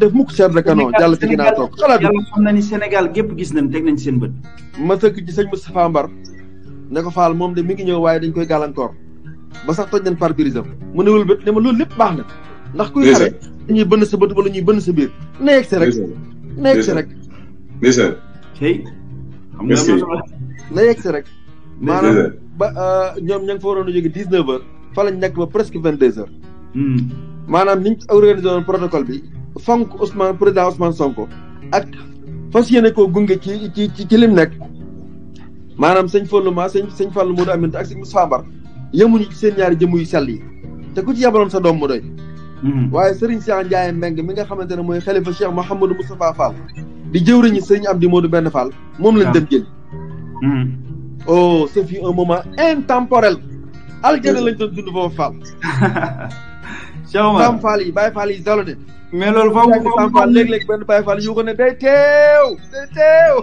Speaker 1: def mukk seer de ah, canon jàll ci ginnaaw toog xalaat gis nañ teg nañ seen bët ma sëkk ci sëñ Moustapha
Speaker 3: ko Fall moom de mi ngi ñëw waaye dañ koy gàllankoor ba sax toj nañ pare-brise am mu ne wëlbët ne ma loolu lépp baax na ndax kuy xare dañuy bënn sa bët wala ñuy bënn sa biir na rek na yegg si rek na yeg si rek maanaam ba euh, ñoom ña ngi fa waroon a jóge dix fa lañ nekk ba presque vingt deux heures Hmm. maanaam ni ñu organisé woon protocole bi fonk Ousmane président Ousmane Sonko ak fas yéene koo gunge ci ci ci ci lim nekk maanaam sëñ Fallou Ma sëñ sëñ Fallou Modou Aminta ak sëñ Moussa Mbar yemuñu ci jëmm yu sell yi te ku ci yabaloon sa doom mu doy. Hmm. waaye Serigne seex Ndiaye Mbengue mi nga xamante ne mooy xalifa Cheikh Mouhamadou Moustapha Fall di jëwriñu Serigne Abdi Modou benn Fall moom lañ ah. dem jël. Hmm. oh ce fut un moment intemporel. aljana euh. lañ doon dund foofu Fall. <laughs> Cheikh Omar Baay Faal yi Baay Faal yi dalo de mais loolu faaw mu faaw mu léeg benn Baay Faal yu ko ne day teew day teew.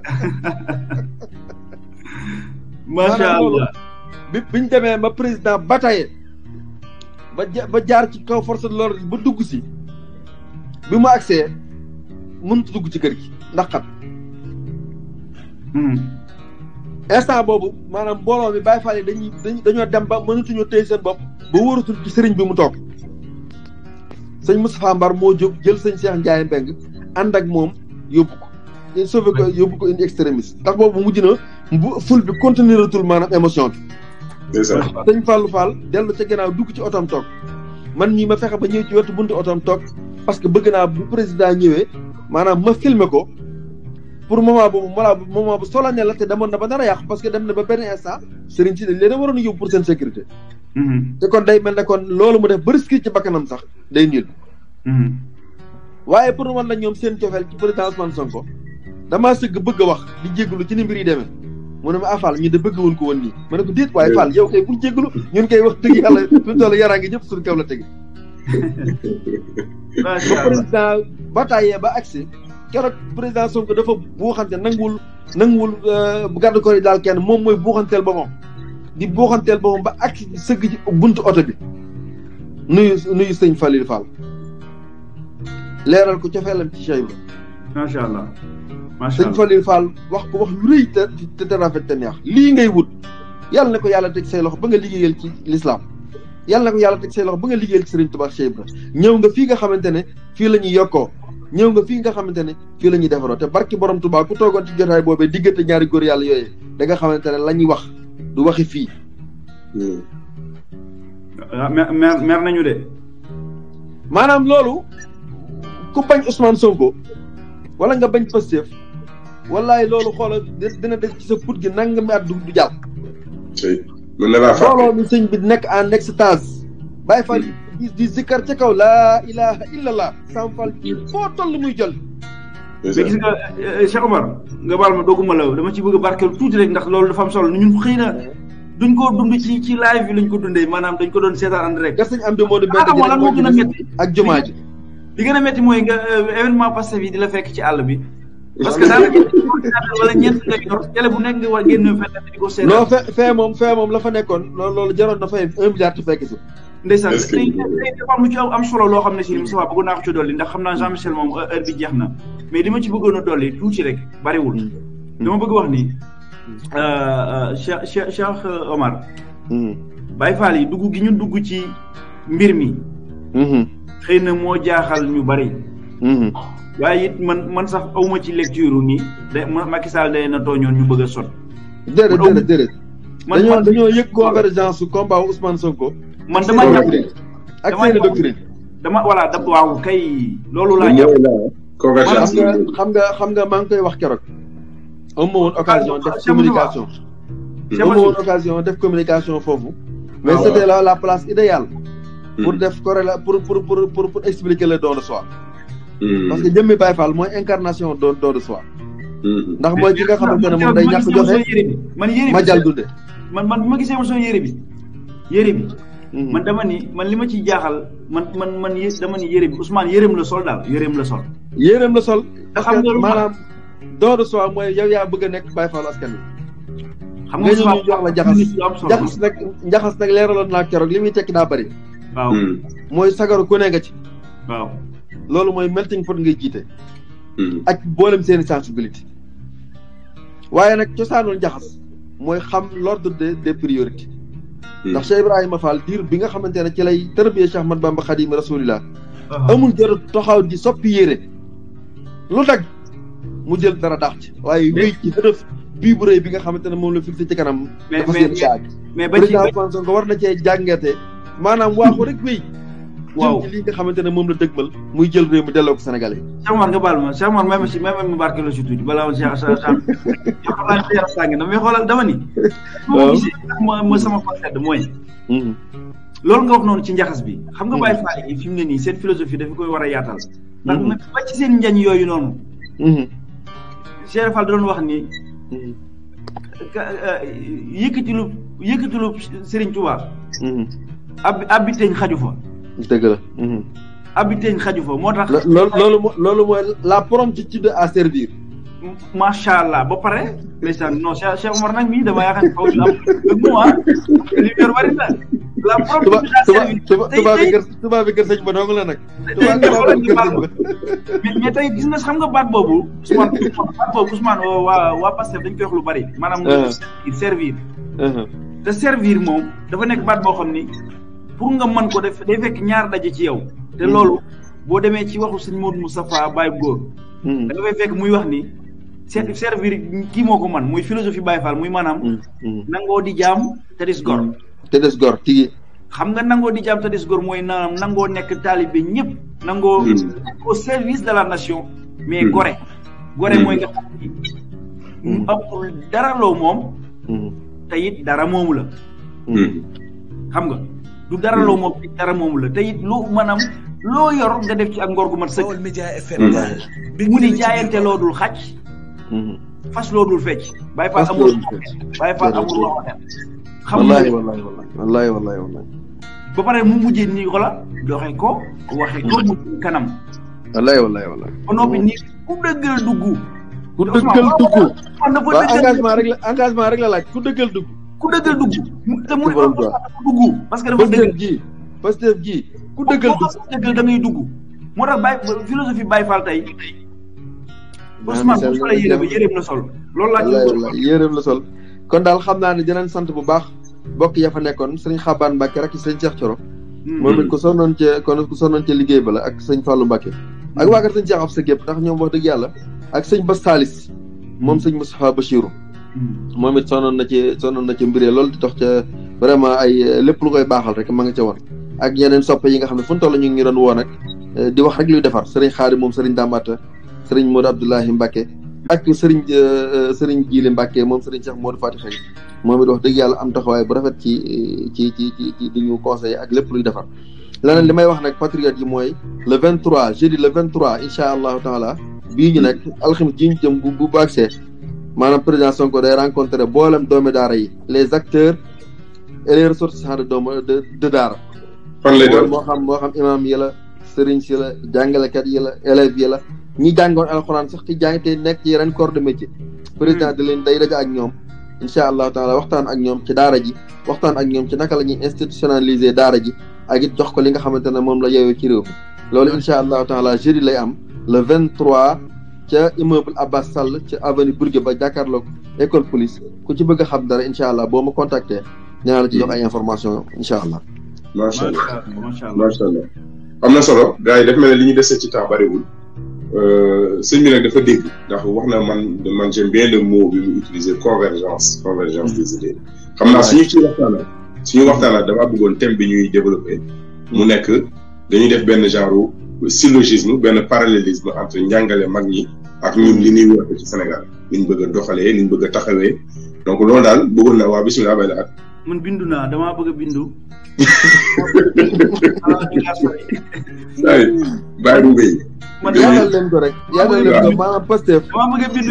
Speaker 3: <laughs> macha allah bi biñ demee ba président bataille ba ba jaar ci kaw force de l'ordre ba dugg si bi mu agsee mënut dugg ci kër gi ndax xam. Hmm. instant boobu maanaam mbooloo mi Baay Faal yi dañuy dañoo dem ba mënatuñoo téye seen bopp ba wóoratul ci sëriñ bi mu toog sëñ Moustapha Mbar moo jóg jël sëñ Cheikh Ndiaye Mbeng ànd ak moom yóbbu ko. il sauvé ko yóbbu ko indi extrémiste. ndax boobu mujj na bu ful bi contenir atul maanaam émotion bi. ndeysaan sëñ Fallou Fall dellu ca gannaaw dugg ci otoom toog man ñii ma fexe ba ñëwee ci wetu buntu otoom toog parce que bëgg naa bu président ñëwee maanaam ma filmer ko. pour moment boobu voilà moment bu solennel la te demoon na ba nar a yàqu parce que dem na ba benn instant sëriñ si dañ leen a waroon a yóbbu pour seen sécurité. Mm-hmm. te kon day mel ne kon loolu mu def ba risque ci bakkanam sax day nul. Mm-hmm. waaye pour man la ñoom seen cofeel ci président Ousmane Sonko damaa sëgg bëgg a wax di jégalu ci ni mbir yi deme mu ne ma ah Fall ñu de bëgg woon ko woon nii ma ne ko déet waaye Fall yow kay bul jégalu ñun kay wax dëgg yàlla suñu toll yaraa <laughs> ba président bataayee keroog président Sonko dafa buuxante nanguwul nanguwul bu euh, garde corps yi daal kenn moom mooy buuxanteel boppam di buuxanteel boppam ba ak sëgg ci buntu oto bi nuyu nuyu sëñ Falil Fall leeral ko cofeelam ci Cheikh Ibrahima. macha allah macha allah sëñ Falil Fall wax ko wax lu rëy te te rafet te neex lii ngay wut yàlla na ko yàlla teg say loxo ba nga liggéeyal ci lislaam yàlla na ko yàlla teg say loxo ba nga liggéeyal ci Sëriñ Tuubaa Cheikh Ibrahima ñëw nga fii nga xamante ne fii la ñuy yokkoo. ñëw nga fi nga xamante ne fii la ñuy defaroo te barki borom Tuubaa ku toogoon ci jotaay boobee diggante ñaari góor yàlla yooyee da nga xamante
Speaker 1: ne la ñuy wax du waxi fii. Ah, mer mer nañu de. maanaam loolu ku bañ Ousmane Sonko wala nga bañ Pastef wallaay loolu xoolal dina def ci sa put gi nangami
Speaker 3: at du du jàll. mën na mi sëñ bi nekk en extase bàyyi fa. di zikkar ca kaw laa ilaha illallah Sam Fall kii foo toll muy jël
Speaker 1: mais gis nga euh, Cheikh Omar nga baal ma dogguma la dama ci bëgg a barkeel tuuti rek ndax loolu dafa am solo ñun xëy na duñ ko dund ci ci live bi lañ ko dundee maanaam dañ ko doon seetaan rek. gas nañ am de mode ah, benn jërëjëf lan moo gën a métti ak jumaa ji li gën a métti mooy nga euh, événement passé bi di la fekk ci àll bi. parce que daanaka wala ñeent nga yor télé bu nekk nga war a génn fenn di ko
Speaker 3: seetaan. non fee fee moom fee moom la fa nekkoon loolu loolu jaroon na fay un milliard fekk si. ndeysaan tey tey
Speaker 1: dafa am lu ci am solo loo xam ne si mm-hmm. Moustapha bëgg naa ko ci dolli ndax xam naa Jean Michel moom euh, heure bi jeex na mais li ma ci bëggoon a dolli tuuti rek bariwul mm-hmm. dama bëgg wax ni mm-hmm. euh, euh, Cheikh Cheikh Cheikh Omar Baye Fall yi dugg gi ñu dugg ci mbir mi xëy na moo jaaxal ñu bari waaye it man man sax awma ci lecture nii da Macky Sall day na tooñoon ñu bëgg a sot déedéet déedéet dañoo dañoo yëg convergence su combat Ousmane Sonko man dama jàpp dama doctrine dama voilà da waaw kay loolu laa jàpp xam nga xam nga maa ngi koy wax keroog am woon ah, occasion def communication
Speaker 5: o woon
Speaker 3: occasion def communication foofu ah, mais c'était là la place idéale hmm. pour def corréla pour pour pour pour pour expliquer le don de soi hmm. parce que jëmmi Baye Fall mooy incarnation don don de soi
Speaker 1: hmm. ndax mooy ki nga xamante ne moom day ñàkk joxe ma jàll dunde man man bi ma gisee ma son yére bi yére bi Mm-hmm. man dama ni man li ma ci jaaxal man man man dama ni yére bi Ousmane yéreem la sol daal yéreem la sol. yéreem la sol. da xam nga maanaam don de soi mooy yow yaa bëgg a nekk Baye Fall askan wi.
Speaker 3: xam nga ñu jox la jaxas jaxas nag jaxas nag leeraloon naa keroog li muy tekki daa bëri. Mm. mooy sagaru ku ne nga ci. waaw loolu mooy melting pot ngay jiite. Mm. ak boolem seen sensibilité. waaye nag cosaanul jaxas mooy xam l'ordre des des priorités. Hmm. ndax Cheikh Ibrahima Fall diir bi nga xamante ne ci lay tërbiyee Cheikh Ahmad Bamba Xadim a amul jër taxaw ji soppi yére lu dagg mu jël dara daax ci waaye wéy ci dërëf bii bu rëy bi nga xamante ne moom la fi ci kanam dafa seen saag président Sonko war na cee jàngate maanaam waaxu rek
Speaker 1: wéy waaw jëm nga xamante ne moom la dëgmal. muy jël réew mu delloo ko Sénégalais yi. Cheikh Mar nga baal ma Cheikh Mar ma si may ma mu barke la si tuuti balaa ma sama xol sedd mooy. Mm-hmm. loolu nga wax noonu ci njaxas bi. xam nga mm-hmm. Baye Fall yi fi ne nii seen philosophie dafa koy war a yaatal. ndax mm-hmm. nag ba ci seen njañ yooyu noonu. Cheikh Fall doon wax ni. yëkkatilu yëkkatilu Serigne Touba. xaju fa. dëgg la. habité xaju fa moo tax. loolu loolu loolu mooy la promptitude à servir. macha allah ba pare. ndeysaan non Cheikh Cheikh la promptitude à servir tey tey gis na xam nga baat boobu. Ousmane baat boobu Ousmane dañ koy lu bari. maanaam nga servir. te servir moom dafa nekk baat boo xam ni. pour nga mën ko def day fekk ñaar daje ci yow. te hmm. loolu boo demee ci waxu si Modou mu Baye Góor. Hmm. da nga fay fekk muy wax ni. se servir kii moo ko man muy philosophie Baye Fall muy maanaam. Hmm. nangoo di jaam te des gor. te des gor tigi. xam nga nangoo di jaam te des gor mooy naam nangoo nekk taalibe ñëpp. nangoo service de la nation. mais gore. gore mooy nga xam ni. dara loo moom. te dara moomu la. xam nga. du dara loo mm. moom dara moom la te it lu maanaam loo yor nga def ci a ngor gu mat sëkk. Mm. mu ni jaayante loo dul xaj. Mm-hmm. fas loo dul fecc. bàyyi faa amul bàyyi faa amul xam nga ne wallaay wallaay wallaay ba pare mu mujjee nii doxe ko waxee ko mm. mu kanam.
Speaker 3: wallaay wallaay wallaay.
Speaker 1: ba noppi nii ku dëggal dugg. ku dëggal dugg engagement rek la engagement rek la laaj ku dëggal dugg. ku dëggal dugg. te mu dugg parce que dafa dëgg gi Pastef gi ku dëggal dugg da ngay dugg. moo tax Baye philosophie Baye Fall tey.
Speaker 3: Ousmane bu solee yére ba yéreem la sol. loolu laa ci yéreem la sol. kon daal xam naa ne dinañ sant bu baax. bokk ya fa nekkoon sëñ Xabaan Mbacke rek sëñ Cheikh Coro. Hmm. moom it ku sonnoon cee kon ku sonnoon cee liggéey bala ak sëñ Fallou Mbacke. ak hmm. waa kër sëñ Cheikh Absa Guèye ndax ñoom wax dëgg yàlla. ak sëñ Bas Salis moom hmm. sëñ Moustapha Bachirou moom it sonoon na ci sonoon na ci mbiree loolu di dox ca vraiment ay eh, lépp lu koy baaxal rek ma nga ca woon ak yeneen soppe yi nga xam ne fu ñu toll ñu ngi doon woo nag eh, di wax rek luy defar sëriñ xaari moom sëriñ Dambata sëriñ Modou Abdoulahi Mbacke ak sëriñ eh, sëriñ Jili Mbacke moom sëriñ Cheikh Modou Fatick moom it wax dëgg yàlla am taxawaay bu rafet ci ci ci di ñu conseillé ak lépp luy defar leneen li may wax nak patriote yi mooy le 23 jeudi le 23 incha allahu taala bii ñu nekk alxames ji ñu jëm bu bu baaxee maanaam président Sonko day rencontré boolem doomi daara yi les acteurs et les ressortissants de doom de daara. moo xam moo xam imam yi la sëriñ si la jàngalekat yi la élèves yi la ñi jàngoon alxuraan sax ci jàng te nekk ci yeneen corps de métier. Hmm. président di leen day daje ak ñoom. incha allahu taala waxtaan ak ñoom ci daara ji waxtaan ak ñoom ci naka la ñuy institutionnaliser daara ji ak it jox ko li nga xamante ne moom la yeewee ci réew mi loolu incha allahu taala jeudi lay am le vingt 23 ca immeuble Abbas Sall ca avenue Bourguiba jàkkaarloog école police ku ci bëgg a xam dara incha allah boo ma ñaar a ci jox ay information incha allah. macha allah
Speaker 2: macha allah macha am na solo gars yi daf li ñu dese ci temps bariwul euh, sëñ bi dafa dégg ndax wax na man man bien bi mu utiliser convergence convergence xam naa suñu ci waxtaanee suñu waxtaanee dafa bëggoon thème bi ñuy développer mu nekk dañuy def benn genre syllogisme benn parallélisme entre njàngale mag ñi. ak ñun li ñuy woote ci Sénégal ni ñu bëgg a doxalee ni ñu bëgg a taxawee donc loolu daal bëggoon naa waa bisimilah bay la at.
Speaker 1: man bindu naa damaa bëgg a bindu.
Speaker 2: bàyyi mu béy. man yaatal
Speaker 1: leen ko rek. yaatal leen ko maanaam Pastef. damaa a bindu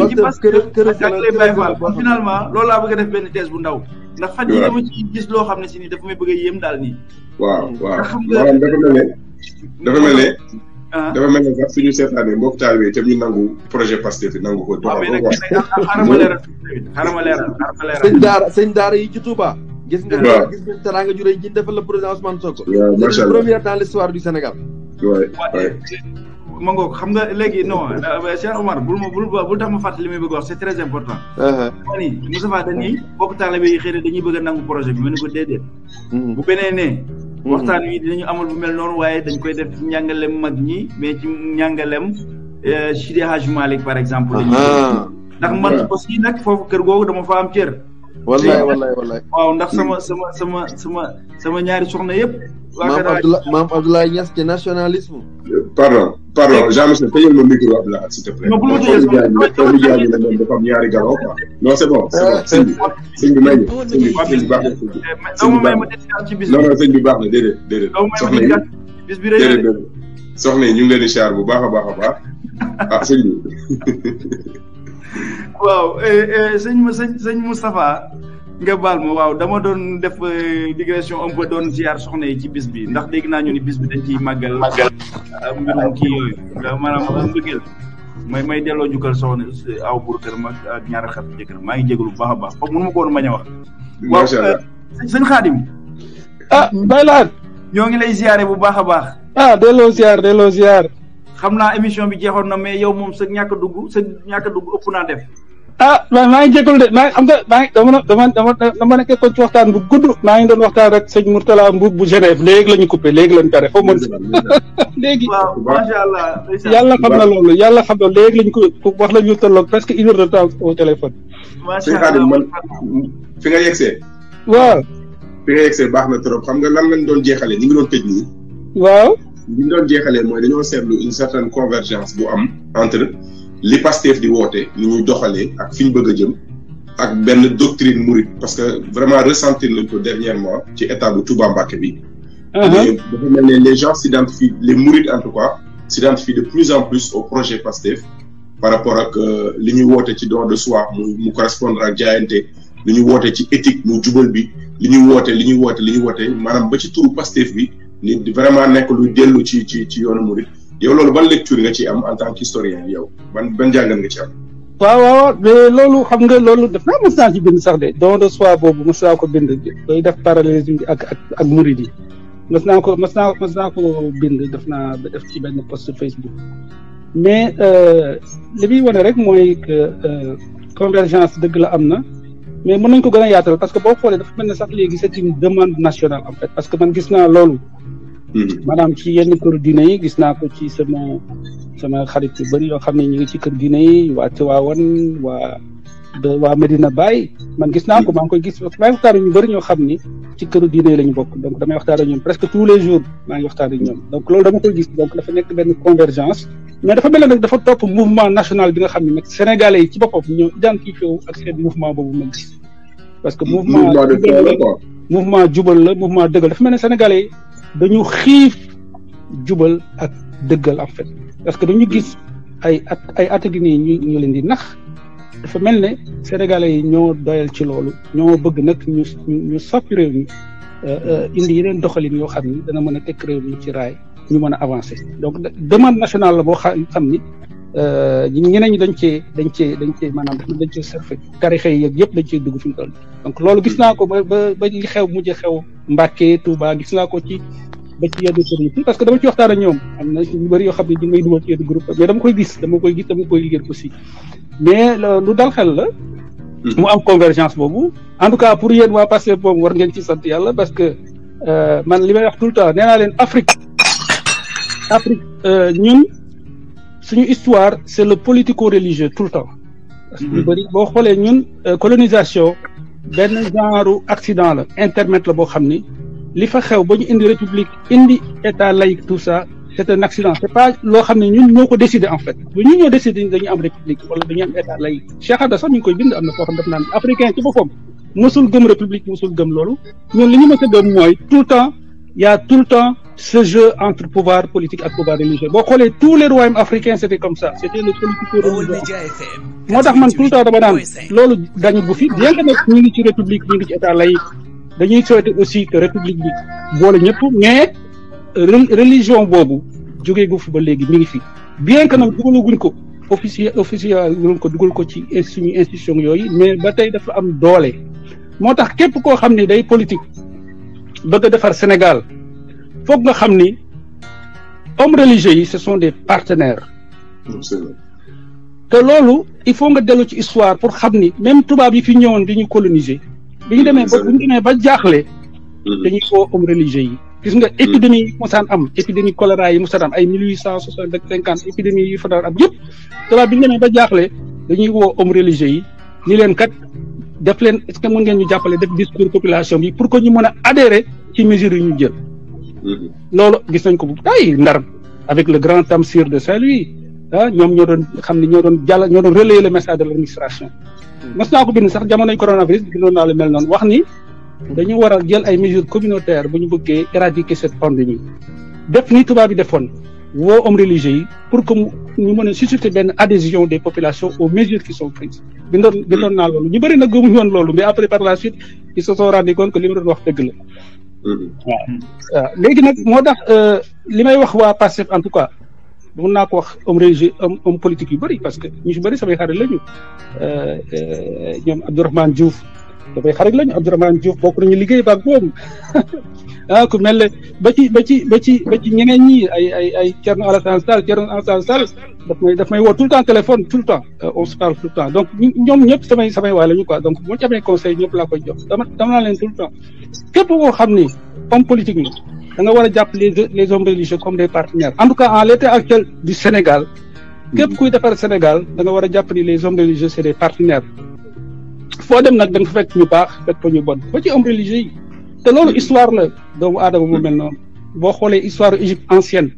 Speaker 1: laa bëgg a def benn thèse bu ndaw. ndax fan yii dama ci loo xam ne si nii dafa may bëgg a daal nii.
Speaker 3: waaw
Speaker 2: waaw maanaam dafa mel ne dafa mel ne. Ah. dafa mel ne sax suñu seetaanee mbokk taalibe itam projet Pastef bi nangu ko. waaw mais ah, ma leeral xaaral ma
Speaker 3: sëñ Daara yi ci Touba. gis nga gis nga teraanga ju ji defal la président Ousmane Sonko. waaw macha allah première Sénégal.
Speaker 1: waay waay. xam nga léegi non euh, euh, Cheikh Omar bul ma bul bul tax ma fàttali li may bëgg wax c'est très important. Uh-huh. ma ni Moustapha dañuy bokk taalibe yi xëy na dañuy bëgg a nangu projet bi ma ne ko déedéet. Mm-hmm. bu benee nee. waxtaan wi dinañu amal bu mel noonu waaye dañ koy def njàngalem mag ñi mais ci njàngalem euh, Sidi Hadj Malick par exemple. Ah. ndax man aussi nag foofu kër googu dama fa am cër. wallaay wallaay wallaay. waaw ndax sama hmm. sama sama sama sama ñaari soxna yëpp.
Speaker 3: maam Abdoulaye maam Abdoulaye Niass ci nationalisme.
Speaker 2: pardon pardon Jean-Michel tëjal ma micro Abdoulaye s'il te plaît. am ñaari galon quoi. non c'est bon c'est bon sëñ bi ah, sëñ bi may ñu sëñ bi sëñ bi baax na. sëñ bi baax na eh, non non yi ñu ngi leen di siyaar bu baax a baax a baax ah sëñ bi. <laughs>
Speaker 1: waaw eh, eh, sëñ sëñ sëñ Moustapha nga baal ma waaw dama doon def eh, digression un peu doon ziar soxna yi ci bis bi ndax dégg naa ñu ni bis bi dañ ciy màggal. màggal ah, mbirum kii yooyu maanaam mbëggeel may may delloo njukkal soxna aw buur kër ma ak ñaari xar jëkkër maa ngi jégalu bu baax a baax foofu mënuma ko woon mañ a wax. macha allah waaw sëñ Xaadim. ah Baye Laat. ñoo ngi lay ziare bu baax a baax. ah delloo ziar delloo ziar. xam naa émission bi jeexoon na mais yow moom sa ñaaka a dugg sa ñàkk a dugg naa def.
Speaker 6: a ah, maa maa ngi jégalu de maa xam nga maa ngi dama dama dama dama nekkee ko ci waxtaan bu gudd maa ngi doon waxtaan rek sëñ Mourtala Mbuub bu Genève léegi la ñu coupé léegi la ñu pare foofu mën
Speaker 1: <laughs> léegi yàlla xam na
Speaker 6: loolu yàlla xam léegi la ñu ko wax la ñu tolloog presque une heure de temps au téléphone.
Speaker 2: macha allah man fi nga yegsee. waaw. fi nga yegsee baax na trop xam nga lan lañ doon jeexalee ñu ngi doon tëj nii. waaw. li ñu doon jeexalee mooy dañoo seetlu une certaine convergence bu am entre li Pastef di woote li ñuy doxalee ak fi ñu bëgg a jëm ak benn doctrine mouride parce que vraiment ressentir nañ ko dernièrement ci état bu Touba Mbacké bi. Ah ah. dafa mel ne les gens s'identifient les mourides en tout cas s'identifient de plus en plus au projet Pastef par rapport ak euh, li ñuy woote ci don de soi mu mu correspondre ak jaayante li ñuy woote ci éthique mu jubal bi li ñuy woote li ñuy woote li ñuy woote maanaam ba ci turu Pastef bi. li vraiment nekk luy dellu ci ci ci yoonu murid yow loolu ban lecture nga ci am en tant qu'historien yow ban ban jàngat nga ci am.
Speaker 6: waaw waaw mais loolu xam nga loolu def naa mos naa ci sax de don de soi boobu mos naa ko bind day def parallélisme bi ak ak ak murid yi mos naa ko mos naa mos naa bind def naa def ci benn post Facebook mais euh, li muy wane rek mooy que euh, convergence dëgg la am na. mais mën nañ ko gën a yaatal parce que boo xoolee dafa mel ne sax léegi c'est une demande nationale en fait parce que man gis naa loolu. Mm-hmm. maanaam ci yenn kër diine yi gis naa ko ci sama sama xarit yu bëri yoo xam ne ñu ngi ci kër diine yi waa Tiwaawan waa waa Medina Baye man gis ko maa ngi ñoo xam ni ci këru diine yi la ñu bokk donc damay waxtaan ak ñoom presque tous les jours maa ngi waxtaan ak ñoom donc loolu dama koy gis dafa nekk benn convergence. mais dafa mel ne nag dafa topp mouvement national bi nga xam nag sénégalais yi ci boppam ñoo identifié wu ak seen mouvement boobu ma gis. parce que mouvement jubal la mouvement dëggal dafa mel ne sénégalais yi dañu xiif jubal ak dëggal en fait parce que dañu gis ay at ay at gi ñu ñu leen di nax dafa mel ne sénégalais yi ñoo doyal ci loolu ñoo bëgg nag ñu ñu soppi réew mi euh, euh, indi yeneen doxalin yoo xam ni dana mën a teg réew mi ci raay. ñu mën a avancer donc demande nationale la boo xam ni euh, ñeneen ñi dañ cee dañ cee dañ cee maanaam dañ cee surfe tarixa yi yëpp dañ cee dugg fi mu loolu gis naa ko ba ba li xew mujj xew Mbàkke Touba gis naa ko ci ba ci yenn sëriñ parce que dama ci waxtaan a ñoom am na ñu bëri yoo xam ne ñu may dugal ci yenn groupe mais dama koy gis dama koy gis dama koy liggéey aussi mais lu dal xel la hmm. mu am boobu en tout cas pour yéen waa Pastef boobu war ngeen ci sant yàlla parce que euh, man li may wax tout le temps naa leen Afrique Afrique euh, ñun suñu histoire c' est le politico-religieux tout le temps. parce que mm-hmm. boo xoolee ñun euh, colonisation benn genre accident la internet la boo xam ni li fa xew ba ñu indi république indi état laïque tout ça c' un accident c' pas loo xam ne ñun ñoo ko décidé en fait bu ñun ñoo décidé dañu am république wala dañu am état laïque Cheikh sax ñu koy bind am na foo xam def naan africain ci boppam mosul gëm république mosul gëm loolu ñun li ñu mës a gëm mooy tout temps y' le temps. ce jeu entre pouvoir politique ak pouvoir religieux boo xoolee tous les royaumes africains c' était comme ça c' moo tax man tout le temps dama daan loolu dañu bu fi bien que nag ñu ngi ci république ñu ngi ci état laïque dañuy souhaiter aussi que république bi boole ñëpp mais euh, religion boobu jógee gu fi ba léegi mi ngi fi bien que nag dugalaguñ ko officier officier guñ dugal ko ci suñu institution yooyu mais ba tey dafa am doole moo tax képp koo xam ne day politique bëgg a defar Sénégal foog nga xam ni hommes religieux yi ce sont des partenaires. te loolu il faut nga dellu ci histoire pour xam ni même tubaab yi fi ñëwoon di coloniser. bi ñu demee ba bi ñu demee ba jaaxle. Mm-hmm. dañuy woo hommes religieux yi. gis nga mm-hmm. épidémie yi mosaan am yi mosaan am ay mille huit cent soixante ak cinquante épidémie yi fa daan am ñu dañuy woo hommes religieux yi ni leen kat def leen est-ce ngeen ñu jàppale def discours population bi pour que ñu mën a adhérer ci mesures yi ñu jël. Mm-hmm. loolu gis nañ ko bu ay ndar avec le grand Tamsir de Saint-Louis ah, ñoom ñoo doon xam ne ñoo doon jàll ñoo doon relayer le message de l' administration. Mm-hmm. mas naa ko bind sax jamonoy coronavirus bindoon naa la mel noonu wax ni. dañu war a jël ay mesures communautaires bu ñu bëggee éradiquer cette pandémie. def ni tubaab bi defoon woo hommes religieux yi pour que ñu mën a susciter benn adhésion des populations aux mesures qui sont prises. bindoon bindoon mm-hmm. naa doon wax dëgg waaw waaw léegi nag moo tax euh, li may wax waa Pastef en tout cas mun naa ko wax homme religieux homme politique yu bëri parce que ñu si bëri samay xarit la ñu euh, euh, ñoom Abdourahmane Diouf samay xarit la ñu Abdourahmane Diouf bokk ñu liggéey baag moom <laughs> ah ku mel ne ba ci ba ci ba ci ba ci ñeneen ñi ay ay ay Thierno Alassane Sall Thierno Alassane Sall daf may daf may woo tout le temps téléphone tout le temps euh, on se parle tout le temps donc ñoom ñëpp samay samay waay la ñu donc bu ma ci amee conseil ñëpp laa koy jox dama dama naa temps képp koo xam ni om politique la da nga war a jàpp les les hommes religieux comme des partenaires en tout cas en l'état actuel du Sénégal képp kuy defar Sénégal da nga war a jàpp ni les hommes religieux c'est des partenaires foo dem nag da nga fekk ñu baax fekk fa ñu bon ba ci hommes religieux te loolu histoire la doomu aadama mu mel noonu boo xoolee histoire Égypte ancienne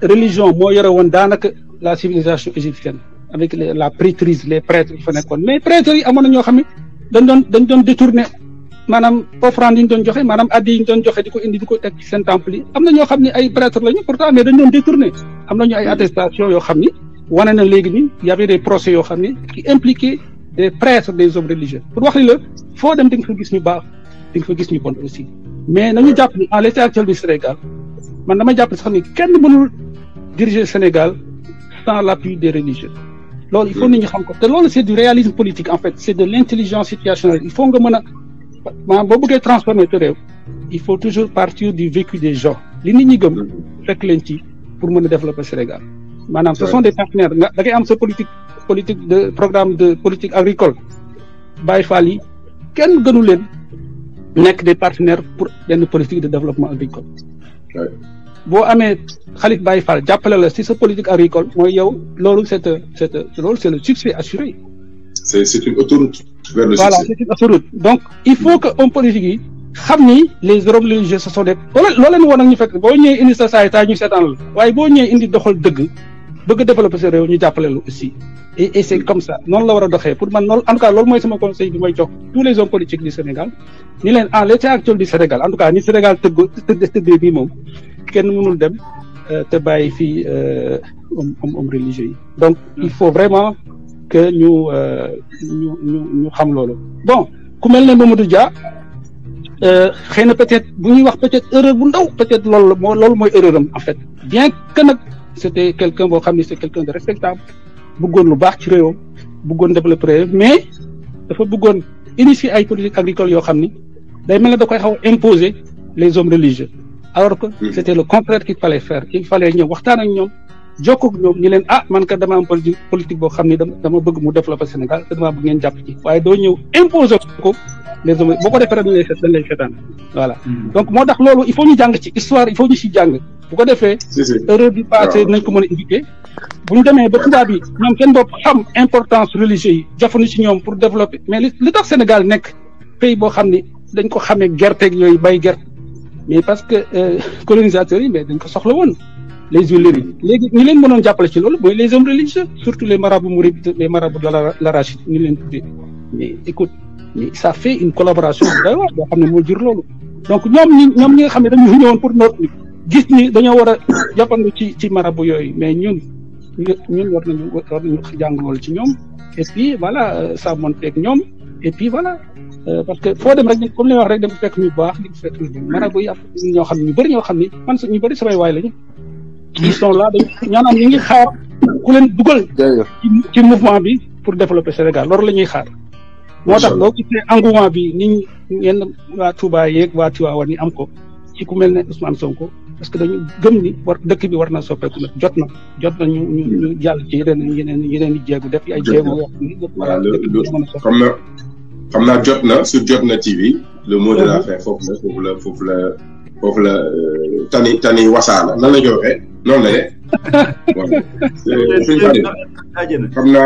Speaker 6: religion moo yore woon daanaka la civilisation égyptienne avec la prêtrise les prêtres yi fa nekkoon mais prêtres yi amoon na ñoo xam ne dañ doon dañ doon détourné maanaam offrande yi ñu doon joxe maanaam addi joxe ko indi ko teg seen temple yi am na ñoo xam ne ay prêtres lañu pourtant mais dañ doon détourné am nañu ay attestation yoo xam ni wane na léegi ni y avait procès yoo xam ni qui impliquaient des prêtres des hommes religieux pour wax li la foo dem di gis ñu baax di nga fa gis ni bon aussi mais nañu jàpp ni en l'état actuel du Sénégal ma dama jàpp sax ni kenn mënul diriger Sénégal la l'appui des religieux loolu il faut nit ñi xam ko te loolu c'est du réalisme politique en fait c'est de l'intelligence situationnelle il faut nga mën a maanaam boo bëggee transformer te réew il faut toujours partir du vécu des gens li ni ñi gëm fekk leen ci pour mën a développer Sénégal maanaam ce sont des partenaires nga da ngay am sa politique de programme de politique agricole Baye kenn gënu leen nekk des partenaires pour benn politique de développement agricole. boo amee xalit Baye Fall jàppale la si sa politique agricole mooy yow loolu c' est c' est loolu c' est le succès assuré.
Speaker 2: c' une autoroute voilà c'
Speaker 6: une autoroute donc il faut que homme politique yi xam ni les religieux se sont des loolu leen woon nag ñu fekk boo ñëwee indi sa saay taa ñu seetaan la waaye boo ñëwee indi doxal dëgg bëgg développer sa réew ñu jàppale la aussi. et et c' est comme ça noonu la war a doxee pour man noonu en tout cas loolu mooy sama conseil bi mooy jox tous les hommes politiques du Sénégal ni leen en ah, l' état actuel du Sénégal en tout cas ni Sénégal tëgg tëdd moom kenn mënul dem euh, te bàyyi fii euh, homme homme religieux yi. donc il hmm. faut vraiment que euh, ñu ñu ñu xam loolu. bon ku mel ne Mamadou Dia xëy na peut-être bu ñuy wax peut-être erreur bu ndaw peut-être loolu moo loolu mooy erreur am en fait bien que nag c' était quelqu'un boo xam ne c' est bëggoon lu baax ci réewam bëggoon développé réewam mais dafa bëggoon initier ay politique agricole yoo xam ni day mel ne da koy xaw imposer les hommes religieux alors que hmm. c'était le contraire qu'il fallait faire il fallait ñëw waxtaan ak ñoom jokkoog ñoom ñu leen ah man ka dama am politique boo xam ni dama bëgg mu développé Sénégal te dama bëgg ngeen jàpp waaye doo ñëw imposer ko boo ko def rek dañ lay seetaan hmm. donc moo tax loolu il faut ñu jàng ci histoire il ñu si jàng bu ko defee. erreur bi passé nañ ko mën a éviter. demee ba tubaab ñoom seen bopp xam importance religieux yi jafandu ci ñoom pour développer mais li tax Sénégal nekk pays boo xam ni dañ ko xamee gerteeg yooyu bay gerte mais parce que euh, colonisateurs yi mais dañ ko soxla woon les huileries yi léegi ñi leen mënoon jàppale ci loolu mooy les hommes religieux surtout les marabouts mourides les marabouts de l'arachide ñu leen tuddee mais écoute mais ça fait une collaboration gis ni dañoo war a ci ci marabu yooyu mais ñun ñun war nañu war nañu jàng ci ñoom et puis voilà euh, ça monteeg ñoom et puis voilà euh, parce que foo dem rek comme li wax rek dem fekk ñu baax di fekk ñu ñoo xam ñu bëri ñoo xam ni man ñu bëri samay waay lañu. ils sont la dañu ñi ñu ngi xaar ku leen dugal. ci mouvement bi pour développer Sénégal loolu la ñuy xaar. moo tax boo gisee engouement bi ni ñenn waa Touba yeeg waa wa yi am ko ci ku mel ne Ousmane Sonko. parce que dañu gëm ni war dëkk bi war na soppeeku nag jot na jot na ñu ñu ñu jàll ci yeneen yeneen yeneen
Speaker 2: def a dëkk bi mën a xam na xam naa jot na su jot na TV le mot de la mmh. fin foofu la foofu la la foofu la euh, tani tani wasaana nan la ñu waxee noonu xam na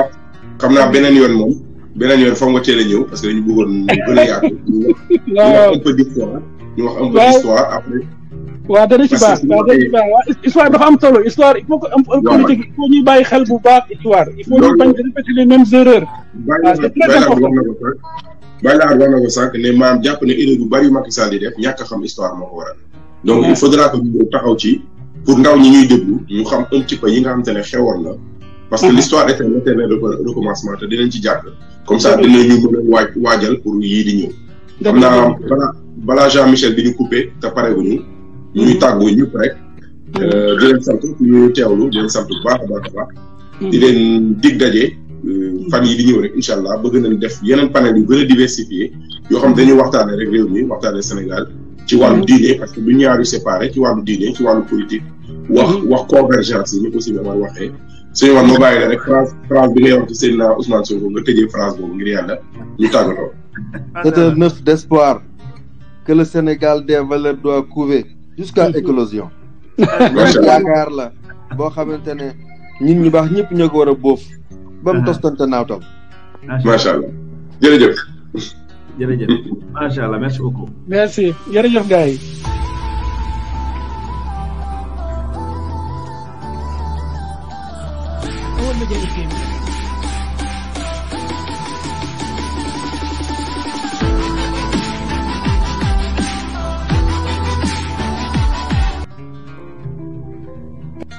Speaker 2: xam naa beneen yoon moom beneen yoon foog nga teel a ñëw parce que ñu gën ñu wax un peu ñu wax un peu d'histoire
Speaker 6: waaw dana ci baax waaw dana histoire dafa am solo histoire il faut que am politique bàyyi xel bu baax histoire il faut ñu
Speaker 4: bañ di répéter les mêmes erreurs waaw c'est très
Speaker 2: ne maam jàpp ne erreur bu bari yu Macky Sall di def ñàkk xam histoire moo ko waral donc il faudra que ñu taxaw ci pour ndaw ñi ñuy déglu ñu xam un ci peu yi nga xam te ne xewoon na parce que ah. l'histoire était l'éternel recommencement te dinañ ci jàpp comme ça dinañu mën a waaj waajal pour yii di ñëw xam Jean Michel bi ñu coupé te pare bu ñu ñu ngi tàggoo ñëpp rek. Euh, di leen sant di leen teewlu di bu baax a a mm. di leen dig daje. Euh, fan yi di ñëw rek incha allah bëgg nañ def yeneen panel yu gën a diversifié yoo xam dañuy waxtaanee rek réew mi waxtaanee Sénégal. ci wàllu mm. diine parce que du ñaaru séparé ci wàllu diine ci wàllu politique. wax mm. wax convergence yi ñu ko si demal waxee. suñu wan ma bàyyi la rek phrase phrase bi ngay wax ci seen Ousmane Sonko nga tëjee phrase boobu ngir yàlla ñu tàggatoo.
Speaker 3: c'est un œuf d'espoir que le Sénégal des jusqu'à mmh. éclosion. <laughs> macha allah la boo xamante ne nit ñi baax ñëpp ñoo ko war a bóof. ba mu mmh. tostante naawtal.
Speaker 1: macha allah jërëjëf. jërëjëf macha allah merci beaucoup.
Speaker 3: merci jërëjëf gars yi.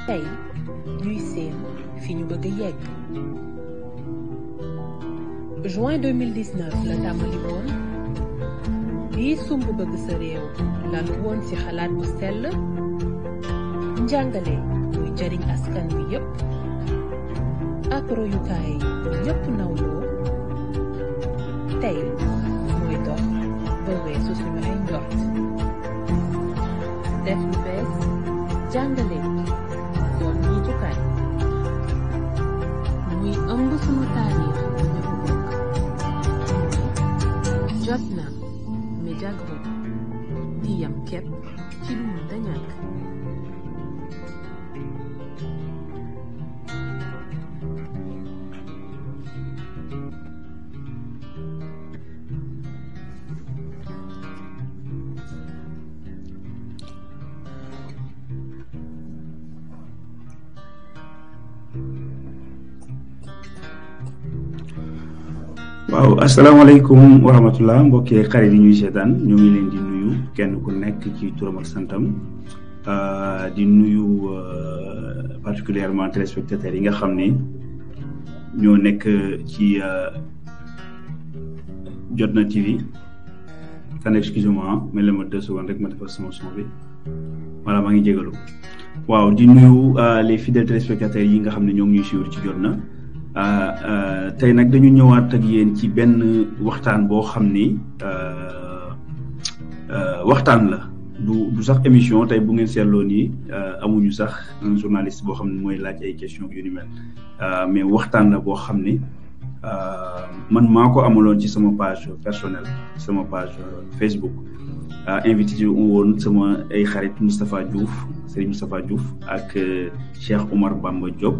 Speaker 3: tey ñuy séen fi ñu bëgg yegg
Speaker 2: juin la tàmbali woon lii sumb bëgg sa réew lalu woon ci xalaat bu sell njàngale muy jariñ askan bi yépp ak royukaay
Speaker 4: ñépp nawloo tey mooy dox ba weesu suñu ay def lu bees jàngale jumtukaay muy ëmb sunu taarix bu ñëpp bokk jot na média group di yam képp ci lu mun dañàkk
Speaker 1: waaw asalaamaaleykum wa rahmatullah mbokki xarit yi ñuy seetaan ñu ngi leen di nuyu kenn ku nekk ci turam ak santam ah, di nuyu euh, particulièrement téléspectateurs yi nga xam ne ñoo nekk ci euh, Jotna TV tan excusez-moi ma deux secondes rek ma defal sama son bi voilà maa ngi jégalu waaw di nuyu euh, les fidèles téléspectateurs yi nga xam ne ñoom ngi ñuy suivre ci Jotna Euh, euh, tey nag dañu ñëwaat ak yéen ci benn waxtaan boo xam ni euh, waxtaan la du du sax émission tey bu ngeen seetloo nii amuñu sax un journaliste boo xam ne mooy laaj ay question yu ni mel mais waxtaan la boo xam ni man maa ko amuloon ci sama page personnelle sama page Facebook invité ci woon sama ay xarit Moustapha Diouf Serigne Moustapha Diouf ak Cheikh Omar Bamba Diop.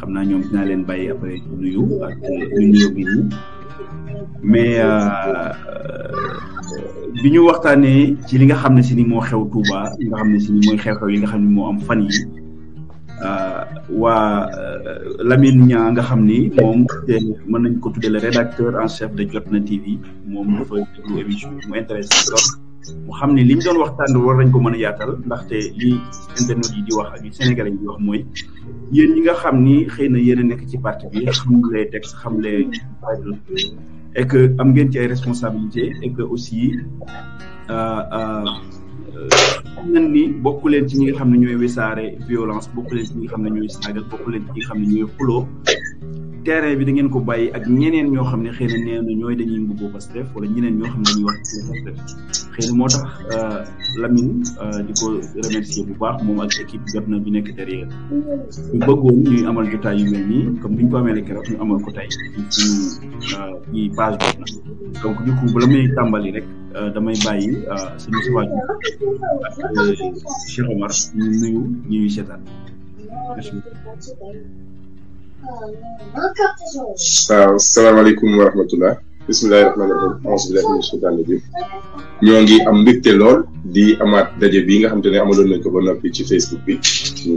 Speaker 1: xam naa ñoom naa leen bàyyi après nuyu ak ñu nuyu bi ñu mais euh, euh, bi ñu waxtaanee ci li nga xam ne si ni moo xew Touba li nga xam ne si ni mooy xew-xew yi nga xam ne moo am fan yi euh, waa Lamine Niang nga xam ni moom te mën nañ ko tuddee le rédacteur en chef de Jotna TV moom dafa déglu émission mu intéressé trop mu xam ne li ñu doon waxtaan war nañ ko mën a yaatal ndaxte li internet yi di wax ak li Sénégalais yi di wax mooy yéen ñi nga xam ni xëy na yéen a nekk ci parti bi xam les textes xam les et que am ngeen ci ay responsabilités et que aussi euh, euh, xam nañ ni bokk leen ci ñi nga xam ne ñooy wesaare violence bokk leen ci ñi nga xam ne ñooy saagal bokk leen ci ñi nga xam ne ñooy xuloo terrain bi da ngeen ko bàyyi ak ñeneen ñoo xam ne xëy na nee na ñooy dañuy mbubboo Pastef wala ñeneen ñoo xam ne dañuy wax Pastef xëy na moo tax euh, Lamine euh, di ko remercier bu baax moom ak équipe jot na bi nekk derrière ñu bëggoon ñuy amal jotaay yu mel nii comme bi ñu ko amee rek ñu amal ko tey suñu euh, ci page boobu nag donc du coup bala muy tàmbali rek damay bàyyi suñu suwaaju ak Cheikh ñu nuyu
Speaker 2: ñuy seetaan waaw salaamaaleykum wa rahmatullah bismillahi rahmaani rahim auzu billahi ñoo ngi am mbégte lool di amaat daje bi nga xamte te ne amaloon nañ ko ba noppi ci Facebook bi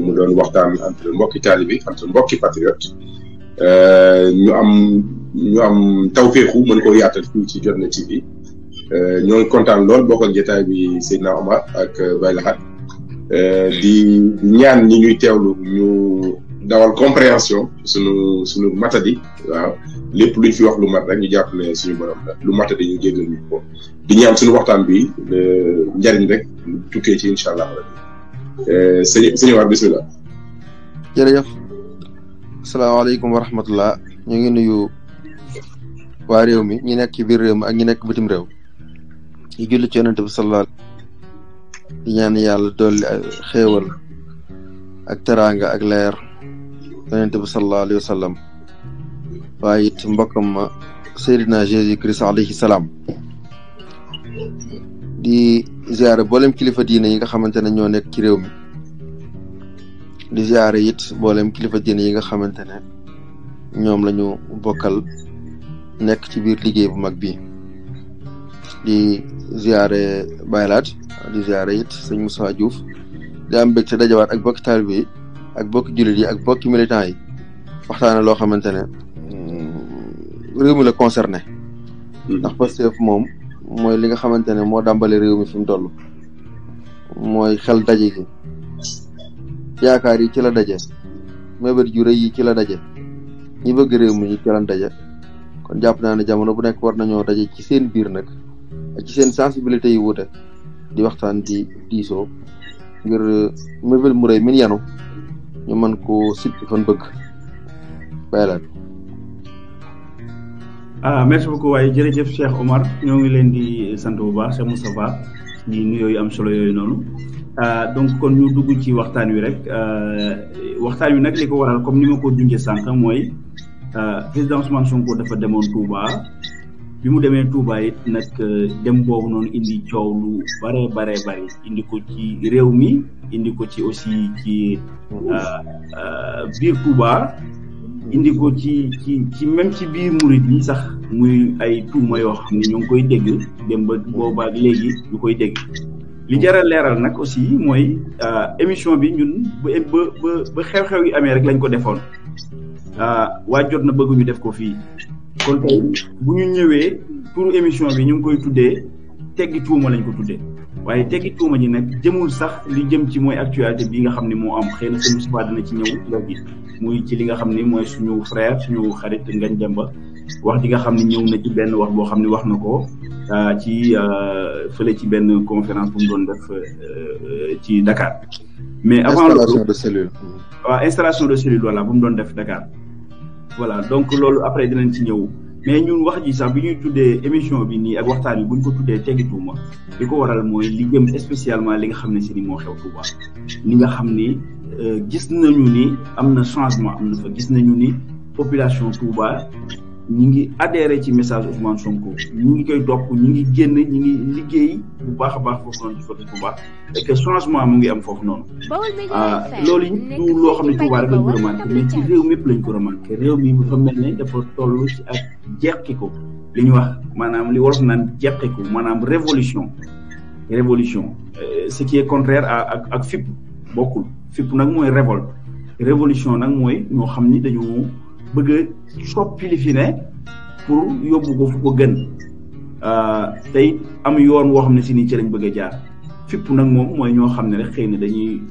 Speaker 2: mu doon waxtaan entre mbokki taalibe entre mbokki patriote euh, ñu am ñu am tawféexu mën koo yaatal fii ci Jotna TV euh, ñoo ngi kontaan lool bokk ak jotaay bi Seydina Omar ak Baye Lahad euh, di ñaan ñi ñuy teewlu ñu. dawal compréhension suñu suñu matadi waaw lépp luñ fi wax lu mat rek ñu jàpp ne suñu lu matadi ñu jéggal ñu ko di ñaan suñu waxtaan bi euh, njariñ rek tukkee ci incha allah rabi euh, sëñ war bisimilah.
Speaker 3: jërëjëf asalaamaaleykum wa rahmatullah ñu ngi nuyu waa réew mi ñi nekk ci biir réew mi ak ñi nekk bitim réew yi julli ci yonente yàlla dolli ak teraanga ak leer. yonent bi sallallahu alayhi wa sallam waaye it mbokkam ma Seydina Jésus Christ alayhi salaam di ziare boolem kilifa diine yi nga xamante ne ñoo nekk ci réew mi di ziare it boolem kilifa diine yi nga xamante ne ñoom lañu ñu nekk ci biir liggéey bu mag bi di ziare baylaat di ziare it sëñ Moussa Diouf di am mbégte dajawaat ak bokk bi ak bokki jullit yi ak bokki militant yi waxtaane loo xamante ne mm, réew mi la concerné mm-hmm. ndax Pastef moom mooy li nga xamante ne moo dàmbale réew mi fi mu toll mooy xel daje gi yaakaar yi ci la daje mébét ju rëy yi ci la daje ñi bëgg réew mi ñu ci lan daje kon jàpp naa ne jamono bu nekk war nañoo daje ci seen biir nag ci seen sensibilité yi wuute di waxtaan di diisoo ngir euh, mébét mu min yanu ñu mën ko sit fan bëgg bàyyi la
Speaker 1: ah waaye jërëjëf Cheikh Omar ñoo ngi leen di sant bu baax Cheikh Moustapha ñi nuyoo yooyu am solo yooyu noonu ah, donc kon ñu dugg ci waxtaan wi rek ah, waxtaan wi nag li ko waral comme ni ma ko junjee sànq mooy ah, président Ousmane Sonko dafa demoon Touba bi mu demee Touba it nag euh, dem boobu noonu indi coow lu bare bare bare indi ko ci réew mi indi ko ci aussi ci euh, euh, biir Touba indi ko ci ci ci même ci biir murit yi sax muy ay tuuma yoo xam ne ñu ngi koy dégg dem ba boobaak léegi ñu koy dégg li jar a leeral nag aussi mooy émission bi ñun ba ba ba xew-xew yi amee rek lañ ko defoon waa jot na bëgguñu def ko fii kon bu ñu ñëwee pour émission bi ñu ngi koy tuddee teggi tuuma lañ ko tuddee waaye teggi tuuma ji nag jëmul sax li jëm ci mooy actualité bi nga xam ni moo am xëy na seen Moustapha dina ci ñëw léegi muy ci li nga xam ne mooy suñu frère suñu xarit Ngagne Demba wax ji nga xam ne ñëw na ci benn wax boo xam ne wax na ko euh, ci euh, fële ci benn conférence bu mu doon def euh, ci Dakar. mais avant loolu installation de cellule. waaw installation de cellule voilà bu mu doon def Dakar. voilà donc loolu après dinañ ci ñëw mais ñun wax ji sax bi ñuy tuddee émission bi nii ak waxtaan bi bu ñu ko tuddee teggi tuuma li ko waral mooy li jëm spécialement li nga xam ne si ni moo xew Touba li nga xam ni euh, gis nañu ni am na changement am na fa gis nañu ni population Touba ñi ngi adhéré ci message Ousmane Sonko ñi ngi koy topp ñi ngi génn ñi ngi liggéey bu baax a baax foofu noonu ci côté que changement mu ngi am foofu noonu
Speaker 4: ah, loolu du loo xam ne Touba rek lañ ko remarqué mais ci
Speaker 1: réew mépp lañ ko remarqué réew mi dafa mel ne dafa toll ci ak jeqi ko li ñu wax maanaam li wolof naan jeqi ko maanaam révolution révolution euh, ce qui est contraire à ak ak fipp bokkul fipp nag mooy révolte révolution nag mooy ñoo xam ni dañoo bëgg a soppi li fi ne pour yóbbu ko fu ko gën euh, tey am yoon woo xam ne si ni ci lañ bëgg a jaar fipp nag moom mooy ñoo xam ne rek xëy na dañuy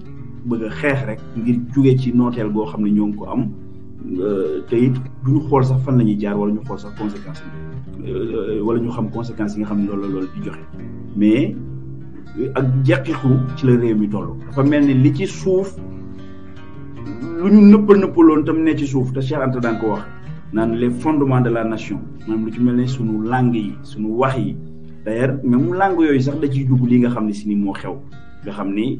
Speaker 1: bëgg a xeex rek ngir jóge ci nooteel goo xam ne ñoo ngi ko am euh, te it du ñu xool sax fan la ñuy jaar wala ñu xool sax conséquences yi euh, wala ñu xam conséquences yi nga xam ne loolu la loolu di joxe mais ak jeqiku ci la réew mi toll dafa mel ni li ci suuf. lu ñu nëppal nëppaloon tam ne ci suuf te Cheikh Anta daan ko wax naan les fondement de la nation maanaam lu ci mel ne sunu langue yi suñu wax yi d'ailleurs même langue yooyu sax da ciy dugg li nga xam ne si ni moo xew nga xam ni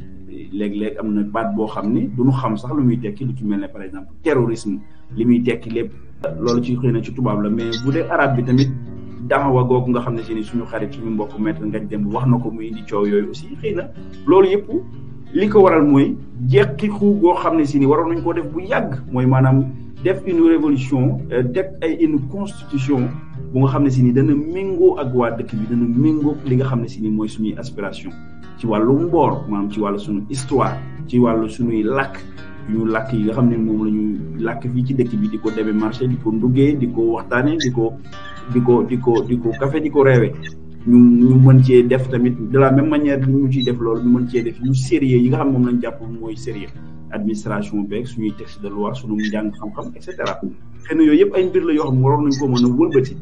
Speaker 1: léeg-léeg am na baat boo xam ne du ñu xam sax lu muy tekki lu ci mel ne par exemple terrorisme li muy tekki lépp. loolu ci xëy na ci tubaab la mais bu dee arabe bi tamit daawa googu nga xam ne si ni suñu xarit suñu mbokk met nga dem wax na ko muy indi yooyu aussi xëy na loolu yëpp. li ko waral mooy jeqi xuu goo xam ne si ni waroon nañ koo def bu yàgg mooy maanaam def une révolution teg euh, ay une constitution bu nga xam ne si ni dana méngoo ak waa dëkk bi dana méngoo li nga xam ne si nii mooy suñuy aspiration ci wàllu mboor maanaam ci wàllu suñu histoire ci wàllu suñuy làkk ñu làkk yi nga xam ne moom la ñu làkk fii ci dëkk bi di ko demee marché di ko nduggee di ko waxtaanee di ko di ko di ko di ko kafe di ko reewee ñu ñu mën cee def tamit de la même manière ñu mu ciy def loolu ñu mën cee def yu sérieux yi nga xam moom lañ jàpp mooy sérieux administration beeg suñuy texte de loi suñu njàng xam-xam et cetera xëy yooyu yëpp ay mbir la yoo xam waroon nañ ko mën a wëlbati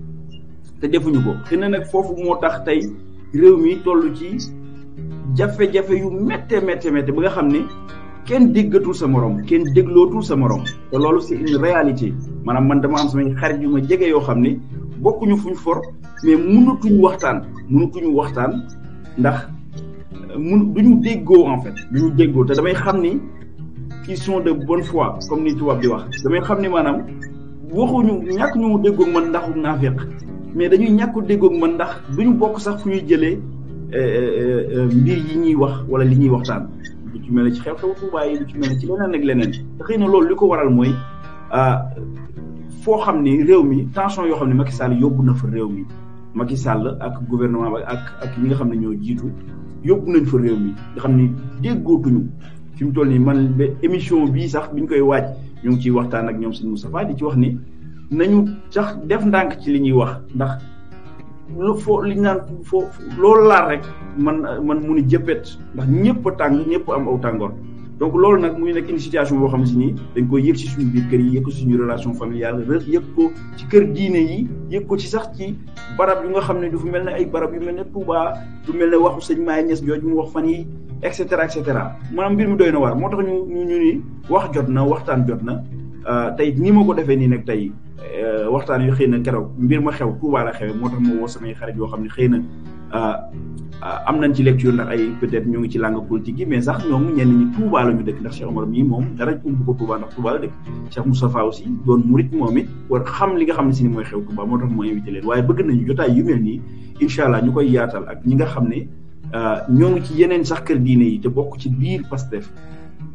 Speaker 1: te defuñu ko xëy na nag foofu moo tax tey réew mi toll ci jafe-jafe yu métte métte métte ba nga xam ne kenn déggatul sa morom kenn déglootul sa morom te loolu c'est une réalité maanaam man dama am samay xarit yu ma jege yoo xam ne bokkuñu fu ñu for mais mënatuñ waxtaan mënatuñu waxtaan ndax euh, mun duñu déggoo en fait duñu déggoo te damay xam ni qui sont de bon foi comme ni tubaab di wax damay xam ni maanaam waxuñu ñàkk ñu déggoog man ndaxu naafeq mais dañuy ñàkk déggoog man ndax duñu bokk sax fu ñuy jëlee euh, euh, mbir yi ñuy wax wala li ñuy waxtaan lu ci mel ne ci xew-xew Tuubaa yi ci mel ci leneen ak leneen te xëy na loolu li ko waral mooy ah, foo xam ni réew mi tension yoo xam ne Macky Sall yóbbu na fa réew mi Macky sàll ak gouvernement ba ak ak ñi nga xam ne ñoo jiitu yóbbu nañ fa réew mi nga xam ni déggootuñu fi mu toll nii man ba émission bii sax ñu koy waaj ñu ngi ciy waxtaan ak ñoom sëñ Moustapha di ci wax ni nañu sax def ndànk ci li ñuy wax ndax lu foo li naan foo loolu laal rek man man mun a ndax ñëpp a tàng ñëpp am aw tàngoor. donc loolu nag muy nekk une situation boo xam si ni dañ koy yëg si suñu biir kër yi yëg ko suñu relation familiale rek yëg ko ci kër diine yi yëg ko ci sax ci barab yu nga xam ne fu mel ne ay barab yu mel ne Touba du mel ne waxu sëñ Maye Niass jooju mu wax fan yi et cetera et cetera maanaam mbir mi doy na waar moo tax ñu ñu ñu wax jot na waxtaan jot na euh, tey ni ma ko defee nii nag tey euh, waxtaan yu xëy na keroog mbir ma xew Touba la xewee moo tax ma woo samay xarit yoo xam ne xëy na euh, Euh, am nañ ci lecture ndax ay peut-être ñu ngi ci langue politique yi mais sax ñoom ñenn ñi Touba la ñu dëkk ndax Cheikh Omar mii moom dara umb ko Touba ndax Touba la dëkk xam li nga xam ne si ni mooy xew Touba moo tax mu invité leen waaye bëgg nañu jotaay yu mel nii incha allah ñu koy yaatal ak ñi nga xam ne euh, ñoo ngi ci yeneen sax kër diine yi te bokk ci biir Pastef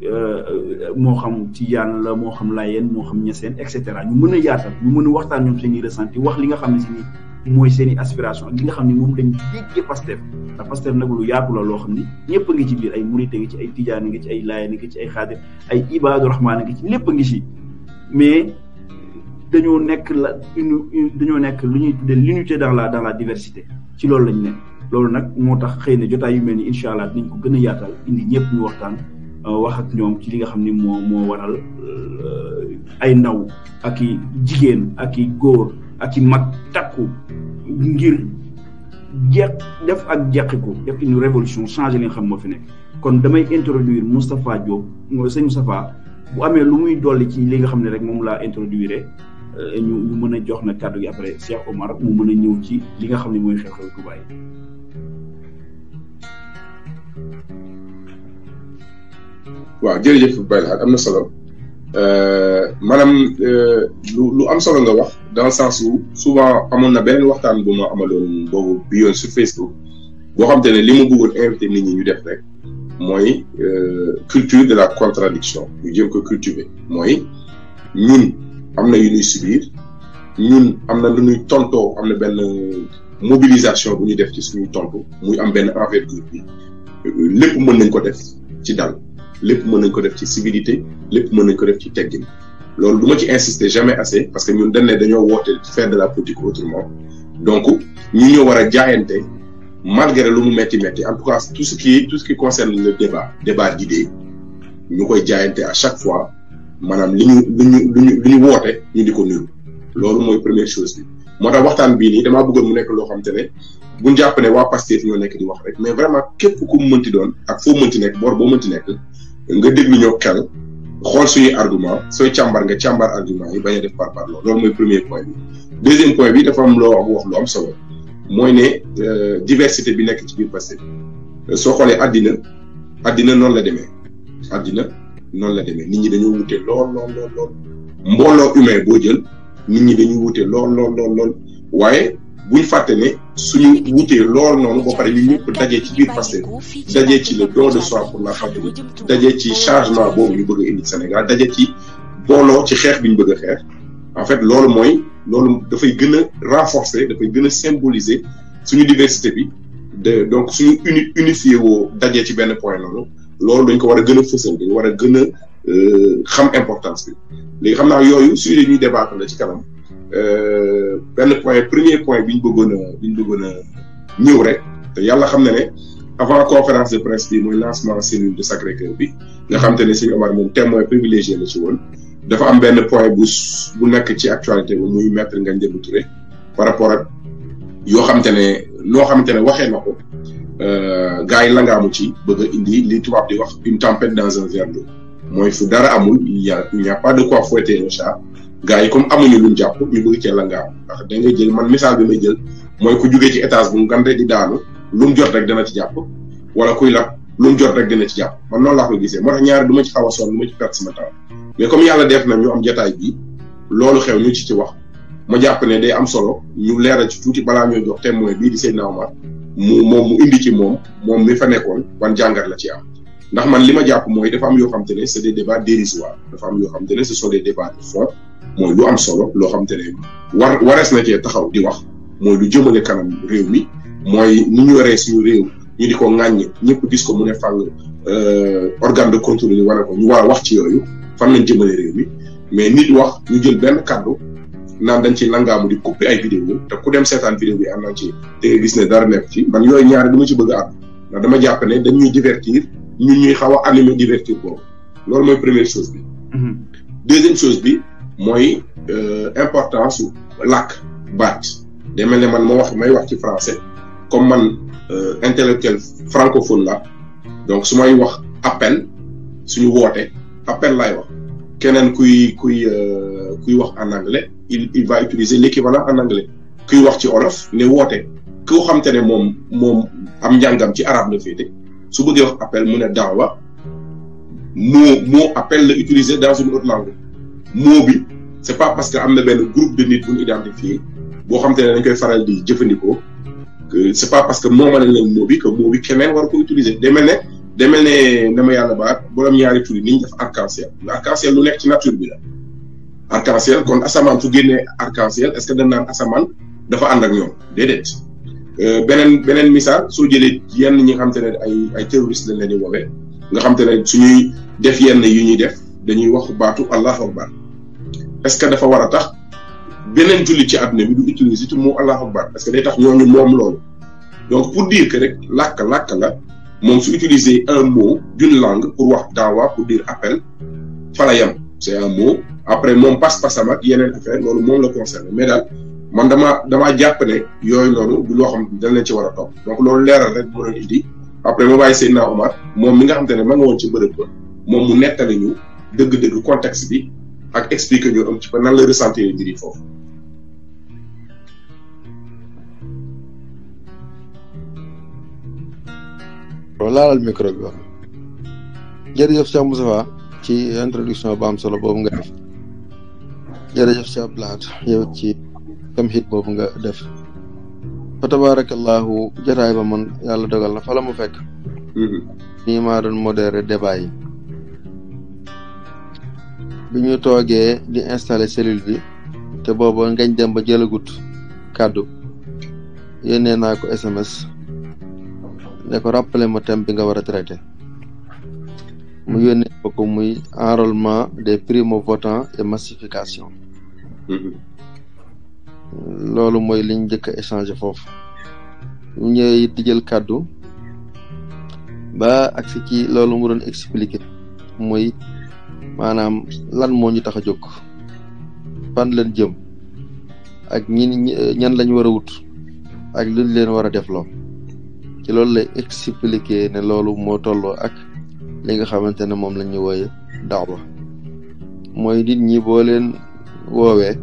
Speaker 1: euh, moo xam ci yaan la moo xam laa layeen moo xam ñeseen et cetera ñu mën a yaatal ñu mën a waxtaan ñoom seen i wax li nga xam si ni mooy seen i aspiration ak li nga xam ne moom lañ déggee Pastef ndax Pastef nag lu yaatu la loo xam ne ñëpp a ngi ci biir ay murite ngi ci ay tijaan ngi ci ay laayeen ngi ci ay xaadir ay ibaadu rahmaan ngi ci lépp a ngi ci mais dañoo nekk la dañoo nekk lu ñuy tuddee l'unité dans la dans la diversité ci loolu lañ nekk loolu nag moo tax xëy na jotaay yu mel ni incha allah dinañ ko gën a yaatal indi ñëpp ñu waxtaan euh, wax ak ñoom ci li nga xam ni moo moo waral euh, ay ndaw ak jigéen ak i góor ak i mag takku ngir jeex def ak jeqiku def une révolution changé li xam moo fi nekk kon damay introduire Moustapha Diop sëñ Moustapha bu amee lu muy dolli ci li nga xam ne rek moom laa introduire euh, ñu ñu mën a jox na kàddu gi après Cheikh Omar mu mën a ñëw ci li nga xam ne mooy xew-xew Touba yi
Speaker 2: waaw jërëjëf Baye Lahad am na solo euh, maanaam euh, lu lu am solo nga wax dans le sens où souvent amoon na beneen waxtaan bu ma amaloon boobu bi yoon sur boo xam ne li ma bëggoon invité nit ñi ñu def rek mooy euh, culture de la contradiction ñu jëm ko cultiver mooy ñun am na yu ñuy subir ñun am na lu ñuy tontoo am na benn mobilisation bu ñu def ci suñuy tontu muy am benn envergure bi lépp mën nañ ko def ci dal lépp mën nañ ko def ci civilité lépp mën nañ ko def ci teggin loolu du ma ci insister jamais assez parce que ñun dañ ne dañoo woote faire de la politique autrement donc ñu ñoo war a jaayante malgré lu mu metti metti en tout cas tout ce qui tout ce qui concerne le débat débat d'idées ñu koy jaayante à chaque fois maanaam li ñu li ñu lu ñu li ñu woote ñu di ko nuyu loolu mooy première chose bi moo tax waxtaan bii nii damaa bëggoon mu nekk loo xam te ne bu jàpp ne waa Pastef ñoo nekk di wax rek mais vraiment képp ku mu mënti doon ak foo mënti nekk boor boo mënti nekk nga déglu ñoo xel xool suñuy argument sooy càmbar nga càmbar argument yi bañ a def par par loolu mooy premier point bi deuxième point dafa am loo wax solo mooy ne euh, diversité bi nekk ci biir passé soo xoolee àddina àddina noonu la demee àddina noonu la demee nit ñi dañoo wute lool lool lool lool mbooloo humain boo jël nit ñi dañuy wute lool lool lool lool waaye buñ fàtte ne suñu wutee lool noonu ba pare ñu ñëpp dajee ci biir Pastef dajee ci le don de soi pour la famille dajee ci changement boobu ñu bëgg a indi Sénégal dajee ci booloo ci xeex bi ñu bëgg a xeex en fait loolu mooy loolu dafay gën a renforcer dafay gën a symboliser suñu diversité bi de donc su uni unifié woo dajee ci benn point noonu loolu dañ ko war a gën a fësal dañ war a gën a euh, xam importance bi léegi xam naa yooyu suñu ñuy débattre la ci kanam Euh, benn point premier point bi ñu bëggoon a bi a ñëw rek te yàlla xam na ne avant conférence de presse bi mooy lancement cellule de Sacré-Cœur bi nga xam te ne si Omar moom témoin privilégié la ci woon dafa am benn point bu bu nekk ci actualité bi muy maître Ngagne Demba rek par rapport ak yoo xam te ne noo xam te ne waxee na ko euh, gars yi la nga amu ci bëgg a indi li tubaab di wax une tempête dans un verre d'eau mooy fu dara amul il y a il pas de quoi fouetter le chat gaa yi comme amuñu luñ jàpp ñu bëgg cee langaamu ndax da ngay jël man misaal bi may jël mooy ku jugee ci étage bu ngande di daanu lu mu jot rek dana ci jàpp wala kuy la lu jot rek dana ci jàpp man noonu laa ko gisee ma ci du ma ci perte sama temps yàlla def na ñu am jotaay bi loolu xew ñu ci wax ma jàpp ne day am solo ñu leeral ci tuuti balaa ñoo jox témoin bii di Seydina Omar mu moom mu indi ci moom moom mi fa nekkoon wan jàngat la ci am ndax man li ma jàpp mooy dafa am yoo xam te ne c'est des débats dérisoires dafa am yoo xam te ne ce sont des mooy lu am solo loo xam te ne war warees na cee taxaw di wax mooy lu jëmale kanam réew mi mooy ni ñu waree suñu réew ñu di ko ŋàññ ñëpp gis ko mu ne fàng euh, organe de contrôle war ko ñu war a wax ci yooyu fan lañ jëmale réew mi mais nit wax ñu jël benn kàddu naan dañ ci langaamu di couper ay vidéo te ku dem seetaan vidéo bi am na ci te nga gis ne dara nekk ci man yooyu ñaari dama ci bëgg a am dama jàpp ne dañ ñuy divertir ñun ñuy xaw a animer divertir boobu loolu mooy première chose bi. Mm-hmm. d chose bi mooy euh, importance su làkk baat day ne man moo wax may wax ci français comme man euh, intellectuel francophone la donc su may wax appel suñu woote appel laay wax keneen kuy kuy euh, kuy wax en anglais il il va utiliser l'équivalent en anglais kuy wax ci olof ne woote ku xam ne moom moom am njàngam ci arabe la féete su bëggee wax appel mu ne daawa mu mot appel la utiliser dans une autre moo bi c'est pas parce que am na benn groupe de nit bu ñu boo xam te ne dañ koy faral di jëfandikoo c'est pas parce que moo mën a leen moo bi que moo bi keneen war ko utiliser demel ne demel ne dama yàlla baat borom ñaari tur yi ni ñu def arc-en-ciel arc lu nekk ci nature bi la arc kon asamaan su génnee arc en est-ce que dañ naan asamaan dafa ànd ak ñoom déedéet euh, beneen beneen misaal soo jëlee yenn ñi nga xam te ne ay ay terroristes lañ leen di woowee nga xam te ne suñuy def yenn yu ñuy def dañuy wax baatu allahu akbar est-ce que dafa war a tax beneen jullit ci àdduna bi du utiliser ci mu allahu akbar parce que day tax ñooñu moom loolu donc pour diir que rek làkk làkk la moom su utiliser un mot d'une langue pour wax daawa pour dire appel fa la yem c'est un mot après moom pas-pasam ak yeneen affaire loolu moom la concerné mais daal man damaa damaa jàpp yooyu noonu loo xam dañ leen ci war a topp donc loolu leeral rek mu doon après ma bàyyi Seydina moom mi nga xam te ne ma nga woon ci bërëb ba moom mu nettali ñu dëgg-dëgg contexte bi ak expliquer ñu un petit peu nan la ressentir mbir yi foofu.
Speaker 3: waaw laalal micro bi wax jërëjëf Cheikh Moustapha ci introduction bu am solo boobu nga def jërëjëf Cheikh Abdou Lahad yow ci tamhid boobu nga def fa tabarakallahu jataay ba man yàlla dogal na fola mu fekk mm-hmm. nii ma doon modéré débat yi bi ñu toogee di installé cellule bi te booba ngañ dem ba jëlagut kàddu yónnee naa ko SMS ne ko rappelé ma thème bi nga war a traité mu mm-hmm. yónnee ko ko muy enrôlement des primo votants et massification mm-hmm. loolu mooy liñ njëkk a foofu ñu ñëwee di jël kàddu ba agsi ci loolu mu doon expliqué muy maanaam lan moo ñu tax a jóg fan leen jëm ak ñi ñan lañ war a wut ak luñ leen war a defloo ci loolu lay expliquer ne loolu moo tolloo ak li nga xamante ne moom la ñu wooye daawa mooy nit ñi boo leen woowee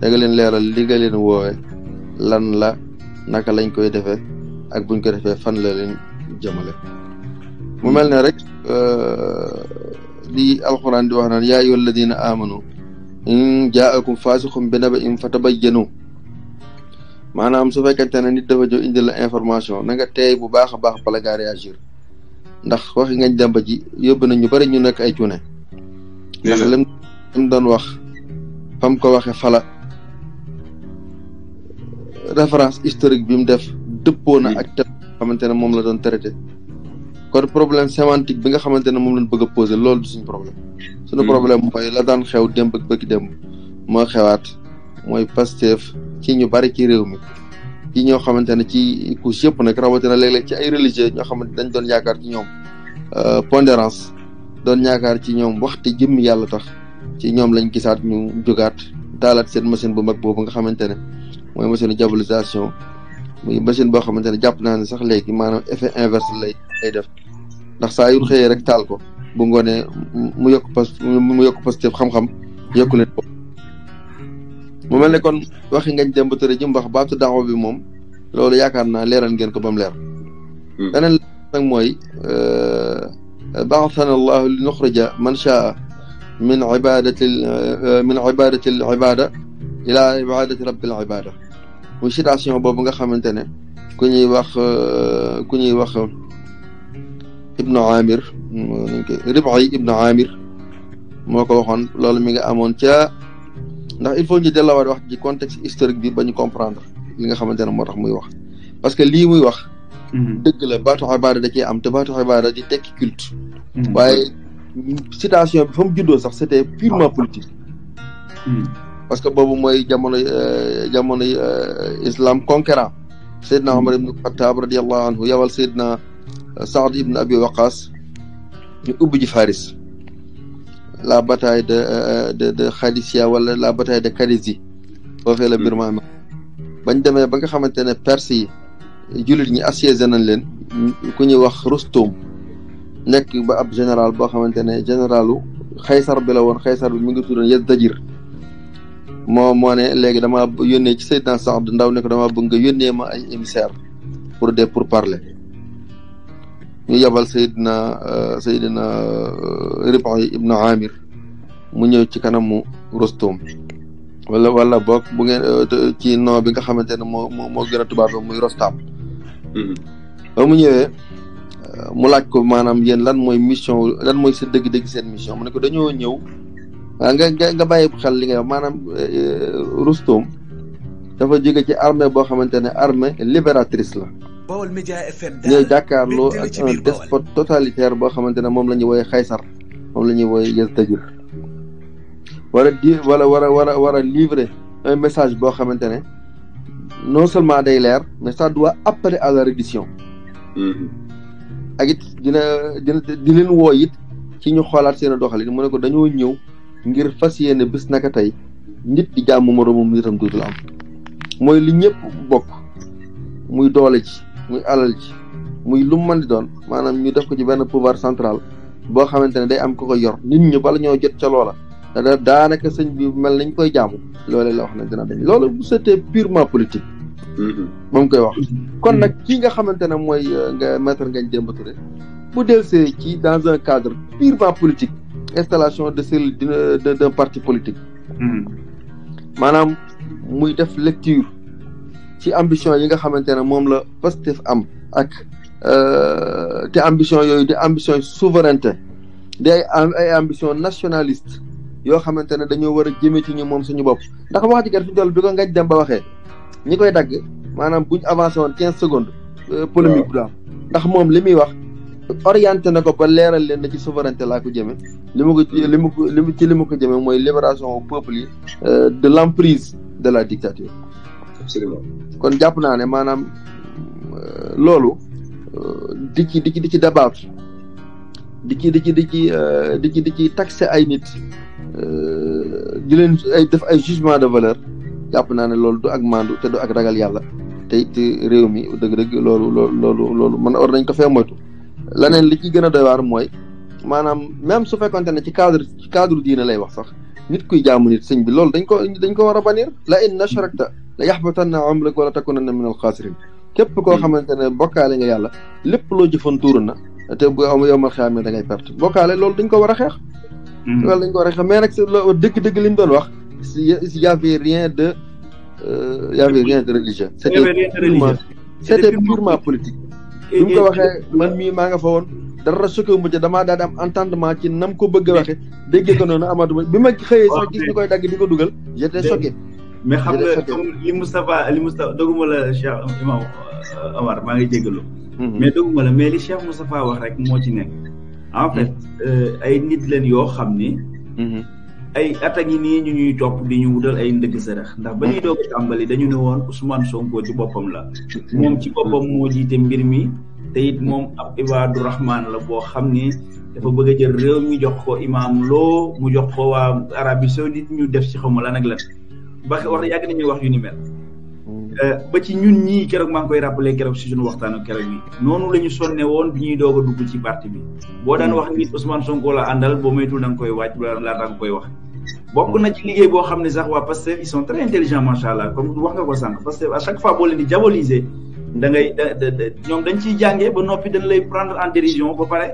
Speaker 3: da leen leeral li leen woowe lan la naka lañ koy defee ak buñ ko defee fan la leen jëmale mu mel ne rek euh, lii alxuraan di wax naan yaa ayyuha alladina amanu in jaakum faasiqum bi naba'in fatabayyanu maanaam su ten ne nit a jo indi la information na nga teey bu baax a baax bala ngaa réagir ndax waxi ngañ demba ji yóbbu nañ ñu bari ñu nekk ay cuune ndax lim doon wax fam ko waxe fala référence historique bi mu def dëppoo na ak te xamante ne moom la doon traité kon problème sémantique bi nga xamante ne moom lañ bëgg a poser loolu du suñu problème. suñu hmm. problème mooy la daan xew démb ak bëgg démb mooy xewaat mooy Pastef ci ñu bari ci réew mi. ci ñoo xamante ne ci couche yëpp nag rawatina léeg ci ay religieux ñoo xamante dañ doon yaakaar ci ñoom euh, pondérance doon yaakaar ci ñoom waxte jëmm yàlla tax ci ñoom lañ gisaat ñu jógaat daalaat seen machine bu mag boobu nga xamante ne mooy machine diabolisation muy machine boo xamante ne jàpp naa sax léegi maana effet inverse lay lay def ndax saa yu xëyee rek taal ko bu ngoonee mu yokk pas mu yokk positif xam-xam yokku leen ko mu mel ne kon waxi ngañ dem ba tëre ji mbax baatu daawa bi moom loolu yaakaar naa leeral ngeen ko ba mu leer hmm. beneen nag mooy euh, baaxana allahu li nuxrija man shaa min ibadati euh, min ibadati al ibada ila ibadati rabbil ibada bu citation boobu nga xamante ne ku ñuy wax euh, ku ñuy wax ibnu amir ribayi ibnu amir moo ko waxoon loolu mi nga amoon ca ndax il faut ñu delluwaat wax ci contexte historique bi ba ñu comprendre li nga xamante ne moo tax muy wax parce que lii muy wax
Speaker 4: mm-hmm.
Speaker 3: dëgg la baatu ibaada da cee am te baatu ibaada di tekki culte
Speaker 4: mm-hmm. waaye
Speaker 3: citation bi fa mu juddoo sax c'était purement politique
Speaker 4: mm-hmm.
Speaker 3: parce que boobu mooy jamono euh, jamono euh, islam conquérant Seydina Omar ibn Xataab radiallahu anhu yawal Seydina euh, Saad ibn Abi Waqas ñu ubbi ji Faris la bataille de de wala la bataille de Khadisi foofee la mm. mbir ma bañ demee ba nga xamante ne Perse yi jullit ñi assiégé nañ leen ku ñuy wax Rustum nekk ba ab général boo xamante ne généralu xaysar bi la woon xaysar bi mu ngi tuddoon Yazdajir moo moo ne léegi dama yónnee ci Seydina Saad Ndaw ne ko dama bëgg nga yónnee ma ay émissaire pour des pour parler ñu yebal Seydina euh, Seydina euh, Ribaay ibnu Amir mu ñëw ci kanamu Rostom wala wala boog bu ngeen euh, ci noo bi nga xamante ne moo moo gën a tubaab muy Rostam mm-hmm. ba mu ñëwee mu laaj ko maanaam yéen lan mooy mission lan mooy seen dëgg-dëgg seen mission mu ne ko dañoo ñëw waaw ah, nga nga nga bàyyi xel li nga wax maanaam eh, eh, Roustom dafa jóge ci armée boo xamante ne armée libératrice la.
Speaker 6: Baol Média FM daal
Speaker 3: ñooy jàkkaarloo ak un despote boo xamante ne moom la ñuy woowee Xaysar moom la ñuy woowee Yazdajir war di wala war a war war a livrer un message boo xamante ne non seulement day leer mais ça doit appeler à la reddition. Mm-hmm. ak it dina dina di leen woo it ci ñu xoolaat seen doxalin mu ne ko dañoo ñëw. ngir fas yéene bis naka tey nit di jàmm moroomam nitam dootul am mooy li ñëpp bokk muy doole ji muy alal ji muy lu mën di doon maanaam ñu def ko ci benn pouvoir central boo xamante ne day am ko ko yor nit ñu bala ñoo jot ca loola daanaka sëñ bi mel nañ koy jaamu loole la wax ne dina dañ loolu bu c'était purement politique ba mm-hmm. mu koy wax kon nag ki nga xamante ne mooy euh, nga maître Ngagne Demba Touré bu delsee ci dans un cadre purement politique installation de cellule de d'un parti politique. Hmm. maanaam muy def lecture ci ambition yi nga xamante ne moom la Pastef am ak te euh, ambition yooyu di ambition souveraineté di ay ay ambition nationaliste yoo xamante ne dañoo war a jëmee ci ñu moom suñu bopp ndax wax ci kat fi ñu bi ko ngaj dem ba waxee ñi koy dagg maanaam buñ avancé woon quinze secondes euh, polémique bu ndax moom li wax orienté na ko ba leeral leen na ci souveraineté laa ko jëme li ma ko li ma ko li ci li ma ko jëme mooy libération au peuple yi euh, de l'emprise de la dictature absolument kon jàpp naa ne maanaam euh, loolu euh, di ci di ci di ci débat di ci di ci di ci di ci di ci taxé ay nit di leen ay def ay jugement de valeur jàpp naa ne loolu du ak maandu te du ak ragal yàlla te it réew mi dëgg-dëgg loolu loolu loolu loolu mën a war nañ ko fee moytu leneen li ci gën a doy waar mooy maanaam même su fekkonte ne ci cadre ci cadre diine lay wax sax nit kuy jaamu nit sëñ bi loolu dañ ko dañ ko war a banir la in ashrakta la yaxbatanna amaluka wala takunanna min alxaasirin képp koo xamante ne bokkaale nga yàlla lépp loo jëfoon tuuru na te bu am yow ma xeamee da ngay perte bokkaale loolu dañ ko war a xeex hmm. loolu dañ ko war a xeex mais nag dëgg-dëgg li mu doon wax y avait rien de euh, y avait rien de religieux c'était purement c'était purement politique bi mu ko waxee eh, eh, man mii maa nga fa woon dara sukkandiku mujj damaa daal di am entendement ci nam ko bëgg a waxee
Speaker 1: déggee ko noonu amatuma bi ma xëyee sax gis dagg di dugal j'étais choqué mais xam nga li Moustapha li Moustapha doguma la Cheikh a euh, Omar maa ngi jégalu mhm. mais doguma la mais li Cheikh Moustapha wax rek moo ci nekk en fait mhm. euh, ay nit leen yoo xam ni mhm. ay at a nii ñu ñuy topp di ñu wutal ay ndëgg sërëx ndax ba ñuy doog a tàmbali dañu ne woon Ousmane Sonko ci boppam la moom ci boppam moo jiite mbir mi te it moom ab Ibaadu Rahman la boo xam ni dafa bëgg a jël réew mi jox ko imaam loo mu jox ko waa Arabie Saoudite ñu def ci xawma lan ak lan ba wax yàgg nañuy wax yu ni mel euh, ba ci ñun ñii keroog maa ngi koy rappelé keroog si suñu waxtaanu la ñu sonne woon bi ñuy doog dugg ci parti bi boo daan wax nit Ousmane Sonko la àndal boo moytul da nga koy waaj laa nga koy wax bokk na ci liggéey boo xam ne sax waa Pastef ils sont très intelligents macha allah comme wax nga ko sànq Pastef à chaque fois boo leen di diaboliser da ngay ñoom dañ ciy jàngee ba noppi dañ lay prendre en dérision ba pare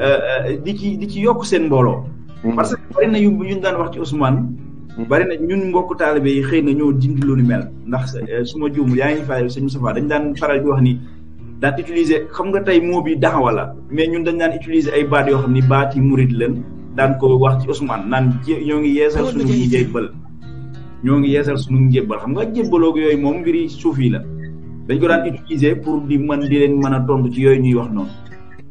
Speaker 1: euh, euh, di ci di ci yokk seen mbooloo. Mm-hmm. parce que bari na yu ñu daan wax ci Ousmane. Mm-hmm. bari na ñun mbokk taalibe yi xëy na ñoo dindi lu ni mel ndax euh, su ma juumul yaa ngi fay sëñ Moustapha dañ daan faral di wax ni. daan utiliser xam nga tey moo bi daxawa wala mais ñun dañ daan utiliser ay baat yoo xam ni baat yi murid leen. daan ko wax ci Ousmane naan ñoo ngi yeesal suñu bal ñoo ngi yeesal suñu njébbal xam nga jébbaloogu yooyu moom mbiri suuf yi la dañ ko daan utiliser pour di man di leen mën a tontu ci yooyu ñuy wax noonu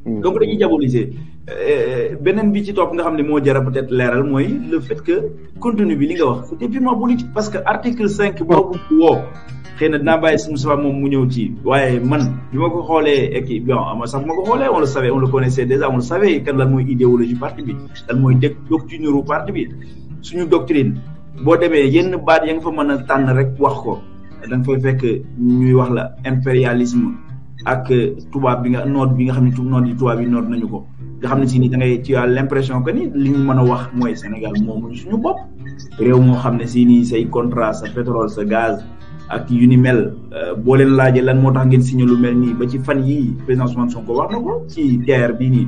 Speaker 1: mm. donc dañuy diaboliser Euh, beneen bi ci topp nga xam ne moo jara peut-être leeral mooy le fait que contenu bi li nga wax c'est purement politique parce que article cinq boobu woo xëy na dinaa bàyyi si Moustapha moom mu ñëw ci waaye man bi ma ko xoolee ak bon ama sax ma ko xoolee on le savait on le connaissait déjà on la savait kan la mooy idéologie parti bi lan mooy dég doctrine parti bi suñu doctrine boo demee yenn baat ya nga fa mën a tànn rek wax ko da nga fekk ñuy wax la impérialisme ak tubaab bi nga noot bi nga xam ne noot yi tubaab yi noot nañu ko nga xam ne si ni da ngay tu as l'impression que ni li ñu mën a wax mooy Sénégal moomuñ suñu bopp réew moo xam ne si nii say contrat sa pétrole sa gaz ak yu ni mel euh, boo leen laajee lan moo tax ngeen signé lu mel nii ba ci fan yii président Ousmane Sonko wax na ko ci TER bii nii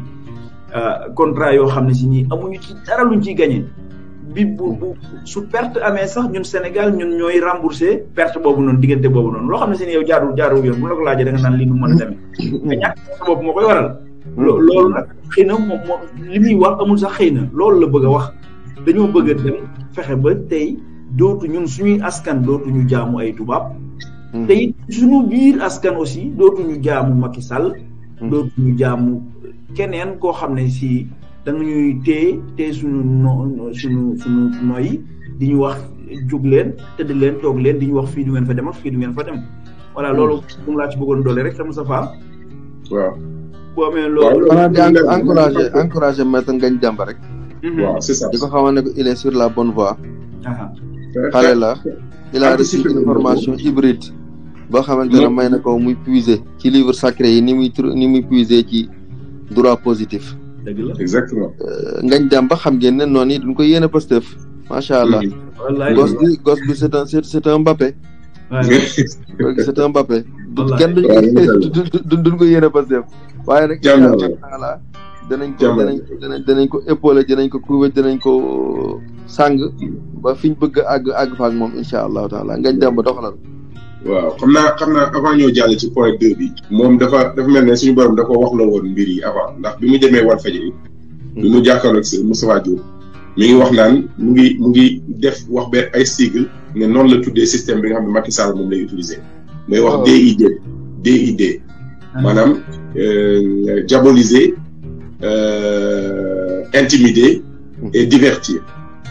Speaker 1: euh, contrat yoo xam ne si nii amuñu ci dara luñ ciy gagné bi bu bu su perte amee sax ñun Sénégal ñun ñooy remboursé perte boobu noonu diggante boobu noonu loo xam ne si ni yow jaarul jaarul yoon bu la ko laajee naan lii nu mën a demee. mais <coughs> ñàkk loolu nag xëy na moom moom li muy wax amul sax xëy na loolu la bëgg wax dañoo bëgg a dem fexe ba tey dootu ñun suñuy askan dootuñu jaamu ay tubaab. Hmm. te it suñu biir askan aussi dootuñu jaamu Macky Sall. Hmm. dootuñu jaamu keneen koo xam ne si dañuy téye téye suñu no suñu suñu noyyi di ñu wax jóg leen tëdd leen toog leen di ñu wax fii du ngeen fa dem fii du ngeen fa dem. voilà hmm. loolu moom laa ci bëggoon doole rek sama sa waaw. boo amee loolu. xanaa di encouragé
Speaker 3: encouragé maître Ngagne Demba rek.
Speaker 1: Mhm. waaw c'est ko
Speaker 3: xamal ne ko il est sur la bonne voie. xale la il a reçu une hybride. boo xamante ne may na ko muy puiser ci livre sacré yi ni muy ni muy puiser ci droit positif.
Speaker 4: dëgg la exactement.
Speaker 3: Euh, Ngagne Demba xam ngeen ne noonu yi duñ ko yéene Pastef. macha allah gos bi gos bi c'est un c'est un Mbappé. c'est un Mbappé. kenn ko duñ ko yéene waaye nag incha allah danañ ko danañ ko danañ ko épaulé danañ ko couvé danañ ko sang ba fi ñu bëgg a àgg àgg fa ak moom incha allahu taala ngañ dem
Speaker 2: ba doxalal. waaw xam naa xam naa avant ñoo jàll ci point deux bi. moom dafa dafa mel ne suñu borom da ko wax la woon mbir yi avant ndax bi mu demee wal fajri. bi mu jàkkaarloo si Moustapha Diop. mi ngi wax naan mu ngi mu ngi def wax be ay sigle ne noonu la tuddee système bi nga xam ne Macky Sall moom lay utiliser. mooy wax oh. DID. DID ah. maanaam. Euh, diaboliser euh, intimider et divertir.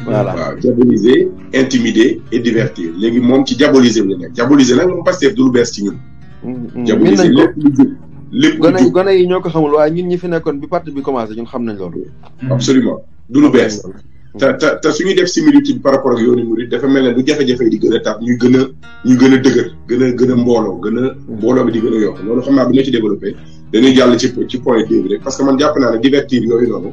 Speaker 2: voilà waaw diaboliser intimider et divertir léegi moom ci diaboliser la nekk diaboliser nag moom Pastef du lu bees ci ñun.
Speaker 3: Mm, mm. diaboliser lépp
Speaker 2: lu jub lépp lu jub
Speaker 3: gone yi ñoo ko xamul waaye ñi fi nekkoon bi parti bi commencé ñun xam nañ loolu.
Speaker 2: Mm. absolument du lu bees. te te te su ñuy def similitude par rapport ak yoonu murid dafa mel ne du jafe-jafe di gën a tax ñu gën a ñuy dëgër gën a gën a mbooloo gën a. mbooloo bi di gën a yokk loolu xam naa bu ma ci développé. dañuy jàll ci ci point deux rek parce que man jàpp naa ne divertir yooyu noonu.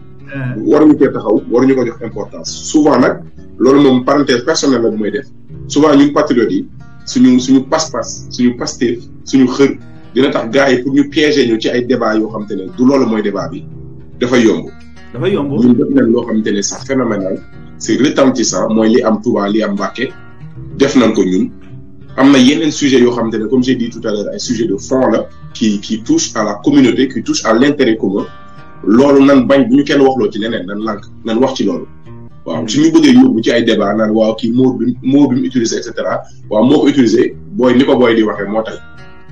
Speaker 2: waruñu koy taxaw waruñu ko jox importance. souvent nag loolu moom parenthèse personnelle la bu may def souvent ñun patriotes yi suñu suñu pas-pas suñu pasteef suñu xër dina tax gars yi pour ñu piéger ñu ci ay débat yoo xam te ne du loolu mooy débat bi dafa yomb. dafa yomb ñun def nañ loo xam te ne sax phénoménal c'est retentissant mooy li am Touba li am Mbacké def nañ ko ñun. am na yeneen sujet yoo xamante ne comme j'ai dit tout à l'heure ay sujet de fond la qui qui touche à la communauté qui touche à l'intérêt commun loolu nan bañ bu ñu kenn waxloo ci leneen nan lànk nan wax ci loolu waaw suñu bëggee yóbbu ci ay débat naan waaw kii mot bi mu utilisé et cetera waaw moo ko booy ni ko booy di waxee moo tax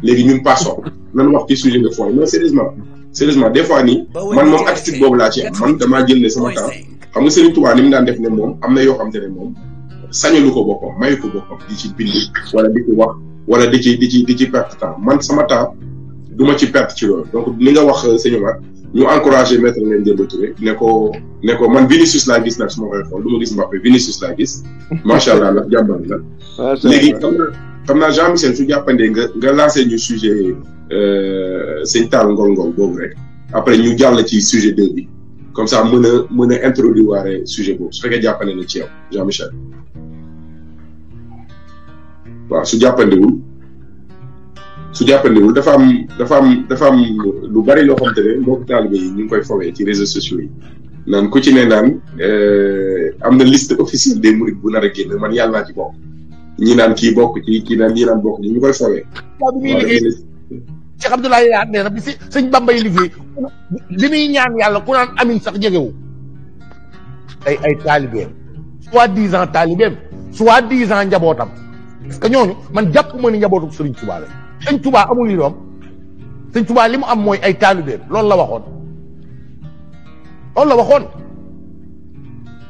Speaker 2: léegi ñun passons nan wax ci sujet de fond mais sérieusement sérieusement des fois nii man moom attitude boobu laa ci am man damaa jël ne sama temps xam ni mu daan def ne moom am na yoo xamante ne moom sañulu ko boppam mayu ko boppam di ci bind wala di ci wax wala di ci di ci di ci perte temps man sama temps du ma ci perte ci loolu donc li nga wax euh, sëñ Omar ñu encouragé maître leen Demba Touré ne ko neko man Vinicius laa gis nag su ma koy xool du ma gis Mbappé Vinicius laa gis macha allah nag jàmbaar la léegi xam naa xam naa Jean Michel su jàppandee nga nga lancé ñu sujet euh, sëñ Tall Ngol Ngol boobu rek après ñu jàll ci sujet bi comme ça mën mën a introduire sujet boobu su fekkee jàppandee na ci yow Jean Michel waaw su jàppandiwul su jàppandiwul dafa am dafa am dafa am lu bari loo xam te ne mbokk taalibe ñu ngi koy fowee ci réseaux sociaux yi naan ku ci ne naan eh, am na liste officielle des mourides bu nar a man yàlla naa ci bokk ñi naan kii bokk ci kii naan ñi naan bokk ci ñu koy fowee.
Speaker 5: waaw bi muy liggéey Cheikh Abdoulaye Laat bi si sëñ Bambay liggéey li muy ñaan yàlla ku naan amin sax jegewu ay ay taalibeem soit disant taalibeem soit disant njabootam. parce que ñooñu man jàpp ma ni njabootu Sëriñ Tuubaa la Sëriñ amul yi doom Sëriñ Tuubaa li mu am mooy ay taalibeem loolu la waxoon loolu la waxoon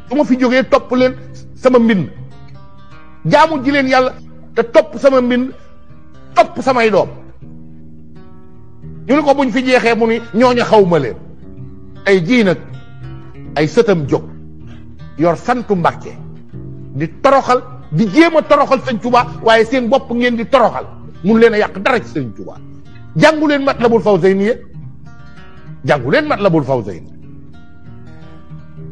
Speaker 5: su ma fi jógee topp leen sama mbind jaamu ji leen yàlla te topp sama mbind topp samay doom ñu ne ko buñ fi jeexee mu ni ñooñu xaw ma leen ay ji ay sëtam jóg yor santu Mbàkke di toroxal di jéem a toroxal sëñ Tuubaa waaye seen bopp ngeen di toroxal mun leen a yàq dara ci sëñ Tuubaa jàngu leen Matlabul Fawzayni yéen jàngu leen Matlabul Fawzayni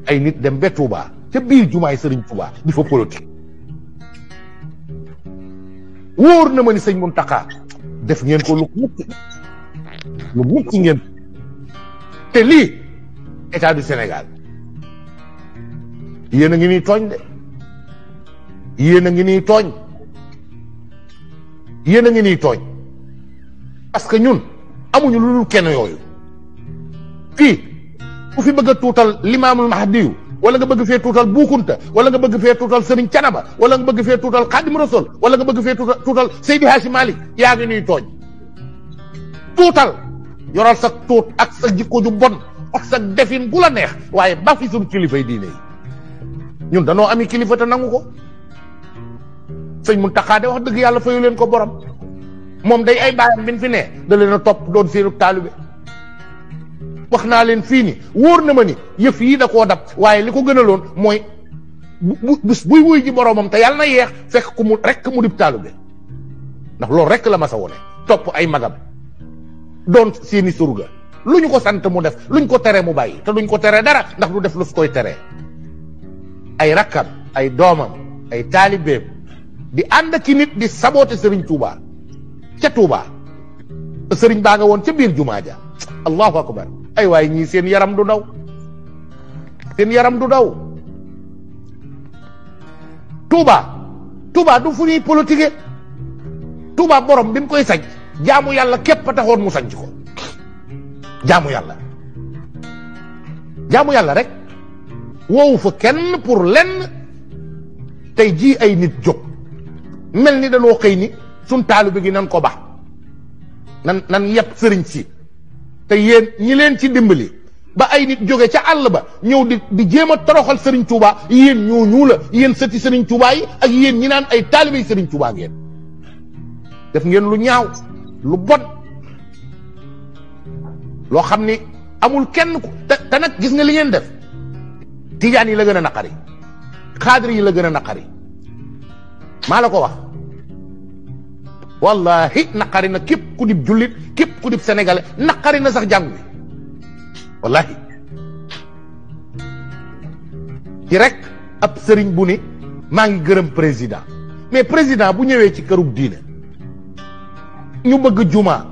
Speaker 5: ay nit dem ba Tuubaa ca biir jumaay sëriñ Tuubaa di fa politique wóor na ma ni sëñ Muntaxa def ngeen ko lu mucc lu mucc ngeen te lii état du Sénégal yéen a ngi tooñ de yéen a ngi nii tooñ yéen a ngi nii tooñ parce que ñun amuñu lu dul kenn yooyu fii ku fi bëgg a tuutal limaamul mahdiyu wala nga bëgg fee tuutal buukunta wala nga bëgg fee tuutal sëriñ canaba wala nga bëgg a tuutal xaadim rasul wala nga bëgg fee tuutal tuutal seydi haasi malik yaa ngi nuy tooñ tuutal yoral sa tuut ak sa jikko ju bon ak sa defin gula neex waaye ba fi suñu kilifay diine yi ñun danoo ami kilifa te nangu ko sëñ Muntaxa de wax dëgg yàlla fayu leen ko borom moom ay baayam bin fi ne da leen a topp doon seenu taalibe naa leen fii ni wóor na ma ni yëf yii da koo dab waaye li ko gënaloon mooy bu bés buy wuy ji boromam te yàlla na yeex fekk ku mu rek mu dib taalibe ndax loolu rek la ma sa wone topp ay magam doon seeni surga lu ñu ko sant mu def luñ ko teree mu bàyyi te duñ ko teree dara ndax du def lu su koy teree ay rakkam ay doomam ay taalibeem di ànd ki nit di saboté Serigne Touba ca Touba sëriñ baa nga woon ca biir jumaa ja allahu akbar ay waaye ñii seen yaram du daw seen yaram du daw Touba Touba du fu ñuy politique Touba borom bi mu koy sañ jaamu yàlla képp a taxoon mu sañ ko jaamu yàlla jaamu yàlla rek woowu fa kenn pour lenn tey jii ay nit jóg mel ni dañoo xëy ni sun taalibe gi nan ko ba nan nan yëpp sëriñ si te yéen ñi leen ci dimbali ba ay nit jóge ca àll ba ñëw di di jéem a toroxal sëriñ Touba yéen ñooñu la yéen sëti sëriñ Touba yi ak yéen ñi naan ay taalibe sëriñ Touba ngeen def ngeen lu ñaaw lu bot loo xam ni amul kenn ku te te nag gis nga li ngeen def tijaan yi la gën a naqari xaadir yi la gën a naqari maa la ko wax wallahi naqari na képp ku dib jullit képp ku dib sénégalais naqari na sax jàng bi wallahi ci rek ab sëriñ bu ni maa ngi gërëm président mais président bu ñëwee ci kërub diine ñu bëgg juma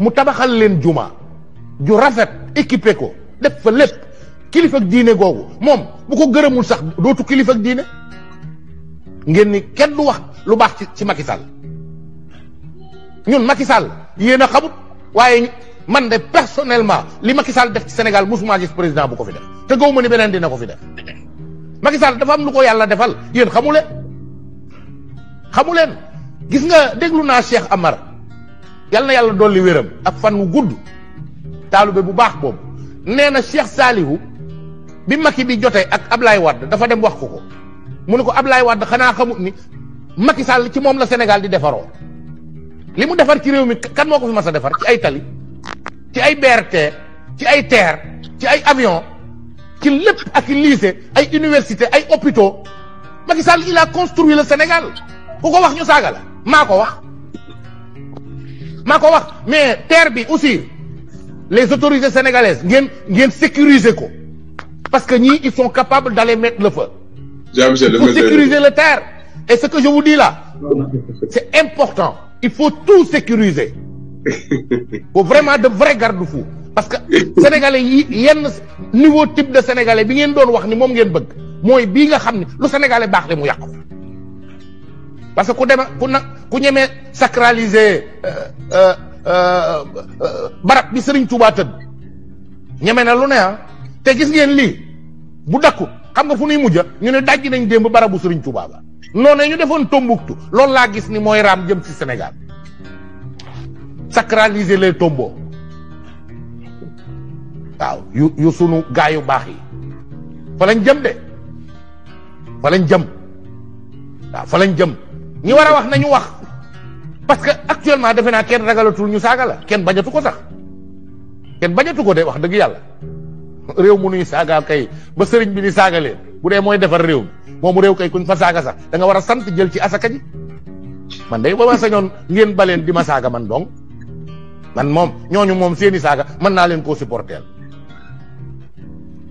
Speaker 5: mu tabaxal leen juma ju rafet équipe ko def fa lépp kilifa diine googu moom bu ko gërëmul sax dootu kilifa diine ngeen ni kenn du wax lu baax ci ci Sall ñun Macky Sall yéen a xamut waaye man de personnellement li Macky Sall def ci Sénégal musuma gis président bu ko fi def te gaw ma ni beneen dina ko fi def Macky Sall dafa am lu ko yàlla defal yéen xamu leen xamu leen gis nga déglu naa Cheikh Amar yàlla na yàlla dolli wéram ak fan wu gudd taalube bu baax boobu nee na Cheikh Salihu bi Macky bi jote ak Ablaye Wade dafa dem wax ko ko. mu ne ko ab Ablaye Wade xanaa xamut ni Macky Sall ci moom la Sénégal di defaroo li mu defar ci réew mi kan moo ko fi mas a defar ci ay tali ci ay BRT ci ay terre ci ay avion ci lépp ak lycée ay université ay hôpitaux Macky Sall il a construit le Sénégal ku ko wax ñu saaga la maa ko wax maa ko wax mais terre bi aussi les autorités sénégalaises ngeen ngeen sécuriser ko parce que ñii ils sont capables d'aller mettre le feu Jean-Michel il faut sécuriser le terre et ce que je vous dis là c'est important il faut tout sécuriser <laughs> faut vraiment de vrais garde-fous parce que sénégalais yi yenn niveau type de sénégalais bi ngeen doon wax ni moom ngeen bëgg mooy bii nga xam ne lu sénégalais baax le mu yàqu parce que ku dema ku nag ku ñemee sacraliser euh, euh, euh, barab bi Sëriñ Tuubaa tëdd ñeme na lu ne ah te gis ngeen lii bu dakku xam nga fu nuy mujja ñu ne dajji nañ démb barabu Serigne Touba ba noonu ñu defoon Tombouctou loolu laa gis ni mooy raam jëm ci Sénégal sacraliser les tombeaux waaw yu yu sunu gaa yu baax yi fa lañ jëm de fa lañ jëm waaw fa lañ jëm ñi war a wax ñu wax parce que actuellement defe naa kenn ragalatul ñu saaga la kenn bañatu ko sax kenn bañatu ko de wax dëgg yàlla réew mu nuy saaga kay ba sëriñ bi di saaga leen bu dee mooy defar réew mi moomu réew kay kuñ fa saaga sax danga war a sant jël ci asaka ji man day booba sañoon ngeen baleen di ma saaga man dong man moom ñooñu moom seeni saaga mën naa leen koo supporteel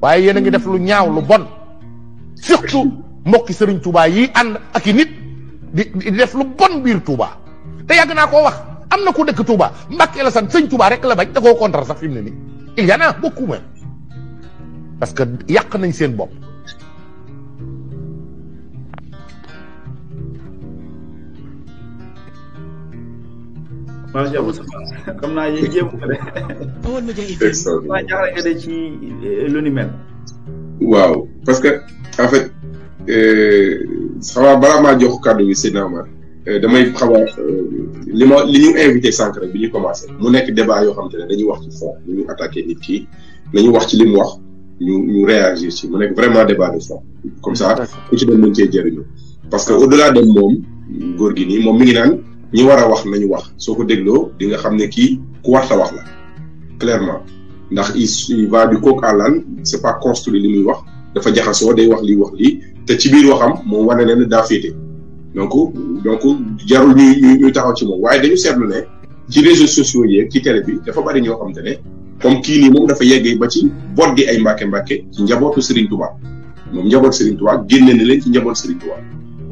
Speaker 5: waaye yéen a ngi def lu ñaaw lu bon surtout mbokki sëriñ Touba yi ànd ak nit di def lu bon biir Touba te yàgg naa koo wax am na ku dëkk Touba Mbàkke la sant sëñ Touba rek la bañ da koo contre sax fi ne nii il y en parce que yàq nañ seen bopp
Speaker 1: macha allah naa yéen jéem ko ci
Speaker 2: lu ni mel. waaw parce que en fait xaw euh, ma balaa maa jox kàddu gi sëñ Amar euh, damay xaw euh, li ma li ñu invité sànq rek bi ñu commencé mu nekk débat yoo xam te ne dañuy wax ci fond ñu attaqué nit ki nañu wax ci lim wax. ñu ñu réagir ci mu nekk vraiment débat de fond comme ça ku ci dem mën cee jëriñu parce que au delà de moom góor gi nii moom mi ngi naan ñi war a wax nañu wax soo ko dégloo di nga xam ne kii ku warta wax la clairement ndax il va du coq à l'âne c'est pas construit li muy wax dafa jaxasoo day wax lii wax lii te ci biir waxam moom wane na ne daa féete donc donc jarul ñuy ñuy taxaw ci moom waaye dañu seetlu ne ci réseaux sociaux yeeg ci télé bi dafa bari ñoo xam ne comme kii nii moom dafa yeggee ba ci bot di ay mbàkke mbàkke ci njabootu Serigne Touba moom njaboot Serigne Touba génne na leen ci njaboot Serigne Touba.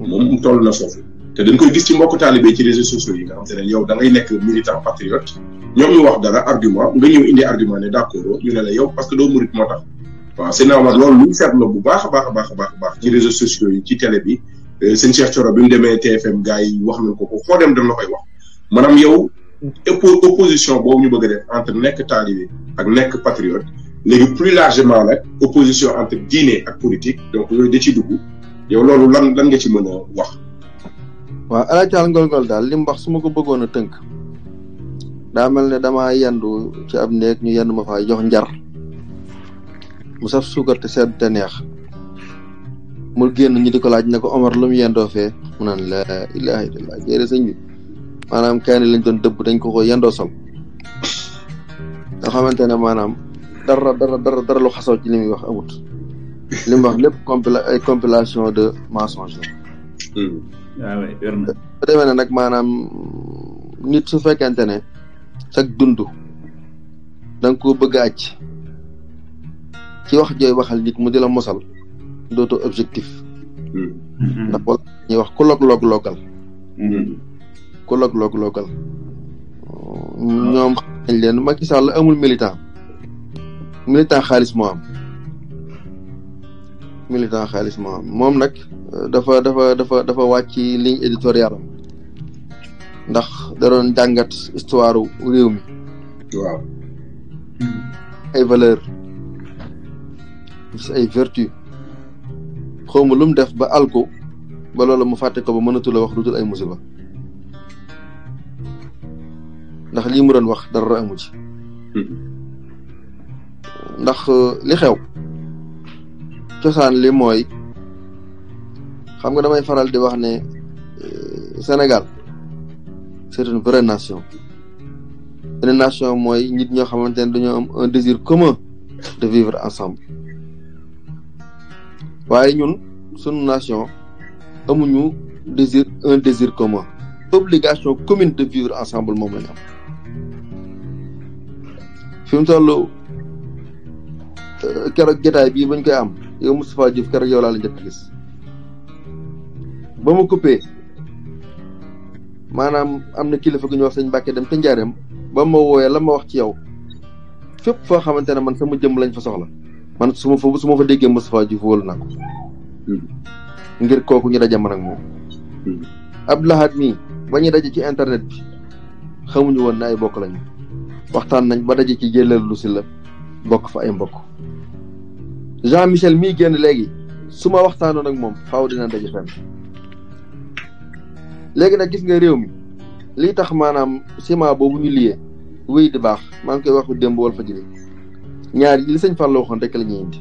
Speaker 2: moom toll na foofu. te dañ koy gis ci mbokk taalibe ci réseaux sociaux yi nga xam ngay nekk militant patriote ñoom ñu wax dara argument nga ñëw indi argument ne d'accord ñu ne la yow parce que doo murit moo tax. waaw sëñ Amar loolu lu ñu seetloo bu baax a baax a baax a baax ci réseaux sociaux yi ci télé bi euh, sëñ Cheikh Thioro bi mu demee TFM gars yi wax nañ ko ko foo dem dañ la koy wax maanaam yow opposition boobu ñu bëgg a entre nekk taalibe ak nekk patriote léegi plus largement nag opposition entre diine ak politique donc yooyu da ci dugg yow loolu lan lan nga ci mën a wax. waaw
Speaker 3: Ngol Ngol daal li mu wax su ma ko bëggoon a tënk daa mel ne dama yendu ci ab néeg ñu yendu ma faa jox njar mu saf suukar te sedd te neex mu génn ñu di ko laaj ne ko Omar lu mu yendoo fee mu naan la ilaha illallah jërë sëñ bi maanaam kaani lañ doon dëbb dañ ko ko yendoo sol nga xamante ne maanaam dara dara dara dara ci li muy wax a li mu wax lépp compila ay compilation de mensonge la
Speaker 1: bu hmm. ah
Speaker 3: demee ne nag maanaam nit su fekkente ne sag dund da nga ko bëgg a àcc ci wax jooy waxal nit mu di la mosal dootu objectif hmm. Hmm. ndax wala ñuy wax ku log log logal ku log log logal ñoom xañ leen Macky Sall amul militan militant xaalis moo am moom nag euh, dafa dafa dafa dafa wàcc ligne éditoriale am ndax da jàngat histoire réew mi waaw ay valeur gis ay vertu xawma lu mu def ba alko ba loolu mu fàtte ko ba mënatu a wax lu dul ay musiba ndax lii mu doon wax dara amu ci hmm. ndax euh, li xew cosaan li mooy xam nga damay faral di wax ne euh, Sénégal c'est une vraie nation une nation mooy nit ñoo xamante ne dañoo am un désir commun de vivre ensemble waaye ñun sunu nation amuñu désir un désir commun obligation commune de vivre ensemble moom lañu fi mu toll eh, keroog jotaay bii bañ koy am yow Moustapha Diouf keroog yow laa la njëkk ba mu coupé maanaam am na kilifa gu ñuy wax sëñ Mbàkke dem te njaareem ba ma wooyee la ma wax ci yow fépp foo xamante ne man sama jëmm lañ fa soxla man su ma fa su ma fa déggee Moustapha Diouf wóolu naa ngir kooku ñu daje man ak moom hmm. Abdoulahat mii ba ñuy daje ci internet bi xamuñu woon ne ay bokk lañu waxtaan nañ ba daje ci jëlal lu si la bokk fa ay mbokk Jean Michel mii génn léegi su ma waxtaanoon ak moom faaw dina daje fenn léegi nag gis nga réew mi li tax maanaam ciment boobu ñu liyee wéy di baax maa ngi koy waxu démb wal fa jële ñaar li sëñ Fall waxoon rek la ñuy indi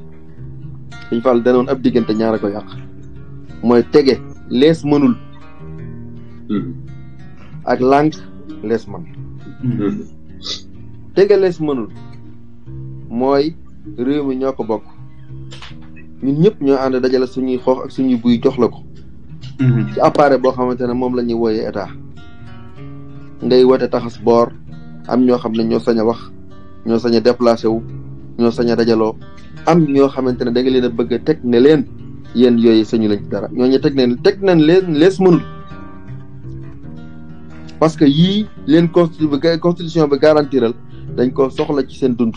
Speaker 3: sëñ Fall danoon ab diggante ñaar a ko yàq mooy tege lees mënul hmm. ak lànk lees man hmm. dégalees mënul mooy réew mi ñoo ko bokk ñun ñëpp ñoo ànd dajale suñuy xoox ak suñuy buy jox la ko mhm. ci appareil boo xamante ne moom la ñuy wooyee état ngay wote taxas boor am ñoo xam ne ñoo sañ a wax ñoo sañ a déplacé wu ñoo sañ a dajaloo am ñoo xamante ne da leen a bëgg teg ne leen yéen yooyu sañu lañ ci dara ñooñu teg ne teg nañ leen lees mënul parce que yii leen constitution bi constitution bi garantiral dañ ko soxla ci seen dunt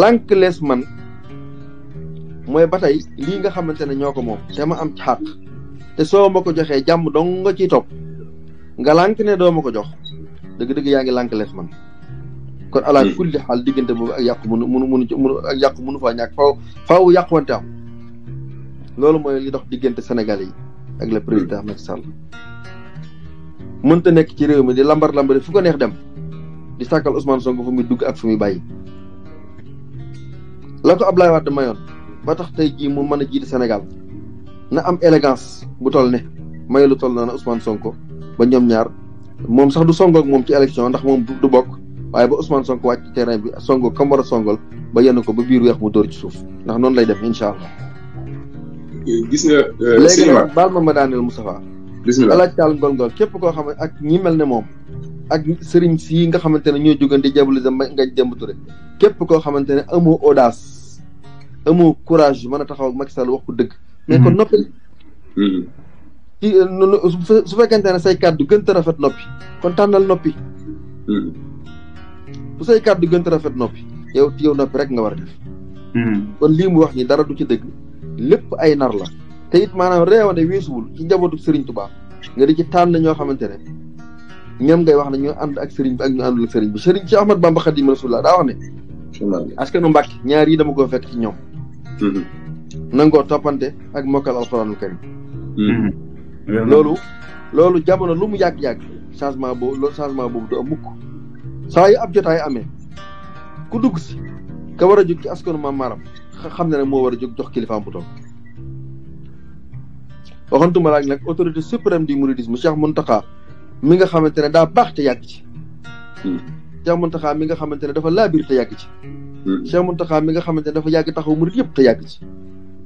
Speaker 3: lànk lees man mooy ba tey lii nga xamante ne ñoo ko moom te ma am ci te soo ma ko joxee jàmm dong nga ciy topp nga lànk ne doo ma ko jox dëgg-dëgg yaa ngi lees man kon ala hmm. kulli xaal diggante boobu ak yàqu munu munu munu munu ak yàqu munu faa ñàkk faw faaw yàquwante am loolu mooy li dox diggante Sénégal yi ak le président hmm. Macky Sall mënta nekk ci réew mi di lambar lambari fu ko neex dem di sàkkal Ousmane Sonko fu muy dugg ak fu muy bàyyi la ko Ablaye Wade mayoon ba tax tey jii mu mën a jiite Sénégal na am élégance bu toll ne may lu toll na na Sonko ba ñoom ñaar moom sax du songoog moom ci élection ndax moom du bokk waaye ba Ousmane Sonko wàcc ci bi songo kam war a songal ba yenn ko ba biir weex mu dóor ci suuf ndax noonu lay def incha
Speaker 2: allah. gis nga. Euh, léegi nag
Speaker 3: baal ma ma daaneel Moustapha. bisimilah El Hadj Ngol Ngol képp koo xam ak ñi mel ne moom ak sëriñ sii nga xamante ne ñoo jógeen di diabolisé Ngagne Demba Touré képp koo xamante ne amoo audace amoo courage mën a taxaw ak Macky wax ko dëgg mais kon mhm. noppi mhm. Euh, su fekkente ne say kàddu gën a rafet noppi kon tànnal noppi mhm. bu say kàddu gën a rafet noppi yow yow noppi rek nga war
Speaker 4: a
Speaker 3: kon lii wax ni dara du ci dëgg lépp ay nar la te it maanaam réewande weesuwul ci njabootu sëriñ Tuubaa nga di ci tànn ñoo xamante ne ñoom ngay wax ne ñoo ànd ak sëriñ bi ak ñu àndul ak sëriñ bi sëriñ si Ahmad Bamba Xadim Rasulullah daa wax ne askanu Mbàkke ñaar yi dama ko fekk ci ñoom mm-hmm. nangoo toppante ak mokkal alxuraanul karim
Speaker 4: mm-hmm. Mm-hmm.
Speaker 3: loolu jamono lu mu yàgg-yàgg changement boobu loolu changement boobu du am mukk saa ab jotaay amee ku dugg si ka war a jóg ci askanu maam maaram xam ne nag moo war a jóg jox kilifaam bu toog waxantuma laaj nag autorité suprême du mouridisme Cheikh Mountakha mi nga xamante ne daal baax te yàgg ci. Hmm. Cheikh mi nga xamante ne dafa laabir te yàgg ci. Hmm. Cheikh Mountakha mi nga xamante ne dafa yàgg taxaw murit yëpp te yàgg ci.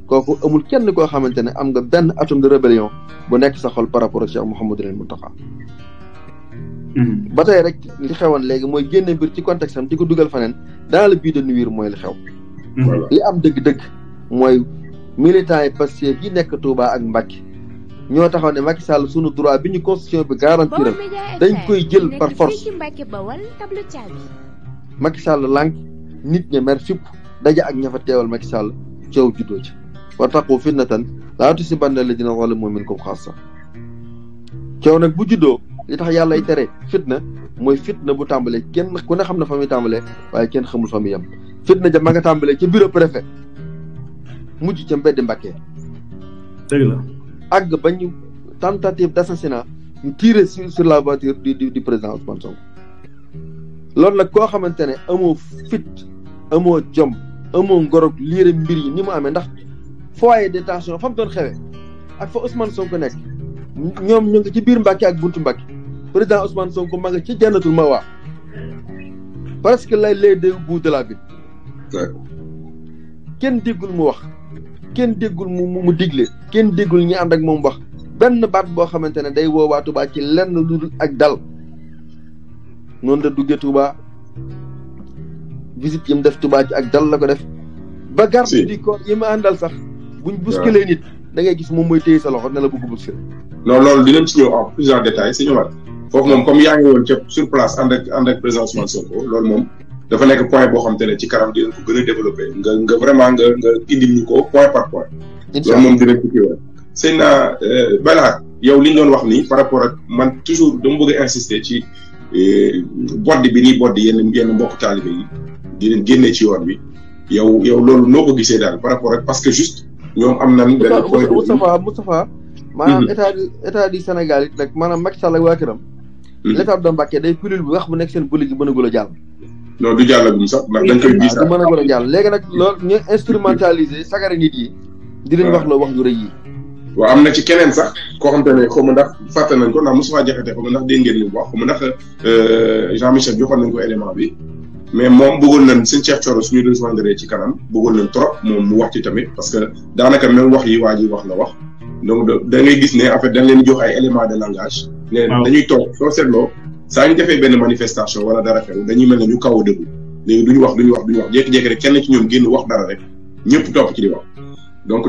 Speaker 3: kooku amul kenn koo xamante ne am nga benn atome de rébellion bu nekk saxol par rapport ak Cheikh Mouhamadou Lamine Mountakha. Hmm. ba tey rek li xewoon léegi mooy génne mbir ci contexte am di ko dugal faneen dans le but de nuire mooy li xew. li am dëgg-dëgg mooy militants yi Pastef yi nekk Touba ak Mbacké. ñoo taxaw ne Macky Sall sunu droit bi ñu constitution bi garantiral dañ koy jël par force Macky Sall lànk nit ña mer fipp daje ak ña fa teewal Macky Sall coow juddoo ci wa taqu fitnatan laa moom alladina zalamu minkum xaassa coow nag bu juddoo li tax yàlla yàllay tere fitna mooy fitna bu tàmbalee kenn ku ne xam na fa muy tàmbalee waaye kenn xamul fa muy yem fitna ja ma nga tàmbalee ca bureau préfet mujj ca mbedd Mbacké dëgg la àgg ba ñu tentative d' assassinat ñu tiré sur sur la voiture du du président Ousmane Sonko loolu nag koo xamante ne amoo fit amoo jom amoo ngorog liire mbir yi ni mu amee ndax foyer détention fa mu doon xewee ak fa Ousmane Sonko nekk ñoom ñu ngi ci biir Mbàkke ak buntu Mbàkke président Ousmane Sonko ma nga ci jannatul ma waa presque lay lay deux bout de la ville kenn déggul mu wax kenn déggul mu mu digle kenn déggul ñi ànd ak moom wax benn baat boo xamante ne day woowaa Touba ci lenn du dul ak dal noonu la duggee Touba visite yi mu def Touba ci ak dal la ko def ba garde di ko yi ma àndal sax buñ bousculer nit da ngay gis moom mooy téye sa loxo ne la bëgg bousculer
Speaker 2: loolu dinañ ci ñëw en plus en détail si ñëwaat foofu moom comme yaa ngi woon ca sur place ànd ak ànd ak présentement Sonko loolu moom dafa nekk point boo xam te ne ci kanam dinañ ko gën a développé nga nga vraiment nga nga indil ko point par point. loolu moom dinañ ko kiiwaat. sëñ naa euh, Balaa yow li ñu doon wax nii par rapport ak man toujours dama bëgg a insister ci euh, bodd bi nii bodd yenn yenn mbokk taalibe yi di leen génne ci yoon bi yow yow loolu noo ko gisee daal par rapport ak parce que juste ñoom am nañ. benn point Moustapha Moustapha maanaam mhm.
Speaker 3: état du état du Sénégal it nag maanaam Macky Sall ak waa këram. Mhm. l'état de Mbacké day pilule bi wax mu nekk seen bële gi mën a gul a jàll.
Speaker 2: non du jàllagum sax ndax dañ koy. gis ah, du mën
Speaker 3: a gën jàll léegi nag loolu ñu instrumentaliser sagare nit
Speaker 2: yi. di leen wax loo wax ju rëy yi. am na ci keneen sax koo xamante ne xaw ma ndax fàtte nañ ko ndax Moussa Diakhaté xaw ma ndax dégg ngeen li mu wax xaw ma euh, joxoon nañ ko élément bi. mais moom bëggoon nañ seen Cheikh Thioro suñu rejoindre ci kanam bëggoon nañ trop moom mu wax ci tamit parce que daanaka même wax yi waa ji wax la wax donc da ngay gis ne en fait leen jox ay éléments de langage. ne dañuy toog soo seetloo saa ñu defee benn manifestation wala dara xew dañuy mel ne ñu kaw a dëggu léegi duñu wax ñu wax duñu wax jékki-jékki rek kenn ci ñoom génn wax dara rek ñëpp topp ci di wax
Speaker 4: donc